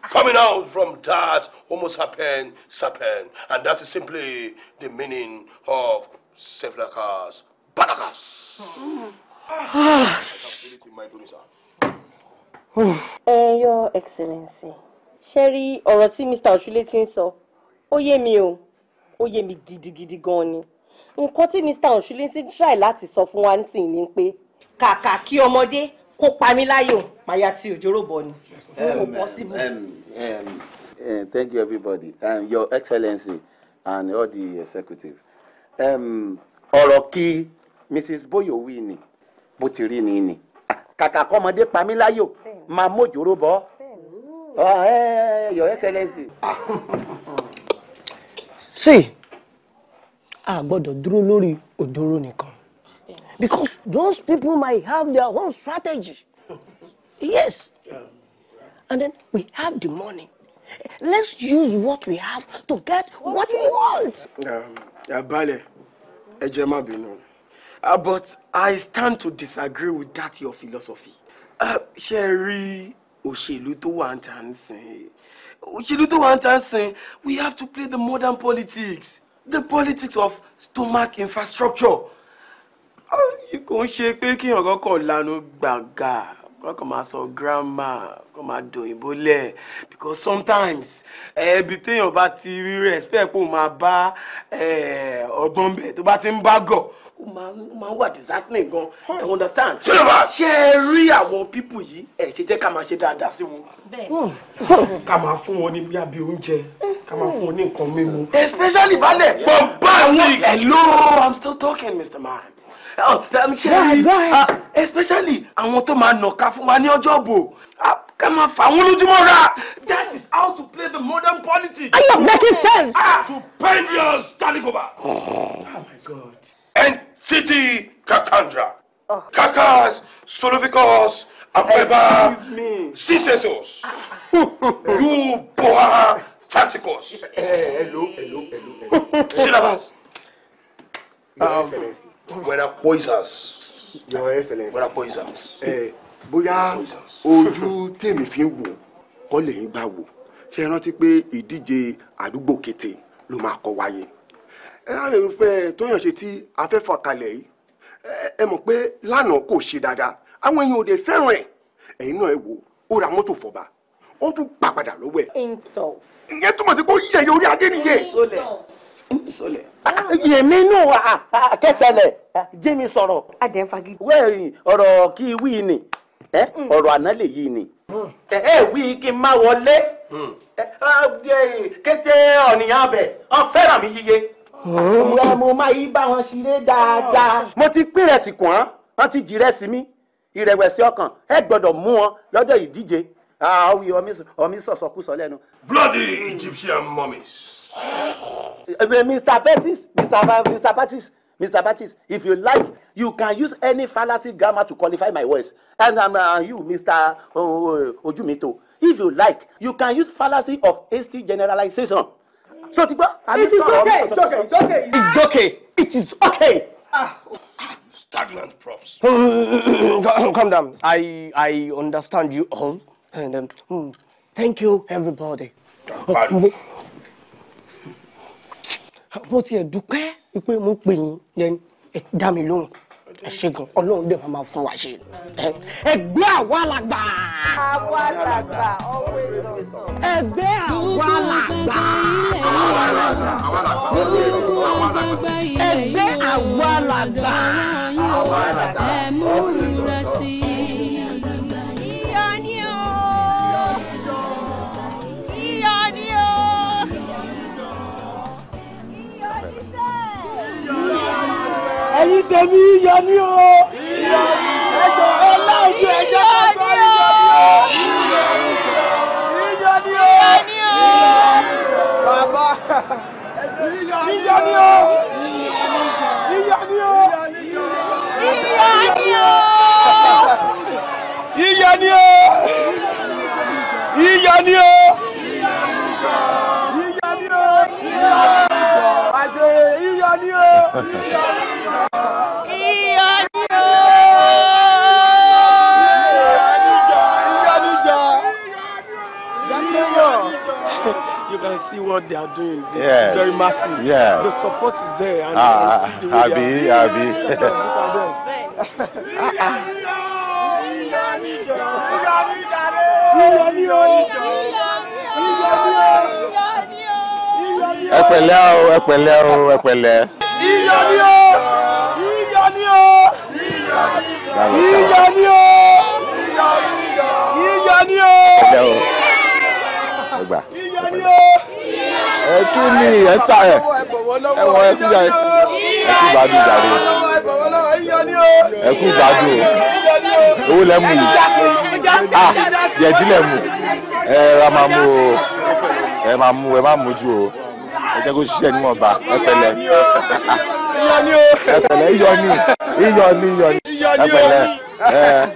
coming out from that Homo sapien sapien, and that is simply the meaning of Sevlakas Barakas. Mm. Ah. Ẹ yọ Excellency, ṣé rí ọ̀rọ̀ tí Mr. Oṣúlé ti ń sọ, ó yé mi o, ó yé mi gidigidi gan ni. Nǹkan tí Mr. Oṣúlé ti ń try láti sọ fún wa ní tìǹbù ni pé kàkà kí ọmọdé kó pa mí láyò màyà tí òjòrò bọ ni um, um, um, eh, thank you everybody um, your excellency and all the executive ọ̀rọ̀ kí mrs boyowi ni bó ti rí ni ni ah, kàkà kọ́mọdé pa mí láyò máa mójòrò bọ́ your excellency. sí a gbọ́dọ̀ dúró lórí òdòrò nìkan because those people might have their own strategy. yes. And then we have the money. Let's use what we have to get what we want. Um, Abale, ẹ jẹ́ má bínú. Ah, but I stand to disagree with that your philosophy. Sherry, ah, rí òṣèlú tó wà ń ta ń sìn? Òṣèlú tó wà ń we have to play the modern politics, the politics of stomach infrastructure kò ń ṣe pé kí ọ̀rọ̀ kọ̀ lanu gbàgà kọ́kọ́ máa sọ grandma. kọ́ máa dòyìnbó lẹ̀ because sometimes ẹbí téèyàn bá ti rí respect pé ó máa bá ọgbọ́n bẹ̀ tó bá ti ń bá gọ̀ ó máa ń wà disheartening gan i understand. ṣé ẹ rí àwọn pípù yìí ẹ ṣe jẹ́ ká máa ṣe dáadáa sí wọn. Hmm. <laughs> ká máa fún wọn ní bí abí oúnjẹ ká máa fún wọn ní nǹkan mímu. especially balẹ̀. bombastic. hello i'm still talking mr man ṣe oh, ah, especially àwọn tó máa nàka fún wa ní ọjọ́ bò ah, ká máa fà wọ́n lójúmọ́ ra that is how to play the modern politics. are you making ah, sense. ah to bend your standing over. Oh. oh my god. And City kakandra oh. kakas solovikos ameba sisesos <laughs> you boha tacticos. Eh, hello hello hello. syllabus. Um, wẹ́rẹ́ poisons. your excellence wẹ́rẹ́ poisons. ẹ eh, bóyá ojú tèmi fi ń wò kọ́ lè ń gbà wò ṣe é rántí pé ìdíje àdúgbò kété ló máa kọ́ wáyé. ẹ láàrin ìfẹ́ tóyàn ṣe tí afẹ́fà kalẹ̀ yìí ẹ mọ̀ pé lánàá kò ṣe dáadáa àwọn èèyàn ò dé fẹ́ràn ẹ̀ ẹ̀yin náà ẹ wò ó ra mọ́tò fọba ó tún gbà padà lọ́wọ́ ẹ̀. insult. ìyẹn túmọ̀ sí pé ó yẹ̀yẹ orí adé nìyẹn. sọlẹ̀ sọlẹ̀. yèmí nù àtẹ̀sẹ̀lẹ̀ jẹ́ mi sọ̀rọ̀. adẹ́nfagi. wẹ́ẹ̀ ọ̀rọ̀ kí wí ni mm. ọ̀rọ̀ àná lè yí ni. Mm. ẹ ẹ wí kí n má wọlé mm. kété ọ̀nìyàn abẹ fẹ́ràn mi yíyé. ìyá mo máa yí bá wọn ṣeré dáadáa. mo ti pín rẹ̀ sí kùn án wọ́n ti jì rẹ̀ sí mi ìrẹ̀wẹ̀sì ọkàn ẹ gbọ́dọ̀ mú wọn lọ́dọ̀ ìdíje awi ah, omi sọ̀sọ̀kúsọ lẹ́nu. bloody egyptian mummies. Eh, eh, mr pettis mr mr pattis mr pattis if you like you can use any fallacy grammar to qualify my words and um, uh, you mr uh, uh ojumito if you like you can use fallacy of hasty generalization. so ti it is okay it is okay It's okay it is okay. Ah. stagnant props. <coughs> calm down i i understand you all and um, hmm, thank you everybody. mo tiẹ̀ dúpẹ́ pé mo pè yín lẹ́nu ẹ dá mi lóhùn ẹ ṣe gan ọlọ́run dẹ̀ máa fún wa ṣe ẹgbẹ́ àwa làgbà. àwa làgbà ọwọ́ ìlọsọ. ẹgbẹ́ àwa làgbà. àwa làgbà àwa làgbà àwa làgbà. ẹgbẹ́ àwa làgbà. àwa làgbà ọwọ́ ìlọsọ. ẹ̀yin tèmi iyọ̀ ni o ẹjọ́ ọlọ́ọ̀dún ẹjọ́ ọgbọ́n iyọ̀ ni o iyọ̀ ni o bàbá iyọ̀ ni o iyọ̀ ni o iyọ̀ ni o iyọ̀ ni o iyọ̀ ni o iyọ̀ ni o ni You can see what they are doing. This yes. is very massive. Yeah. The support is there. And ah, you can see the way Abi, they are. Abi. Look at them. Look at them. ẹ pẹ̀lẹ́ o ẹ pẹ̀lẹ́ o ẹ pẹ̀lẹ́. ìyá ni o ìyá ni o ìyá ni o ìyá ni o. ẹgbẹ́ o ẹgbà ẹ kí ni ẹ sá ẹ ẹ wọ ẹ kú jà ẹ kú gbádùn jàre ẹ kú gbádùn o owó lẹ mú yìí ah yẹ̀dí lẹ mú ẹ ra máa mú o ẹ máa mú ẹ má mú jù o ẹ jẹ́ kó ṣiṣẹ́ níwọ̀nba ẹ pẹ̀lẹ́ ẹ pẹ̀lẹ́ iyọ ni iyọ ni iyọ ni ẹ pẹ̀lẹ́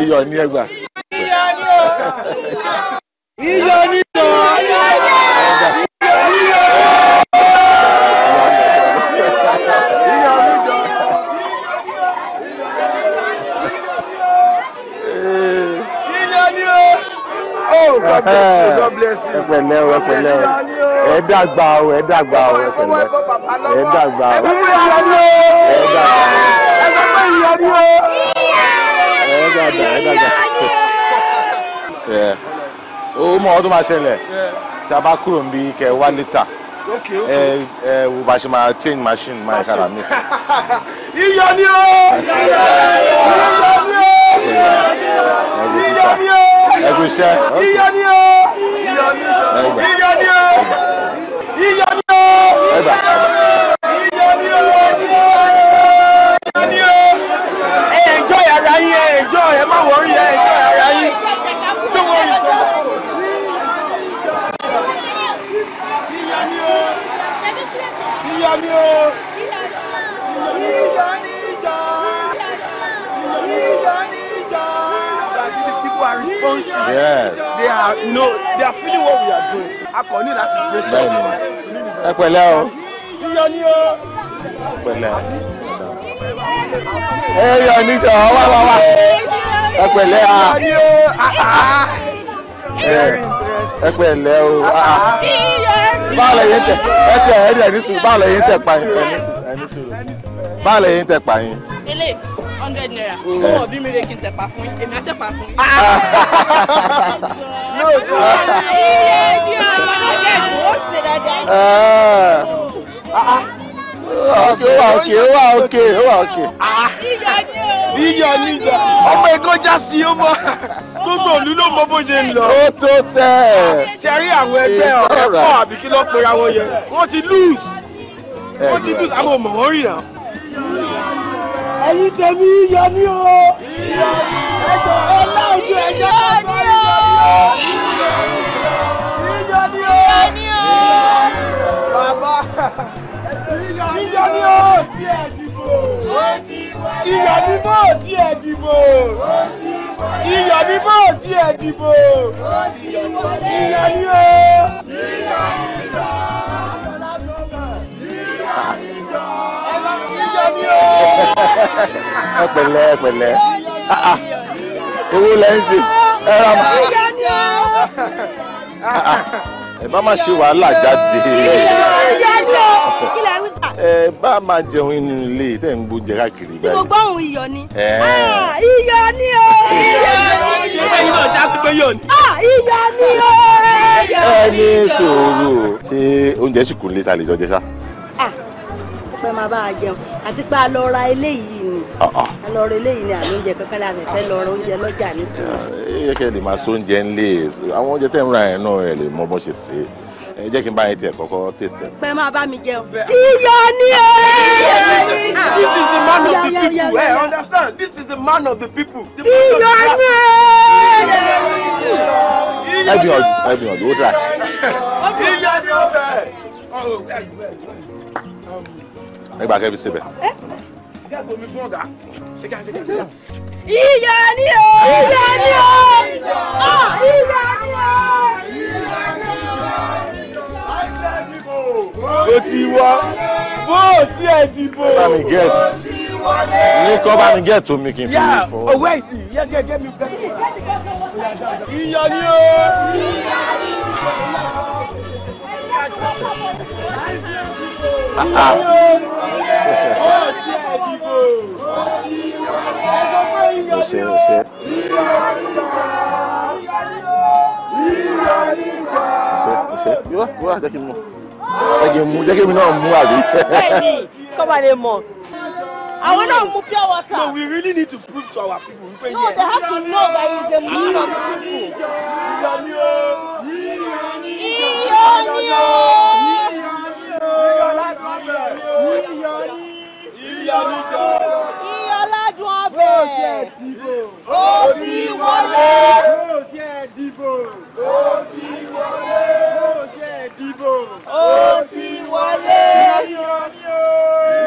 iyọ ni ẹgbà. iyọ ni iyọ ni iyọ ni. o god bless you god bless you. ẹpẹ̀lẹ́ o ẹpẹ̀lẹ́ o ẹ dàgbà o ẹ dàgbà o ẹpẹ̀lẹ́ ẹ dàgbà o ẹ dàgbà o ẹ dàgbà o ẹ dàgbà ẹ dàgbà. o mọ ọdún máa ṣẹlẹ̀ tí a bá kúrò ń bí kẹ wá lítà ẹ ẹ wo bá ṣe máa change machine máa kára mi. <laughs> iyọ̀ ni o iyọ̀ ni o iyọ̀ ni o iyọ̀ ni o ẹkú iṣẹ́. iyọ ni o iyọ ni o iyọ ni o iyọ ni o iyọ ni o ẹ enjoy ara yín ẹ enjoy ẹ má wọrí ẹ enjoy ara yín tó wọrí tó. iyọ ni responsive. Yes. They are you know they are feeling what we are doing. A kò ní láti gbé sọ́ọ̀bù. Ẹ pẹ̀lẹ́ o. Yíyọ ni o. Pẹ̀lẹ́. Ẹ yọ níjọ, wá wá wá. Ẹ pẹ̀lẹ́ a. Yíyọ ni o. Ẹ pẹ̀lẹ́ o. Báwo lẹ̀yin tẹ̀? Ẹ tẹ̀ ẹ dẹ̀ ní sùn. Báwo lẹ̀yin tẹ̀ pa yín? Báwo lẹ̀yin tẹ̀ pa yín? hundred naira mm. owó ọ̀bí mi rè kí n tẹ̀pà fún yín èmi á tẹ̀pà fún yín. Ah. <laughs> lóòótọ́ iye tí ọmọ náà jẹ́ ìwọ́ ṣe dáadáa. Òkè eh. ah, ah. ó wà òkè ó wà òkè ó wà òkè. Níyọ níyọ. Ọmọ ẹ̀kọ́ já sí ó mọ. Gbogbo òlú ló mọ bó ṣe ń lọ. Ó tó sẹ́. Ṣé rí àwọn ẹgbẹ́ ọ̀rẹ́ pọ̀ àbí kí ló pera wọn yẹn? Wọ́n ti lose. Wọ́n ti lose àwọn ọmọ wọn rìnnà ẹ̀yin tèmi iyọ̀ ni o ẹjọ́ ọlá òjò ẹjọ́ ọlá ni o iyọ̀ ni o iyọ̀ ni o bàbá iyọ̀ ni o ti ẹ̀ dìbò iyọ̀ ni bó ti ẹ̀ dìbò iyọ̀ ni bó ti ẹ̀ dìbò iyọ̀ ni o. Iyọ̀ ni o ẹ pẹ̀lẹ́ ẹ pẹ̀lẹ́ ah, ah. owó lẹ ń ṣe ẹ ra ma ah, ẹ bá má ṣe wàhálà jáde ẹ bá máa jẹun inú ilé tẹ ń gbó jẹ káàkiri báyìí. tí mo gbóhùn iyọ̀ ni. iyọ̀ ni o. ẹyin náà já sí pé yóò ní. iyọ̀ ni o. ẹ ní sòrò ṣé oúnjẹ sì kù nílé ta lè jọ jẹ ṣá pé máa bá a jẹun àti pé a lọ ra eléyìí ni a lọ ra eléyìí ni àmì oúnjẹ kankan la fẹ́ lọ ra oúnjẹ lọ́jà nísìnyí. ẹ yẹ kẹ́ ẹ lè máa so oúnjẹ ńlẹ̀ àwọn oúnjẹ tẹ́ ń ra ẹ̀ náà ẹ lè mọ bó ṣe ṣe ẹ jẹ́ kí n bá yín tiẹ̀ kọ́kọ́ taste ẹ̀. máa bá mi jẹun. iyọ̀ ni ẹ. this is the man of the people ẹ understand this is the man of the people. iyọ̀ ni ẹ. ẹ gbìyànjú ẹ gbìyànjú ó dà. iyọ̀ ni ó bẹ̀. Oh, ẹ gbà kẹ́bi síbẹ̀. ìyá ni o ìyá ni o ah! ìyá ni o. o ti wọ bó ti ẹ dìbò. bá mi get ní kọ́ bá mi get omi kí n fi yé fún. owó ẹ̀sìn yẹ gẹ́gẹ́ mi bẹ́ẹ̀. ìyá ni o. ìyá ni o àwọn náà mú pure water. no we really need to prove to our people. no they have to know by the meaning of the people. iyọ̀ ni o ọbẹ̀. Iyọ̀ ní. Iyọ̀ ní jọ. Iyọ̀ ládùn ọbẹ̀. Ó ṣe dìbò. Ó ti wọlé. Ó ṣe dìbò. Ó ti wọlé. Ó ṣe dìbò. Ó ti wọlé. Iyọ̀ ní o.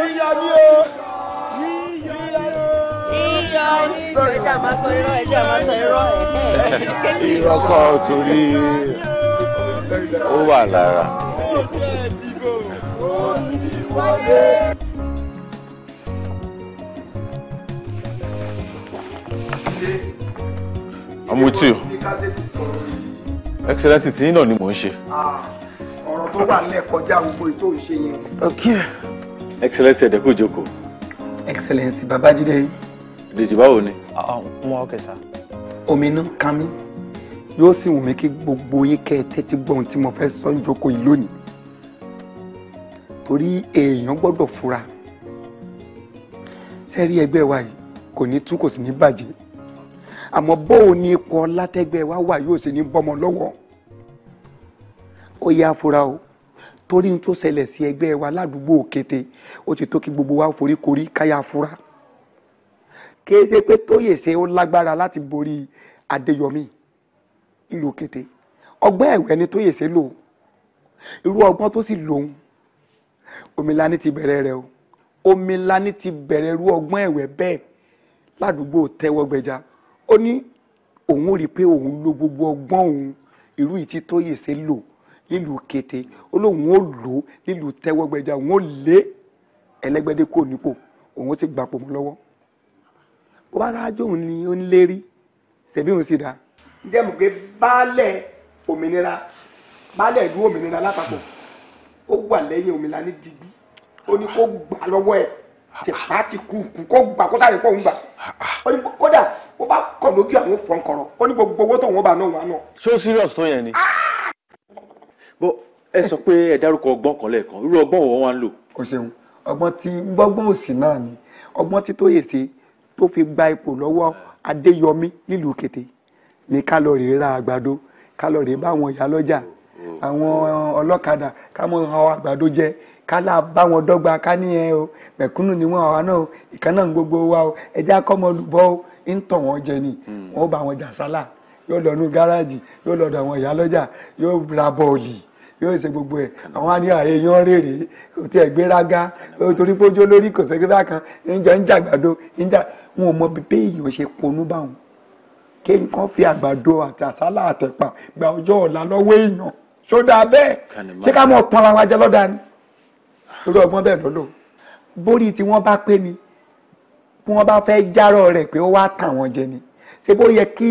Iyọ̀ ní o. Iyọ̀ ní o. Iyọ̀ ní o. Sọ̀rọ̀ ẹja máa sọ irọ́ ẹja máa sọ irọ́. Irọ́ kọ́ torí ó wà lára. I'm with you. Excellency tí yín náà ni mò ń ṣe. Ah, ọ̀rọ̀ tó wà nílẹ̀ kọjá gbogbo ètò ìṣe yẹn. Okay. Excellency ẹ̀dẹ̀ kò jókòó. Excellency Babájídé. Dèjì báwo ni? Ah, ah, Wọ́n ọkẹ́ sir. Omi náà ká mi. Yóò sì wù mí kí gbogbo yín kẹ́ ẹ tẹ́tí gbọ́ mo fẹ́ sọ ń jókòó yìí torí èèyàn gbọ́dọ̀ fura sẹ́rí ẹgbẹ́ wa yìí kò ní tú kò sì ní bàjẹ́ àmọ́ bóò ní ikọ̀ látẹ́gbẹ́ wa wà yóò ṣe ní bọ́mọ lọ́wọ́ ó yá fura o torí n tó ṣẹlẹ̀ sí ẹgbẹ́ wa ládùúgbò kété ó ti tó kí gbogbo wa foríkorí káyà fura kìí ṣe pé tóyèsé ó lágbára láti borí adéyọmí ìlú kété ọgbọ́n ẹ̀wẹ́ ni tóyèsé lò irú ọgbọ́n tó sì lòun omilani ti bẹ̀rẹ̀ rẹ o omilani ti bẹ̀rẹ̀ irú ọgbọ́n ẹ̀wẹ̀ bẹ́ẹ̀ ládùúgbò tẹ́wọ́gbẹ́já ó ní òun rí i pé òun lo gbogbo ọgbọ́n òun irú ìtí tó yè ṣe lò nílùú kété ó lóun ó lò ó nílùú tẹ́wọ́gbẹ́já òun ó lé ẹlẹ́gbẹ́dẹ́ kò nípò òun ó sì gbapò mọ́ lọ́wọ́ bó bá rájò òun ni ó ń lérí ṣẹ̀bí òun sì dá. ǹjẹ́ mo gbé baálẹ̀ òmìnira baálẹ̀ ìlú òmìnira lápapọ̀ ó wà lẹ́yìn omila ní digbí ó ní kó gbà lọ́wọ́ ẹ̀ tìpá ti kú kú kó gbà kó sáré pọ̀ ń gbà ó ní kódà ó bá kọ̀ lójú àwọn fọ̀n kọ̀rọ̀ ó ní gbogbo owó tó wọn bá náà wà náà. ṣé ó serious tó yẹn ni. Ah! bó ẹ sọ pé ẹ dárúkọ ọgbọ́n kan lẹ́ẹ̀kan irú ọgbọ́n wo wọ́n ń lò. o ṣeun ọgbọ́n tí gbọ́gbọ́n òsì náà ni ọgbọ́n tí Tóyè ṣe tó fi gba ipò lọ́wọ́ Adéyọmí nílùú kété ní kálọ̀rì rírà àgbàdo kálọ̀rì báwọn ìyá lọ́jà àwọn ọlọ́kadà ká mọ àwọn àgbàdo jẹ ká là bá wọn dọ́gba ká ní ẹ o mẹ̀kúnnù ni wọn àwa náà ìkànnà gbogbo wa o ẹjẹ́ akọ́mọlùbọ́ o ń tàn wọ́n jẹ ni hmm. wọ́n bá wọn jà sálà yóò lọ nu gáràjì yóò lọ dọ̀ àwọn ìyá lọ́jà yóò ra bọ́ọ̀lì yóò ṣe gbogbo ẹ̀ àwọn àníyàn èèyàn rèrè kò tiẹ̀ gbéraga torí pé ojú olórí kò ṣègbéra kan níjọ ń jàgbàdo níjà wọn ò mọ bí èèyàn ṣe ponú báwọn kéèyàn kan fi àgbàdo àti àsálà àtẹ̀pà gba ọjọ́ ọ̀la lọ́wọ́ èèyàn sódà bẹ́ẹ̀ ṣé ká mọ̀ tán ara wa jẹ lọ́dà ni torí ọgbọ́n bẹ́ẹ̀ lọ́lọ́ bórí tí wọ́n bá pé ni bí wọ́n bá fẹ́ járọ̀ rẹ̀ pé ó wá tàn wọ́n jẹ ni ṣé bó yẹ kí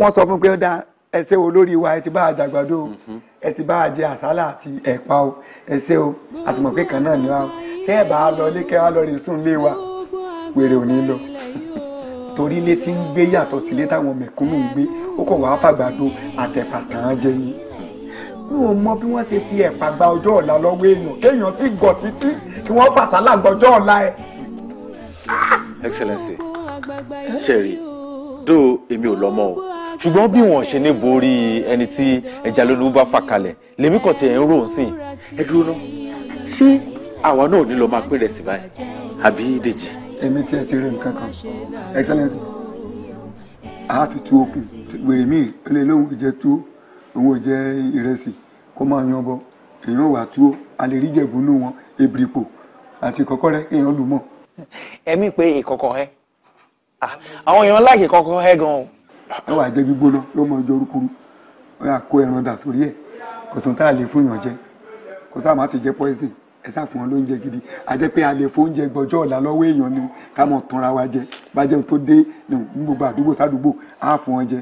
wọ́n sọ fún pé ó da ẹsẹ̀ olórí wa ẹ bá a jàgbàdo mm-hmm. ẹ bá a jẹ àsálà àti ẹ̀pà o ẹsẹ̀ o àti pé kan náà ni wa o ṣé ẹ bá a lọ ilé kẹ́ wa lọ rè sùn lé wa wèrè ò ní lọ torí ilé tí ń gbé yàtọ̀ sílé táwọn mẹ̀kúnnù ń gbé ó kàn wá fàgbàdo àtẹ̀pà tàn án jẹ yín mi ò mọ bí wọ́n ṣe fi ẹ̀pà gba ọjọ́ ọ̀la lọ́wọ́ èèyàn kéèyàn sì gọ̀ títí kí wọ́n fàṣálà gba ọjọ́ ọ̀la ẹ̀. Excellency ṣẹ̀rí dó èmi ò lọ́mọ o ṣùgbọ́n bí wọ́n ṣe ní borí ẹni tí ẹja lónìí bá fà kalẹ̀ lèmi kàn ti ẹ̀ ń rò ó sìn ẹ dúró ná ṣé àwa náà ní lọ́ọ́ máa pín rẹ̀ sí báyìí àbí Dèjì. èmi tí ẹ ti rí nǹkan kan Excellency àá fi tu òkè wèrè míì ó lè lóun ò jẹ tu òun jẹ ìrẹsì kó máa yan bọ èèyàn wà tú a lè rí jẹ̀bù nù wọn èbìrìpò àti ìkọ̀kọ̀ rẹ kéèyàn lù mọ́. ẹ̀mí pé ìkọ̀kọ̀ ẹ àwọn èèyàn láàyè ìkọ̀kọ̀ ẹ gan-an. ẹ wàá jẹ gbígbóná yóò mọ ọjọ́ orúkúrú wọn yà kó ẹran dà sórí ẹ kò sùn tá a lè fún yàn jẹ kò sáà má ti jẹ poison ẹ sá fún wọn lóúnjẹ gidi àjẹ pé a lè fóúnjẹ gbọjọ ọ̀la lọ́wọ́ èèyàn ni ká mọ̀ tanra wa jẹ bá jẹun tó dé ní gbogbo àdúgbò sádùúgbò á fún wọn jẹ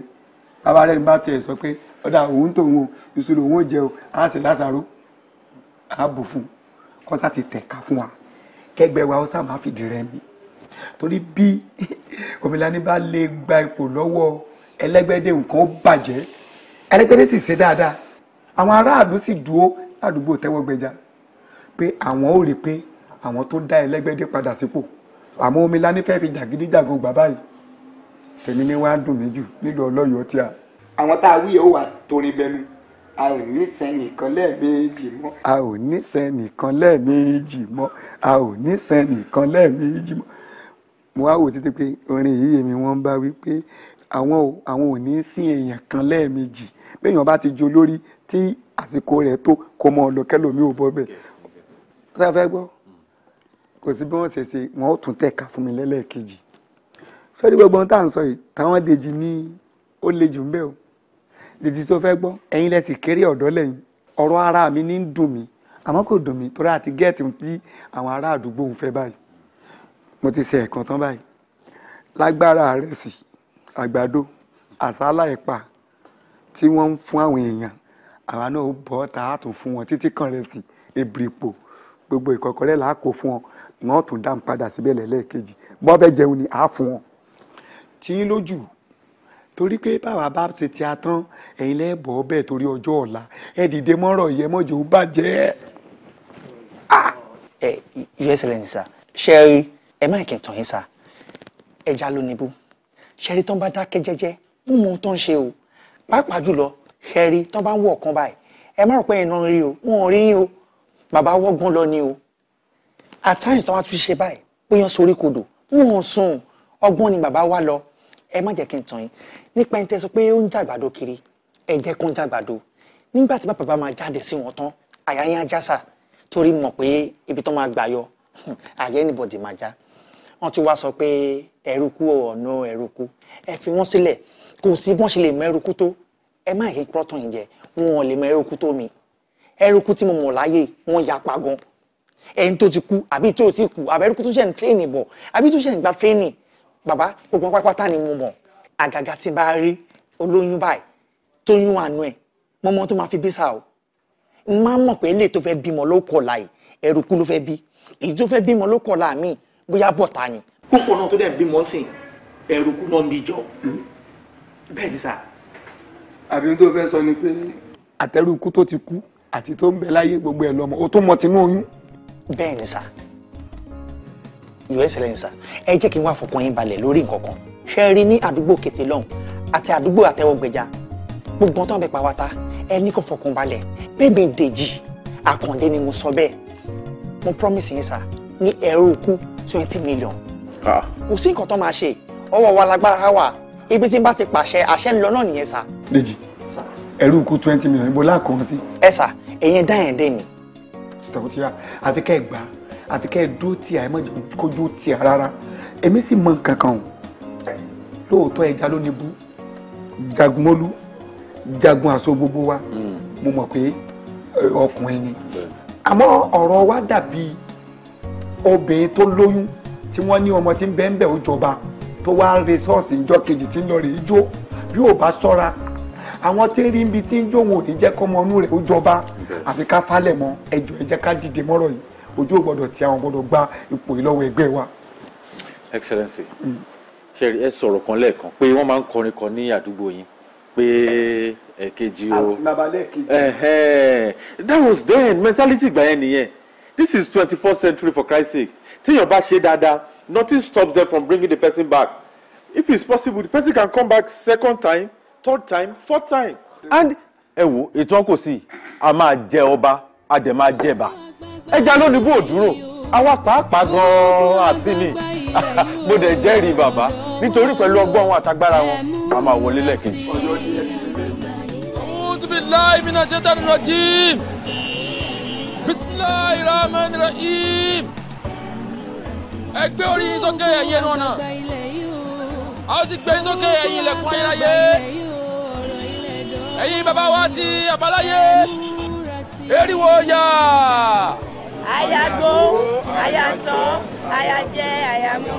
bàbá rẹ bá tiẹ̀ sọ pé ọ̀dà òun tó òun iṣu lòun ó jẹ o á sì lásàrò á bù fún kọ́sà ti tẹ̀ka fún wa kẹgbẹ́ wa ó sábà fìdí rẹ mi torí bí Omilani bá lè gba ipò lọ́wọ́ ẹlẹ́gbẹ́dẹ́ nǹkan ó bàjẹ́ ẹlẹ́gbẹ́dẹ́ sì ṣe dáadáa àwọn aráàlú sì dúró ládùúgbò tẹ́wọ́ gbẹja pé àwọn ò rí pé àwọn tó dá ẹlẹ́gbẹ́dẹ́ padà sípò àmọ́ Omilani fẹ́ fi jàgídíjàgan gbà báyìí tèmi ni wàá dùn mí jù nílùú ọlọ́yọ̀ọ́ tí a àwọn tá a wí yóò wà torin bẹnu a ò ní sẹ́nìkan lẹ́ẹ̀mejì mọ́. a ò ní sẹ́nìkan lẹ́ẹ̀mejì mọ́ a ò ní sẹ́nìkan lẹ́ẹ̀mejì mọ́. mo wá wò títí pé orin yìí èmi wọ́n bá wí pé àwọn ò àwọn ò ní sin èèyàn kan lẹ́ẹ̀mejì béèyàn bá ti jo lórí tí àsìkò rẹ̀ tó kó mọ ọlọ́kẹ́lòmí ò bọ́ bẹ̀. sáfẹ́ gbọ́ kò sí bí wọ́n ṣe ṣe wọ́n ó tún tẹ̀ka fún mi lẹ́lẹ́ẹ̀kejì. sọ́dí gbogbo ohun tá à ń sọ yìí táwọn dèjì ní ó le jù ń bẹ́ẹ̀ o lèsì tó fẹ́ gbọ́ ẹ̀yin lẹ́sìn kéré ọ̀dọ́ lẹ́yìn ọ̀rọ̀ ara mi ní dùn mí àmọ́ kò dùn mí torí àti gẹ́ẹ̀tì tí àwọn ará àdúgbò ń fẹ́ báyìí mo ti ṣe ẹ̀kan tán báyìí lágbára rẹ̀ sì àgbàdo àsálà ẹ̀pà tí wọ́n ń fún àwọn èèyàn àwa náà bọ́ ta á tún fún wọn títí kan rẹ̀ sì èbìrìpò gbogbo ìkọ̀kọ̀rẹ́ là á kó fún wọn wọn tún dá ni à á fún wọn torí pé báwa bá ṣe ti atán ẹ̀yin lẹ́bọ̀ọ́ bẹ́ẹ̀ torí ọjọ́ ọ̀la ẹ dìde mọ́rọ̀ yẹ mọ́jọ́ bàjẹ́. Ah! ẹ your excellence sir ṣe rí ẹ má kí n tàn yín sir ẹja ló níbú ṣe rí tán bá dákẹ́ jẹ́jẹ́ mú mu tán ṣe o pàápàá jùlọ ṣe rí tán bá ń wọ ọ̀kan báyìí ẹ má rò pé iná rí o wọn ò rí yín o bàbá wọ́gbọ́n lọ ni o at times tán wá tún ṣe báyìí bóyá sórí kodò wọn ò sùn ọgbọ́n ni bàbá wa lọ ẹ má jẹ́ kí n tàn yín nípa ẹni tẹ́ sọ pé ó ń jàgbàdo kiri ẹ jẹ́ kó ń jàgbàdo nígbà tí bàbá máa jáde sí wọn tán àyà yín ajá sà torí mọ̀ pé ibi tó máa gbà yọ àyà anybody máa já wọn ti wá sọ pé ẹrúkú ọ̀nà ẹrúkú ẹ fi wọ́n sílẹ̀ kò sí bọ́n ṣe lè mọ ẹrúkú tó ẹ má yẹ pọ́tàn yìí jẹ wọn lè mọ ẹrúkú tó mi ẹrúkú tí mo mọ̀ láyé wọn yapa gan ẹni tó ti kú àbí tó ti kú àbẹ̀rúkú tó ṣẹ̀ ń tírénì bọ̀ àbí tó ṣẹ̀ ń gba tírénì baba gbogbo pátápátá ni mo mọ̀ àgàgà tí bá rí olóyún báyìí tó yún àánú ẹ̀ mo tó máa fi bí sá o máa mọ̀ pé ilé tó fẹ́ bímọ ló kọ̀ láì ẹ̀rù kú ló fẹ́ bí èyí tó fẹ́ bímọ ló kọ̀ láàmì bóyá bọ̀tà ni. púpọ̀ náà tó dẹ̀ bímọ sìn ẹ̀rù kú náà ń bí jọ hmm? bẹ́ẹ̀ ni sà. àbí tó fẹ́ sọ ni pé àtẹrù ikú tó ti kú àti tó ń bẹ láyé gbogbo ẹ̀ lọ́mọ o tó mọ tinú oyún. bẹ́ẹ̀ ni sà your excellence ẹ jẹ́ kí n wá fọkàn yín balẹ̀ lórí nǹkan kan ṣe rí ní àdúgbò kété lọ́hùn àti àdúgbò àtẹwọ́gbẹ̀já gbogbo tó ń bẹ pàwátá ẹ ní kó fọkàn balẹ̀ bébè dèjì àkàndé ni mo sọ bẹ́ẹ̀ mo promise yín sá ní ẹrú ikú twenty million kò sí nǹkan tó máa ṣe ọwọ́ wa lágbára wà ibi tí n bá ti pàṣẹ àṣẹ ń lọ náà nìyẹn sá. dèjì ẹrú ikú twenty million ibo láàkó wọn sí. ẹ sà èyàn dá ẹ̀ ń dé mi. tọ̀wọ́ ti yá àfikẹ́ ẹ̀ gbà á àfi kẹ́ ẹ dúró tì àìmọ́ kojú tì à rárá èmi sì mọ nǹkan kan o lóòótọ́ ẹja ló níbú jagun mọ́lú jagun àṣọ gbogbo wa hmm. mo mọ̀ pé ọkùnrin ni àmọ́ ọ̀rọ̀ wa dàbí obìnrin tó lóyún tí wọ́n ní ọmọ tí ń bẹ́ẹ̀ ń bẹ̀ ó jọba tó wá ń ìjọ kejì tí ń lọ rè jó bí ò bá ṣọ́ra àwọn tí ń rí ibi tí ń jó wọn ò ní jẹ́ kọ́mọ inú rẹ̀ ó jọba àfi ká falẹ̀ mọ́ ẹjọ́ ẹ ká dìde mọ́rọ̀ yìí ojú ò tí àwọn gbọ́dọ̀ gba ipò ìlọ́wọ́ ẹgbẹ́ wa. excellency mm. ṣẹ́rí ẹ sọ̀rọ̀ kan lẹ́ẹ̀kan pé wọ́n máa ń kọrin kan ní àdúgbò yín pé ẹ̀kejì o that was then mentality ìgbà yẹn nìyẹn this is twenty first century for Christ's sake téèyàn bá ṣe dáadáa nothing stops them from bringing the person back if it's possible the person can come back second time third time fourth time and ẹ wo ètò ọkọ sí i a máa jẹ ọba a dẹ̀ máa jẹba ẹja lónìí bò dúró àwa pàápàá gan-an àsìmì <laughs> mo dẹ̀ jẹ́rìí bàbá nítorí pẹ̀lú ọgbọ́n wọn àtagbára wọn a máa wọlé lẹ́ẹ̀kejì. أعوذ بالله من الشيطان الرجيم بسم الله الرحمن الرحيم ẹ gbé orí yín sókè ẹ̀yin ẹnu a ó sì gbé yín sókè ilẹ̀kùn ayérayé ẹ̀yin bàbá wa ti àbáláyé eriwo yá ayagbó ayatọ̀ ayajẹ ayamu.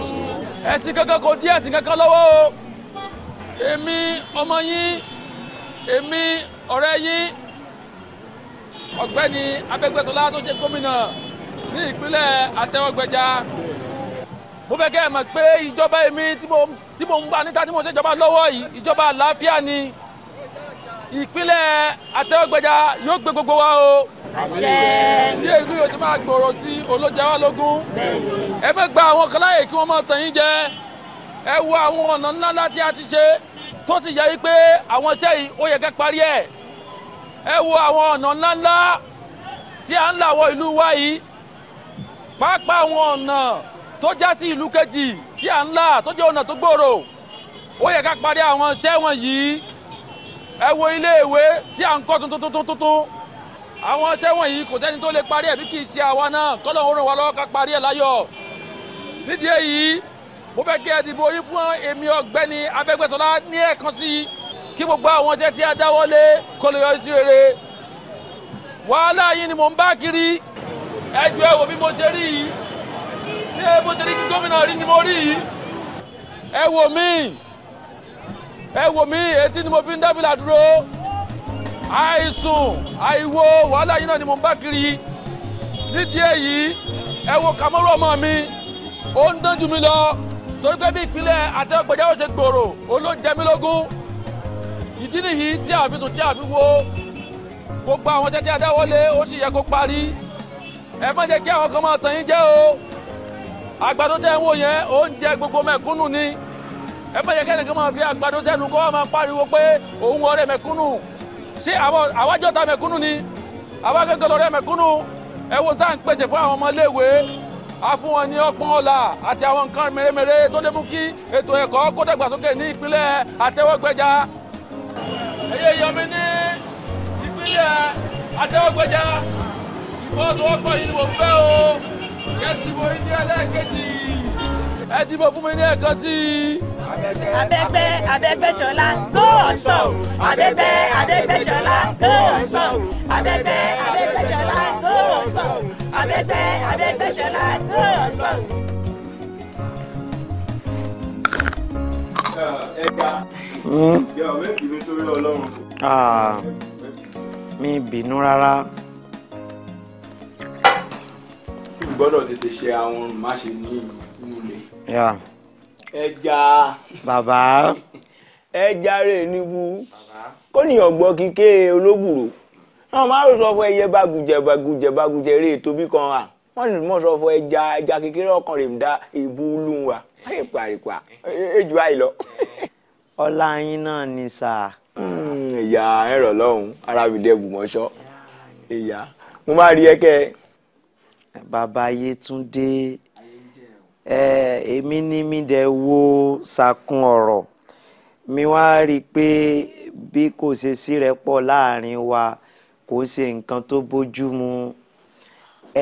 ẹ̀sìn kankan kò dí ẹ̀sìn kankan lọ́wọ́ o èmi ọmọ yín èmi ọ̀rẹ́ yín ọ̀gbẹ́ni abẹ́gbẹ́sọlá tó jẹ́ gómìnà ní ìpínlẹ̀ àtẹwọ́gbẹ̀já mo fẹ́ kẹ́ ẹ mọ̀ pé ìjọba èmi tí mo ń bá níta tí mo ń ṣèjọba lọ́wọ́ yìí ìjọba àlàáfíà ni ìpínlẹ̀ àtẹ́wọ́gbẹ́já yóò gbé gbogbo wa o. àṣẹ. bí èlú yóò ṣe máa gbòòrò sí olójà wa lógún. ẹ fẹ́ gba àwọn kan kí wọ́n máa tàn yín jẹ ẹ wo àwọn ọ̀nà ńlá ńlá tí a ti ṣe tó sì yẹ wípé àwọn iṣẹ́ yìí ó yẹ ká parí ẹ̀ ẹ wo àwọn ọ̀nà ńlá ńlá tí a ń là wọ ìlú wa yìí pàápàá àwọn ọ̀nà tó já sí ìlú kejì tí a ń là tó jẹ́ ọ̀nà tó gbòòrò ó yẹ ká parí àwọn iṣẹ́ wọn yìí ẹ wo iléèwé tí à ń kọ́ tuntun tuntun tuntun àwọn iṣẹ́ wọ̀nyí kò sẹ́ni tó lè parí ẹ̀ bí kì í ṣe àwa náà kọ́lọ̀ ń ràn wá lọ́wọ́ ká parí ẹ̀ láyọ̀ nídìí èyí mo fẹ́ kí ẹ dìbò yín fún èmi ọ̀gbẹ́ni Abẹ́gbẹ́sọlá ní ẹ̀ẹ̀kan sí i kí gbogbo àwọn iṣẹ́ tí a dáwọ́lé kó lè yọrí rere wàhálà yín ni mò ń bá kiri ẹ jọ̀ọ́ ẹ wò bí mo ṣe rí yìí ṣé bó ṣe rí kí gómìnà rí ni mo rí yìí ẹ wò míì ẹ wò mí etí ni mo fi ń dábìlà dúró àìsùn àìwo wàhálà yìí náà ni mo ń bá kiri nídìí èyí ẹ wo kàmọ́rù ọmọ mi ó ń dánjú mi lọ torí pé bí ìpínlẹ̀ àtẹ́gbẹ̀jáwó ṣe gbòòrò olóúnjẹ mi lógún ìdí nìyí tí a fi tún tí a fi wo gbogbo àwọn iṣẹ́ tí a dáwọ́lé ó sì yẹ kó parí ẹ má jẹ́ kí àwọn kan máa tàn yín jẹ o àgbàdo tẹ́ ń wò yẹn oúnjẹ gbogbo mẹ̀kúnnù ni ẹ má yẹ kẹ́nìkan máa fi àgbàdo sẹ́nu kọ́ máa pariwo pé òun ọ̀rẹ́ mẹ̀kúnnù ṣé àwájọ́ ta mẹ̀kúnnù ni àwa gẹ́gẹ́ lọ́rẹ́ mẹ̀kúnnù ẹ wo tá à ń pèsè fún àwọn ọmọléèwé a fún wọn ní ọgbọ́n ọ̀la àti àwọn nǹkan mèremère tó lè mú kí ètò ẹ̀kọ́ kó dàgbàsókè ní ìpínlẹ̀ àtẹwọ́gbẹ́já ẹ̀yẹ yọmi ní ìpínlẹ̀ àtẹwọ́gbẹ́já ìfọwọ́sowọ́pọ̀ yìí ni mo fẹ́ o kẹ́sìmọ̀ ìdí ẹlẹ́ẹ̀kejì ẹ dìbò fún mi ní ẹ̀kan sí i abẹ́gbẹ́ abẹ́gbẹ́ṣọlá go on song abẹ́gbẹ́ abẹ́gbẹ́ṣọlá go on song abẹ́gbẹ́ abẹ́gbẹ́ṣọlá on song abẹ́gbẹ́ hmm? mi bínú rárá. gbọ́dọ̀ tètè ṣe àwọn má ní ìlú ilé ẹja. Baba. ẹja rẹ̀ níbu. kó ní ọ̀gbọ́n kíké olóbùrò. wọ́n máa ń sọ fún ẹyẹ bagujẹ bagujẹ bagujẹ rè tóbi kan à. wọ́n lè mọ̀ sọ fún ẹja ẹja kékeré ọkàn rè ń da ìbú lùn wa. àìpà àìpà èjù àìlọ. ọlá yín náà ni sà. Hmm, ìyá ẹ̀rọ lọ́hùn arábìdẹ bùmọ̀ṣọ́ ìyá mo máa rí ẹkẹ. bàbá Yétúndé èmi ní mi dẹ̀ wo sàkún ọ̀rọ̀ mi wá rí i pé bí kò ṣe sí rẹ́pọ̀ láàrin wa kò ṣe nǹkan tó bójú mu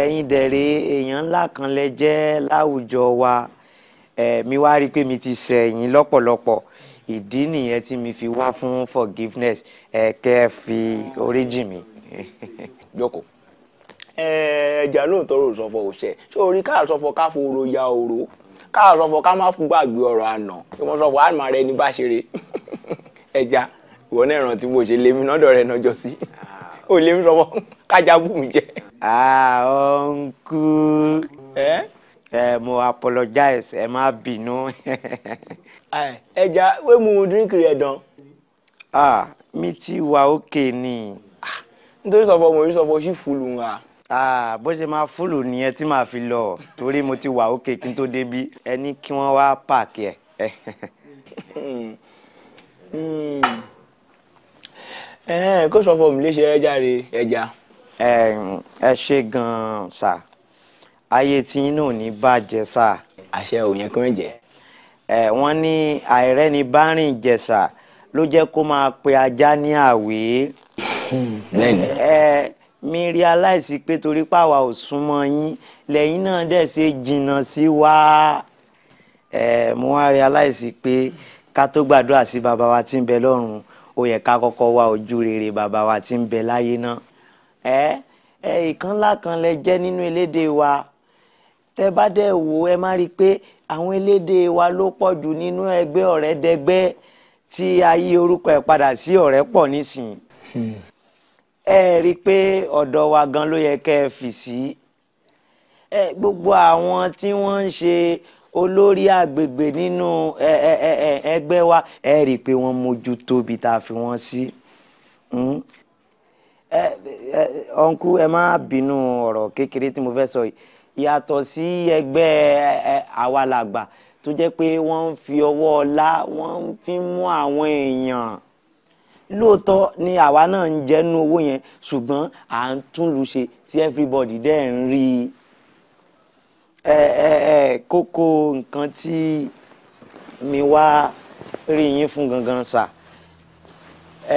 ẹ̀yin dẹ̀ rèé èèyàn ńlá kan lẹ jẹ́ láwùjọ wa mi wá rí i pé mi ti ṣẹ̀yìn lọ́pọ̀lọpọ̀ ìdí nìyẹn tí mi fi wá fún forgiveness ẹ kẹ́ ẹ fi oríjì mi. jókòó ẹ̀ẹ́dà lóun tọrọ òsọfọ òṣẹ ṣé orí káà sọfọ ká fòrò ya òrò káà sọfọ ká má fún gbàgbé ọ̀rọ̀ àná ìwọ sọfọ àmà rẹ ní bá ṣeré <laughs> ẹja ìwọ náà rántí bó ṣe lémi lọ́dọ̀ rẹ nọjọ sí ó ah. <laughs> lémi sọfọ kájà bù jẹ. ọ̀nkú ah, ẹ mo apologize ẹ má bínú. <laughs> ẹja wé mu dírínkì rẹ dán. Ah, mi ti wà òkè ni. nítorí sọfọ mo rí sọfọ sí fúlù wa. Ah, bó ṣe máa fúlù nìyẹn tí màá fi lọ torí mo ti wà òkè kí n tó débi ẹni kí wọ́n wá pààkì ẹ̀. kó sọ fún mi léṣe ẹja rè ẹja. ẹ <laughs> eh, eh, ṣe gan-an sà ayé tí inú ò ní bàjẹ́ sà. àṣẹ ò yẹn kí wọ́n jẹ́. Eh, wọ́n ní àìrẹ́ni bá rìn jẹ̀sà ló jẹ́ kó máa pe ajá ní àwé. Hmm, lẹ́nu mi realize pé torí pàwa ò súnmọ́ yín lẹ́yìn náà dẹ̀ ṣe jìnnà sí wa ẹ̀ mo wá realize pé ká tó gbàdúrà sí bàbá wa tí ń bẹ lọ́run ó yẹ ká kọ́kọ́ wá ojú rere bàbá wa tí ń bẹ láyé náà ẹ ẹ ìkan ńlá kan lẹ jẹ́ nínú elédè wa tẹ bá dẹ̀ wò ẹ má rí i pé àwọn elédè wa ló pọ̀ jù nínú ẹgbẹ́ ọ̀rẹ́dẹ́gbẹ́ tí ayé orúkọ ẹ̀ padà sí ọ̀rẹ́ pọ̀ nísìnyí. Hmm ẹ rí i pé ọ̀dọ̀ wa gan ló yẹ kẹ́ ẹ fì sí gbogbo àwọn tí wọ́n ń ṣe olórí àgbègbè nínú ẹgbẹ́ wa ẹ rí i pé wọ́n mójú tóbi tá a fi wọ́n sí hmm? ọ̀nkú ẹ má bínú ọ̀rọ̀ kékeré tí mo fẹ́ sọ yìí yàtọ̀ sí ẹgbẹ́ àwa làgbà tó jẹ́ pé wọ́n ń fi ọwọ́ ọlá wọ́n fi mú àwọn èèyàn lóòótọ́ ni àwa náà ń jẹ́nu owó yẹn ṣùgbọ́n à ń tún lu ṣe tí everybody dẹ́ ń rí i ẹ ẹ ẹ kókó nǹkan tí mi wá rí yín fún gangan sà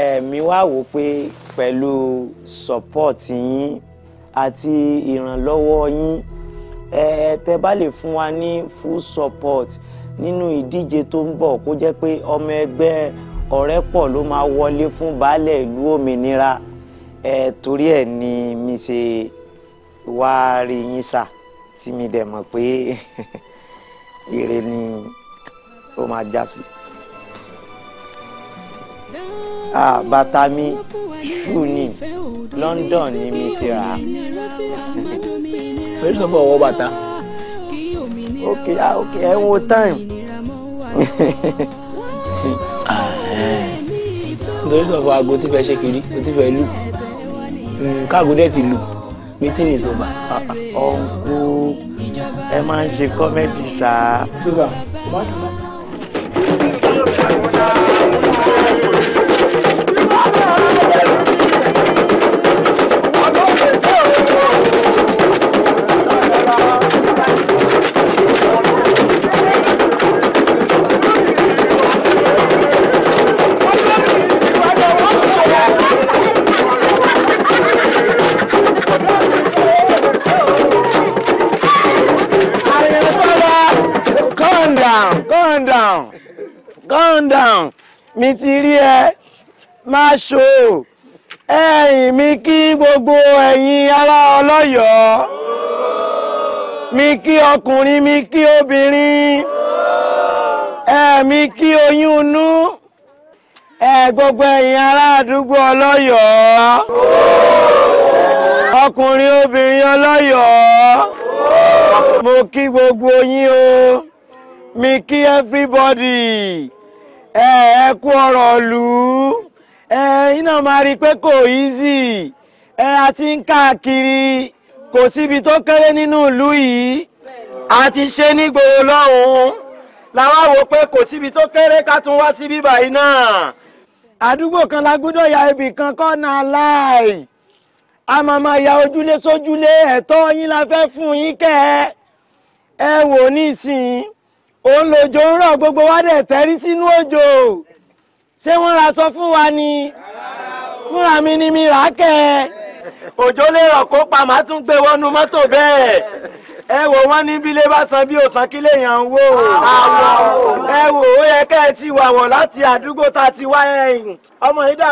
ẹ mi wá wò pé pẹ̀lú support yín àti ìrànlọ́wọ́ yín ẹ tẹ́ bá lè fún wa ní full support nínú ìdíje tó ń bọ̀ kó jẹ́ pé ọmọ ẹgbẹ́ ọ̀rẹ́ pọ̀ ló máa wọlé fún baálẹ̀ ìlú òmìnira ẹ torí ẹ̀ ni mi ṣe wá rí yín sà tí mi dẹ̀ mọ̀ pé <laughs> ire ni ó máa já sí. bàtà mi ṣù ni London ni mi ti rà á. Fẹ́rẹ́ sọ fún ọwọ́ bàtà. ok ok ẹ wo time. <laughs> ah nítorí sọ̀fọ̀ aago tí fẹ́ ṣe kiri o ti fẹ́ lù hmm, káàgó dẹ̀ ti lù meeting is over. ọ̀nkú ẹ máa ń ṣe kọ́mẹ́dì sáà. mi ti rí ẹ má ṣo ẹ̀yìn mi kí gbogbo ẹ̀yin ará ọlọ́yọ̀ọ́ mi kí ọkùnrin mi kí obìnrin ẹ̀mí kí oyún inú ẹ gbogbo ẹ̀yin ará àdúgbò ọlọ́yọ̀ọ́ ọkùnrin obìnrin ọlọ́yọ̀ọ́ mo kí gbogbo yín o mi kí everybody. ẹ ẹ kú ọ̀rọ̀ lù ú iná máa rí pé kò easy ẹ a ń káàkiri kò síbi tó kéré nínú ìlú yìí a ti ṣe nígboro lọ́hùn-ún làwọn wò pé kò síbi tó kéré ká tún wá síbí báyìí náà àdúgbò kan la ya ibì kan kọ́nà a máa ya ojúlé sójúlé ẹ̀tọ́ yín la fẹ́ fún yín kẹ́ ẹ wò nísìnyí. òun lòjò ń rọ̀ gbogbo wa dẹ̀ tẹ́rí sínú òjò ṣé wọ́n ra sọ fún wa ni fúnra mi ni mi rà òjò lè rọ kó pa màá tún gbé wọnú mọ́tò bẹ́ẹ̀ ẹ bá san bí òsàn wò ẹ wò ó yẹ ẹ ti wà láti àdúgbò tá a ti wá ọmọ yìí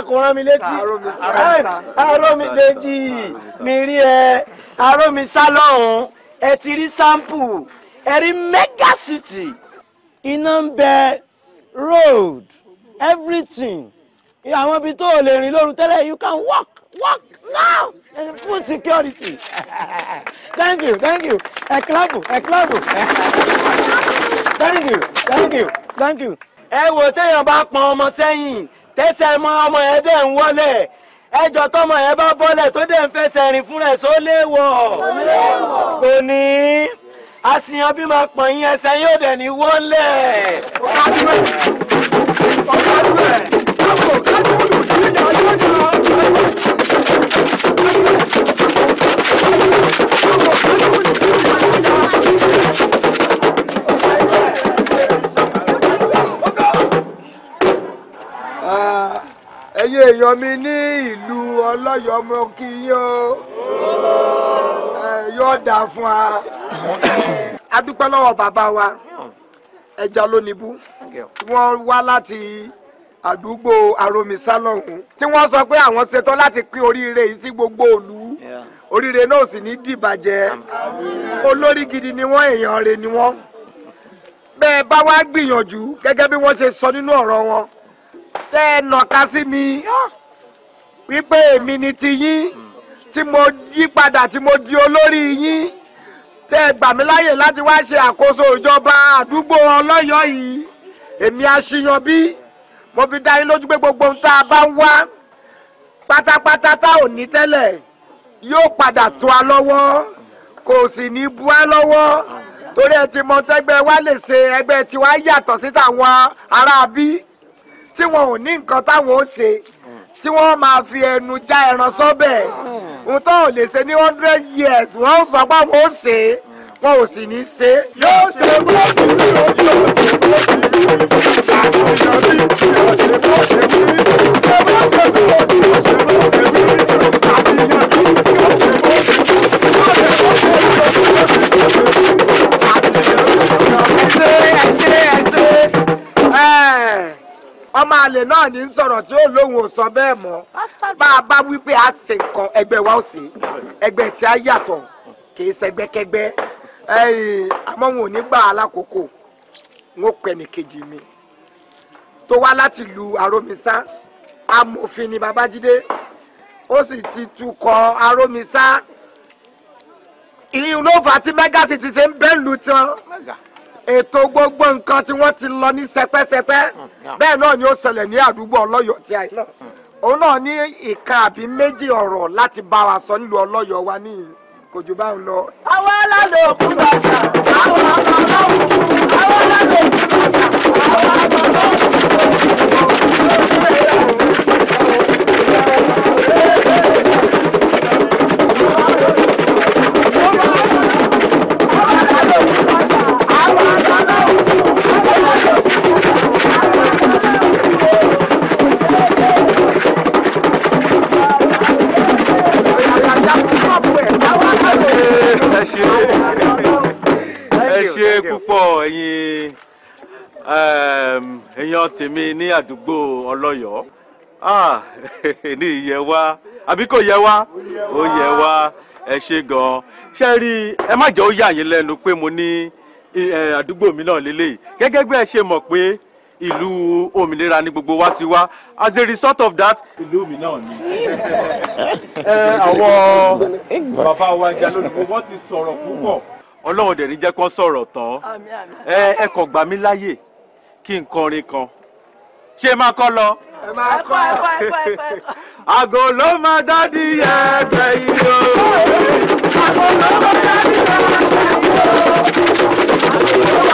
iná ń bẹ road everything àwọn ibi tó o lè rìn lóru tẹ́lẹ̀ you can walk walk now full security <laughs> thank you thank you ẹ clap ẹ clap thank you thank you thank you. ẹ wo téèyàn bá pọn ọmọ sẹ́yìn tẹ́sẹ̀ mọ́ ọmọ yẹn dẹ̀ ń wọlé ẹjọ́ tọmọ yẹn bá bọ́lẹ̀ tó dẹ̀ ń fẹsẹ̀ rìn fúnra ẹ̀ só léwọ̀ kò ní àṣìyàn bí máa pọ̀ yín ẹsẹ̀ yóò dẹ̀ ní wọ́lẹ̀. ọ̀gá dúró ọ̀gá dúró ẹ̀ káwọ̀ káwọ̀ olùdíje àjọyọ̀ àjọyọ̀. ẹ̀yin èèyàn mi ní ìlú ọlọ́yọ̀ ọmọ kí yín o yóò dà fún wa a dúpẹ́ lọ́wọ́ bàbá wa ẹja lónìbù wọ́n wá láti àdúgbò aromisa lọ́hùn tí wọ́n sọ pé àwọn ṣetán láti pín oríire yìí sí gbogbo òlu oríire náà sì ní dìbàjẹ́ olórí gidi ni wọ́n èèyàn rẹ̀ ni wọ́n bẹ́ẹ̀ bá wá gbìyànjú gẹ́gẹ́ bí wọ́n ṣe sọ nínú ọ̀rọ̀ wọn tẹ́ ẹ nàka sí mi wípé èmi ni ti yín tí mo yí padà tí mo di olórí yín tẹ́ ẹ gbà mí láyè láti wá ṣe àkóso ìjọba àdúgbò ọlọ́yọ̀ọ́ yìí èmi aṣíyan bí mo fi dá yín lójú pé gbogbo ohun tá a bá ń wá pátápátá tá ò ní tẹ́lẹ̀ yóò padà tó a lọ́wọ́ kò sì ní bu a lọ́wọ́ torí ẹ ti mọ tẹ́gbẹ́ wa lè ṣe ẹgbẹ́ tiwa yàtọ̀ sí tàwọn aráabí tí wọn ò ní nǹkan táwọn ó ṣe tí wọ́n máa fi ẹnu já ẹran sọ́bẹ̀ ohun tó ò lè ṣe ní hundred years wọ́n sọ pé àwọn ó ṣe wọn ò sì ní ṣe yóò ṣe bó ṣe rí o yóò ṣe bó ṣe rí o àṣeyọrí yóò ṣe bó ṣe rí o ṣe bó ṣe rí o ṣe. ọmọ àlè náà ní sọ̀rọ̀ tí ó lóun ò sọ bẹ́ẹ̀ mọ́ bá a bá wí pé a ṣe nǹkan ẹgbẹ́ wa ó ṣe ẹgbẹ́ tí a yàtọ̀ kì í ṣẹgbẹ́kẹgbẹ́ àmọ́ wọn ò ní gbà alákòókò wọn ò pẹ́ nìkejì mi tó wá láti lu Aromisa amòfin ni Babájídé ó sì ti tukọ̀ Aromisa ìyún ló fà á tí mẹ́gà sì ti ṣe ń bẹ́ẹ̀ lu tán ètò gbogbo nǹkan tí wọ́n ti lọ ní sẹpẹ́sẹpẹ́ mm, bẹ́ẹ̀ náà ni ó ṣẹlẹ̀ ní àdúgbò ọlọ́yọ̀ tí a yìí mm. òun náà ní ìka àbí méjì ọ̀rọ̀ láti bá wa sọ nílùú ọlọ́yọ̀ wa ní kò jù báwọn lọ. àwọn alálòókù bàtà àwọn ọmọ ọlọ́run àwọn alálòókù. èèyàn tèmi ní àdúgbò ọlọ́yọ̀ọ́ ah, <laughs> ní ìyẹ wá àbí kò yẹ wá ó yẹ wá ẹ ṣe gan-an ṣe rí ẹ má jẹ́ ó yà yín lẹ́nu pé mo ní àdúgbò mi náà lélẹ́yìí gẹ́gẹ́ bí ẹ ṣe mọ̀ pé ìlú òmìnira ni gbogbo wa ti wá as a result of that ìlú mi náà ni. <laughs> àwọn bàbá wa ìjà lónìí wọ́n ti sọ̀rọ̀ púpọ̀ ọlọ́run dẹ̀ ní jẹ́ kó sọ̀rọ̀ tán ẹ kò gbà mí láyè kí n kọrin kan ṣé máa kọ́ lọ. ẹ máa ló máa dádì yẹ ẹgbẹ́ yìí o. àgò ló máa dádì yẹ ẹgbẹ́ yìí o.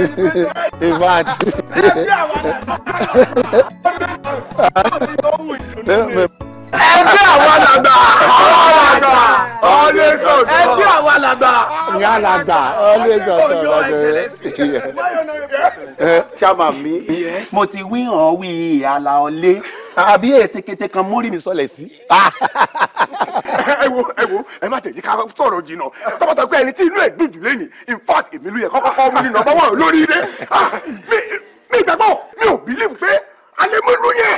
in fact. ẹbí àwa làgbà ọlẹ sọtọ ẹbí àwa làgbà ìyá làgbà ọlẹ sọtọ ọdẹ. chama mi mo ti wí hàn wí àlà ọlẹ àbí ètekéte kan mórí mi sọlẹ̀ sí wo ẹ wo ẹ má tẹ̀lé ká sọ̀rọ̀ jìnnà tọ́pọ̀tọ̀ pé ẹni tí inú ẹ̀ dùn jù lẹ́nu in fact èmi ló yẹ kọ́kọ́ kọ́ mi nínú ọmọ wọn lórí ilé ah, mi ìgbàgbọ́ mi ò believe pé alẹ́ mọ́ ló yẹ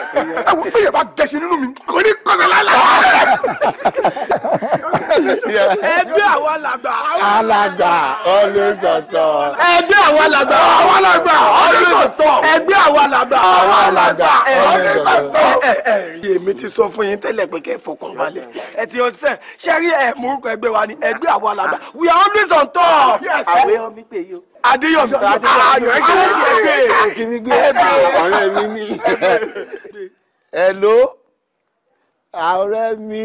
ẹ wo pé yẹ bá gẹ̀ẹ́sì nínú mi kò ní kọ́sẹ̀ lálẹ́ ẹgbẹ́ àwọn alàgbà. alàgbà olùsọ̀tọ̀. ẹgbẹ́ àwọn alàgbà. àwọn alàgbà olùsọ̀tọ̀. ẹgbẹ́ àwọn alàgbà. àwọn alàgbà olùsọ̀tọ̀. èmi ti sọ fún yín tẹ́lẹ̀ pé kẹ́ ẹ fọkàn balẹ̀ ẹ ti ọ̀sẹ̀ ṣe rí ẹ̀ morúkọ ẹgbẹ́ wa ni ẹgbẹ́ àwọn alàgbà we are always on top. àwẹ̀ ọmí pè yí o. Adéyọ̀mí ayọ̀ ẹ ṣe é ṣe é gbé. ọ̀rẹ́ mi ni. hello ọ̀rẹ́ mi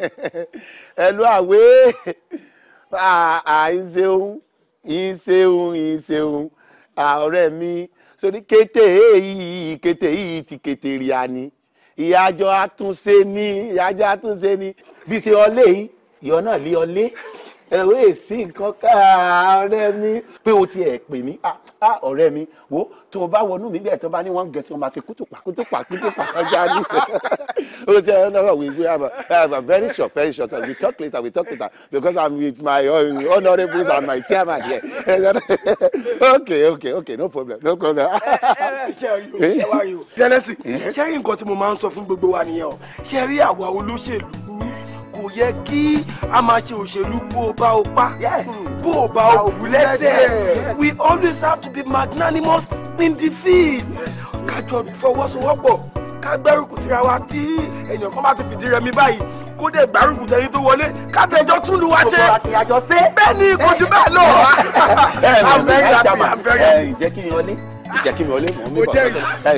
<laughs> ẹ̀lú àwé àìṣeun ìṣeun ìṣeun ọ̀rẹ́ mi sórí kété yìí kété yìí ti kété rí a ni ìyájọ́ àtúnṣe ni ìyájọ́ àtúnṣe ni bí ṣe ọlé yìí ìyọ náà lé ọlé ẹ̀wé sí nǹkan ká ọ̀rẹ́ mi pé o ti ẹ̀ pè mí á ah, ah, ọ̀rẹ́ mi wo tó o bá wọnú mi bẹ́ẹ̀ tó bá ní wọ́n gẹ̀ẹ́sì wọn máa ṣe kútùpà kútùpà kútùpà ọjà ni <laughs> o ti ẹ̀ náà we we have a, very short very short time we talk later we talk later because i'm with my honourables and my chairman here <laughs> okay okay okay no problem no problem. ṣe wá yìí o jẹ́lẹ́sì ṣe rí nǹkan tí mo máa ń sọ fún gbogbo wa nìyẹn o ṣe rí àwa olóṣèlú kò yẹ kí a máa ṣe òṣèlú bó o bá o pa bó o bá o kù lẹ́sẹ̀ we always have to be magnanimous in defeat kájọ fọwọ́sowọ́pọ̀ ká gbárùkù wa tí èèyàn kan bá ti fìdí rẹmi báyìí kó dé gbárùkù tẹni tó wọlé kábẹ́jọ́ tún lu wá ṣe bẹ́ẹ̀ ni kò jù bẹ́ẹ̀ lọ. ẹ ẹ jẹ́ kí n wọlé jẹ́ kí n wọlé mọ̀ mi bọ̀.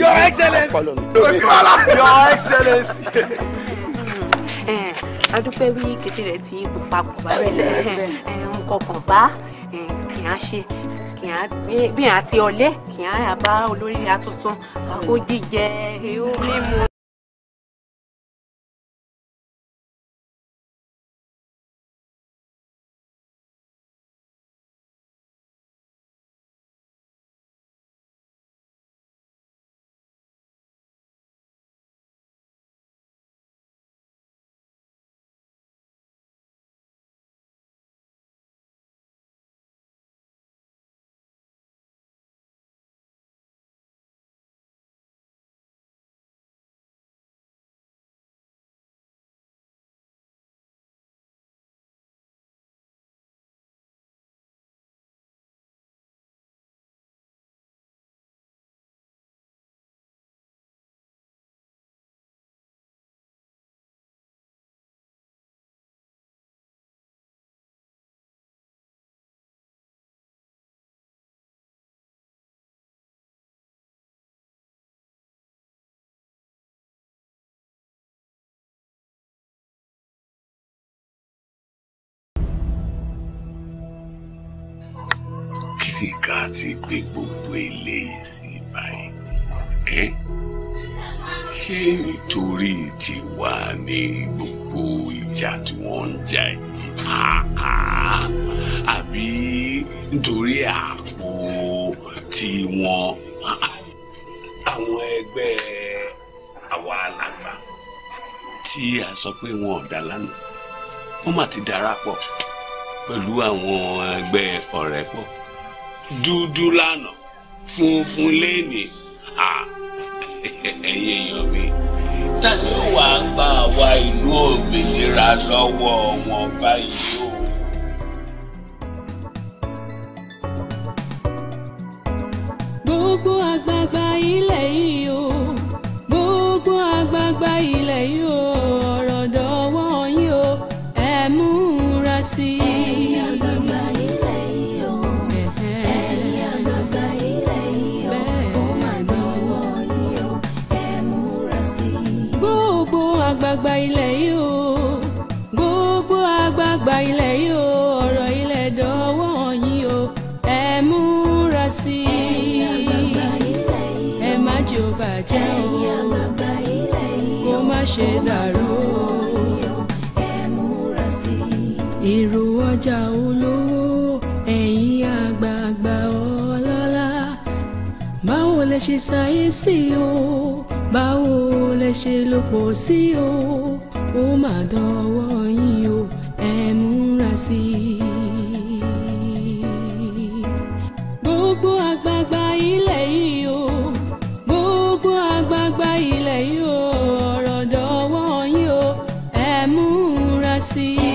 your excellency your excellency adúpẹ́ wí kété rẹ̀ tí kò pa kò bá rẹ̀ ẹ̀hún kọkàn bá kì á ṣe kì á bí àti ọ̀lẹ kì á bá olórí atuntun àkójíjẹ ewu mímu ká ti gbé gbogbo eléyìí sí báyìí ẹ ṣé nítorí tiwa ní gbogbo ìjà tí wọ́n ń jà yìí àbí nítorí àpò tiwọn àwọn ẹgbẹ́ àwa alàgbà tí a sọ pé wọn ò lánàá wọ́n mà ti darapọ̀ pẹ̀lú àwọn ẹgbẹ́ ọ̀rẹ́ pọ̀ dúdú lánàá funfun léèní ẹ̀yin èèyàn mi. tani ó wàá gba àwa ìlú òmìnira lọ́wọ́ wọn báyìí o. gbogbo àgbààgbà ilẹ̀ yìí o gbogbo àgbààgbà ilẹ̀ yìí o ọ̀rọ̀ dọ̀wọ́ yìí o ẹ múra sí i. ilẹ̀ yìí o ọ̀rọ̀ ilẹ̀ dọ́wọ́ yín o ẹ múra sí i ẹ má jẹ́ ó bàjẹ́ o kó má ṣe dàrú o èrò ọjà olówó ẹ̀yin àgbààgbà ọlọ́lá báwo lẹ ṣe ṣayé sí o báwo lẹ ṣe lòpọ̀ sí o ó mà dọwọ́ yín o sí i. gbogbo àgbààgbà ilẹ̀ yìí o gbogbo àgbààgbà ilẹ̀ yìí o ọ̀rọ̀ dọ̀wọ́ yín o ẹ múra sí i.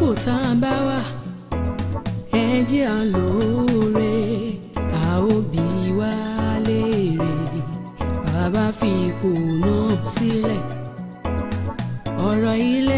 lákòókò tá a bá wà ẹ jẹ́ à a ó bí wá léèrè bàbá fi ipò sílẹ̀ ọ̀rọ̀ ilé.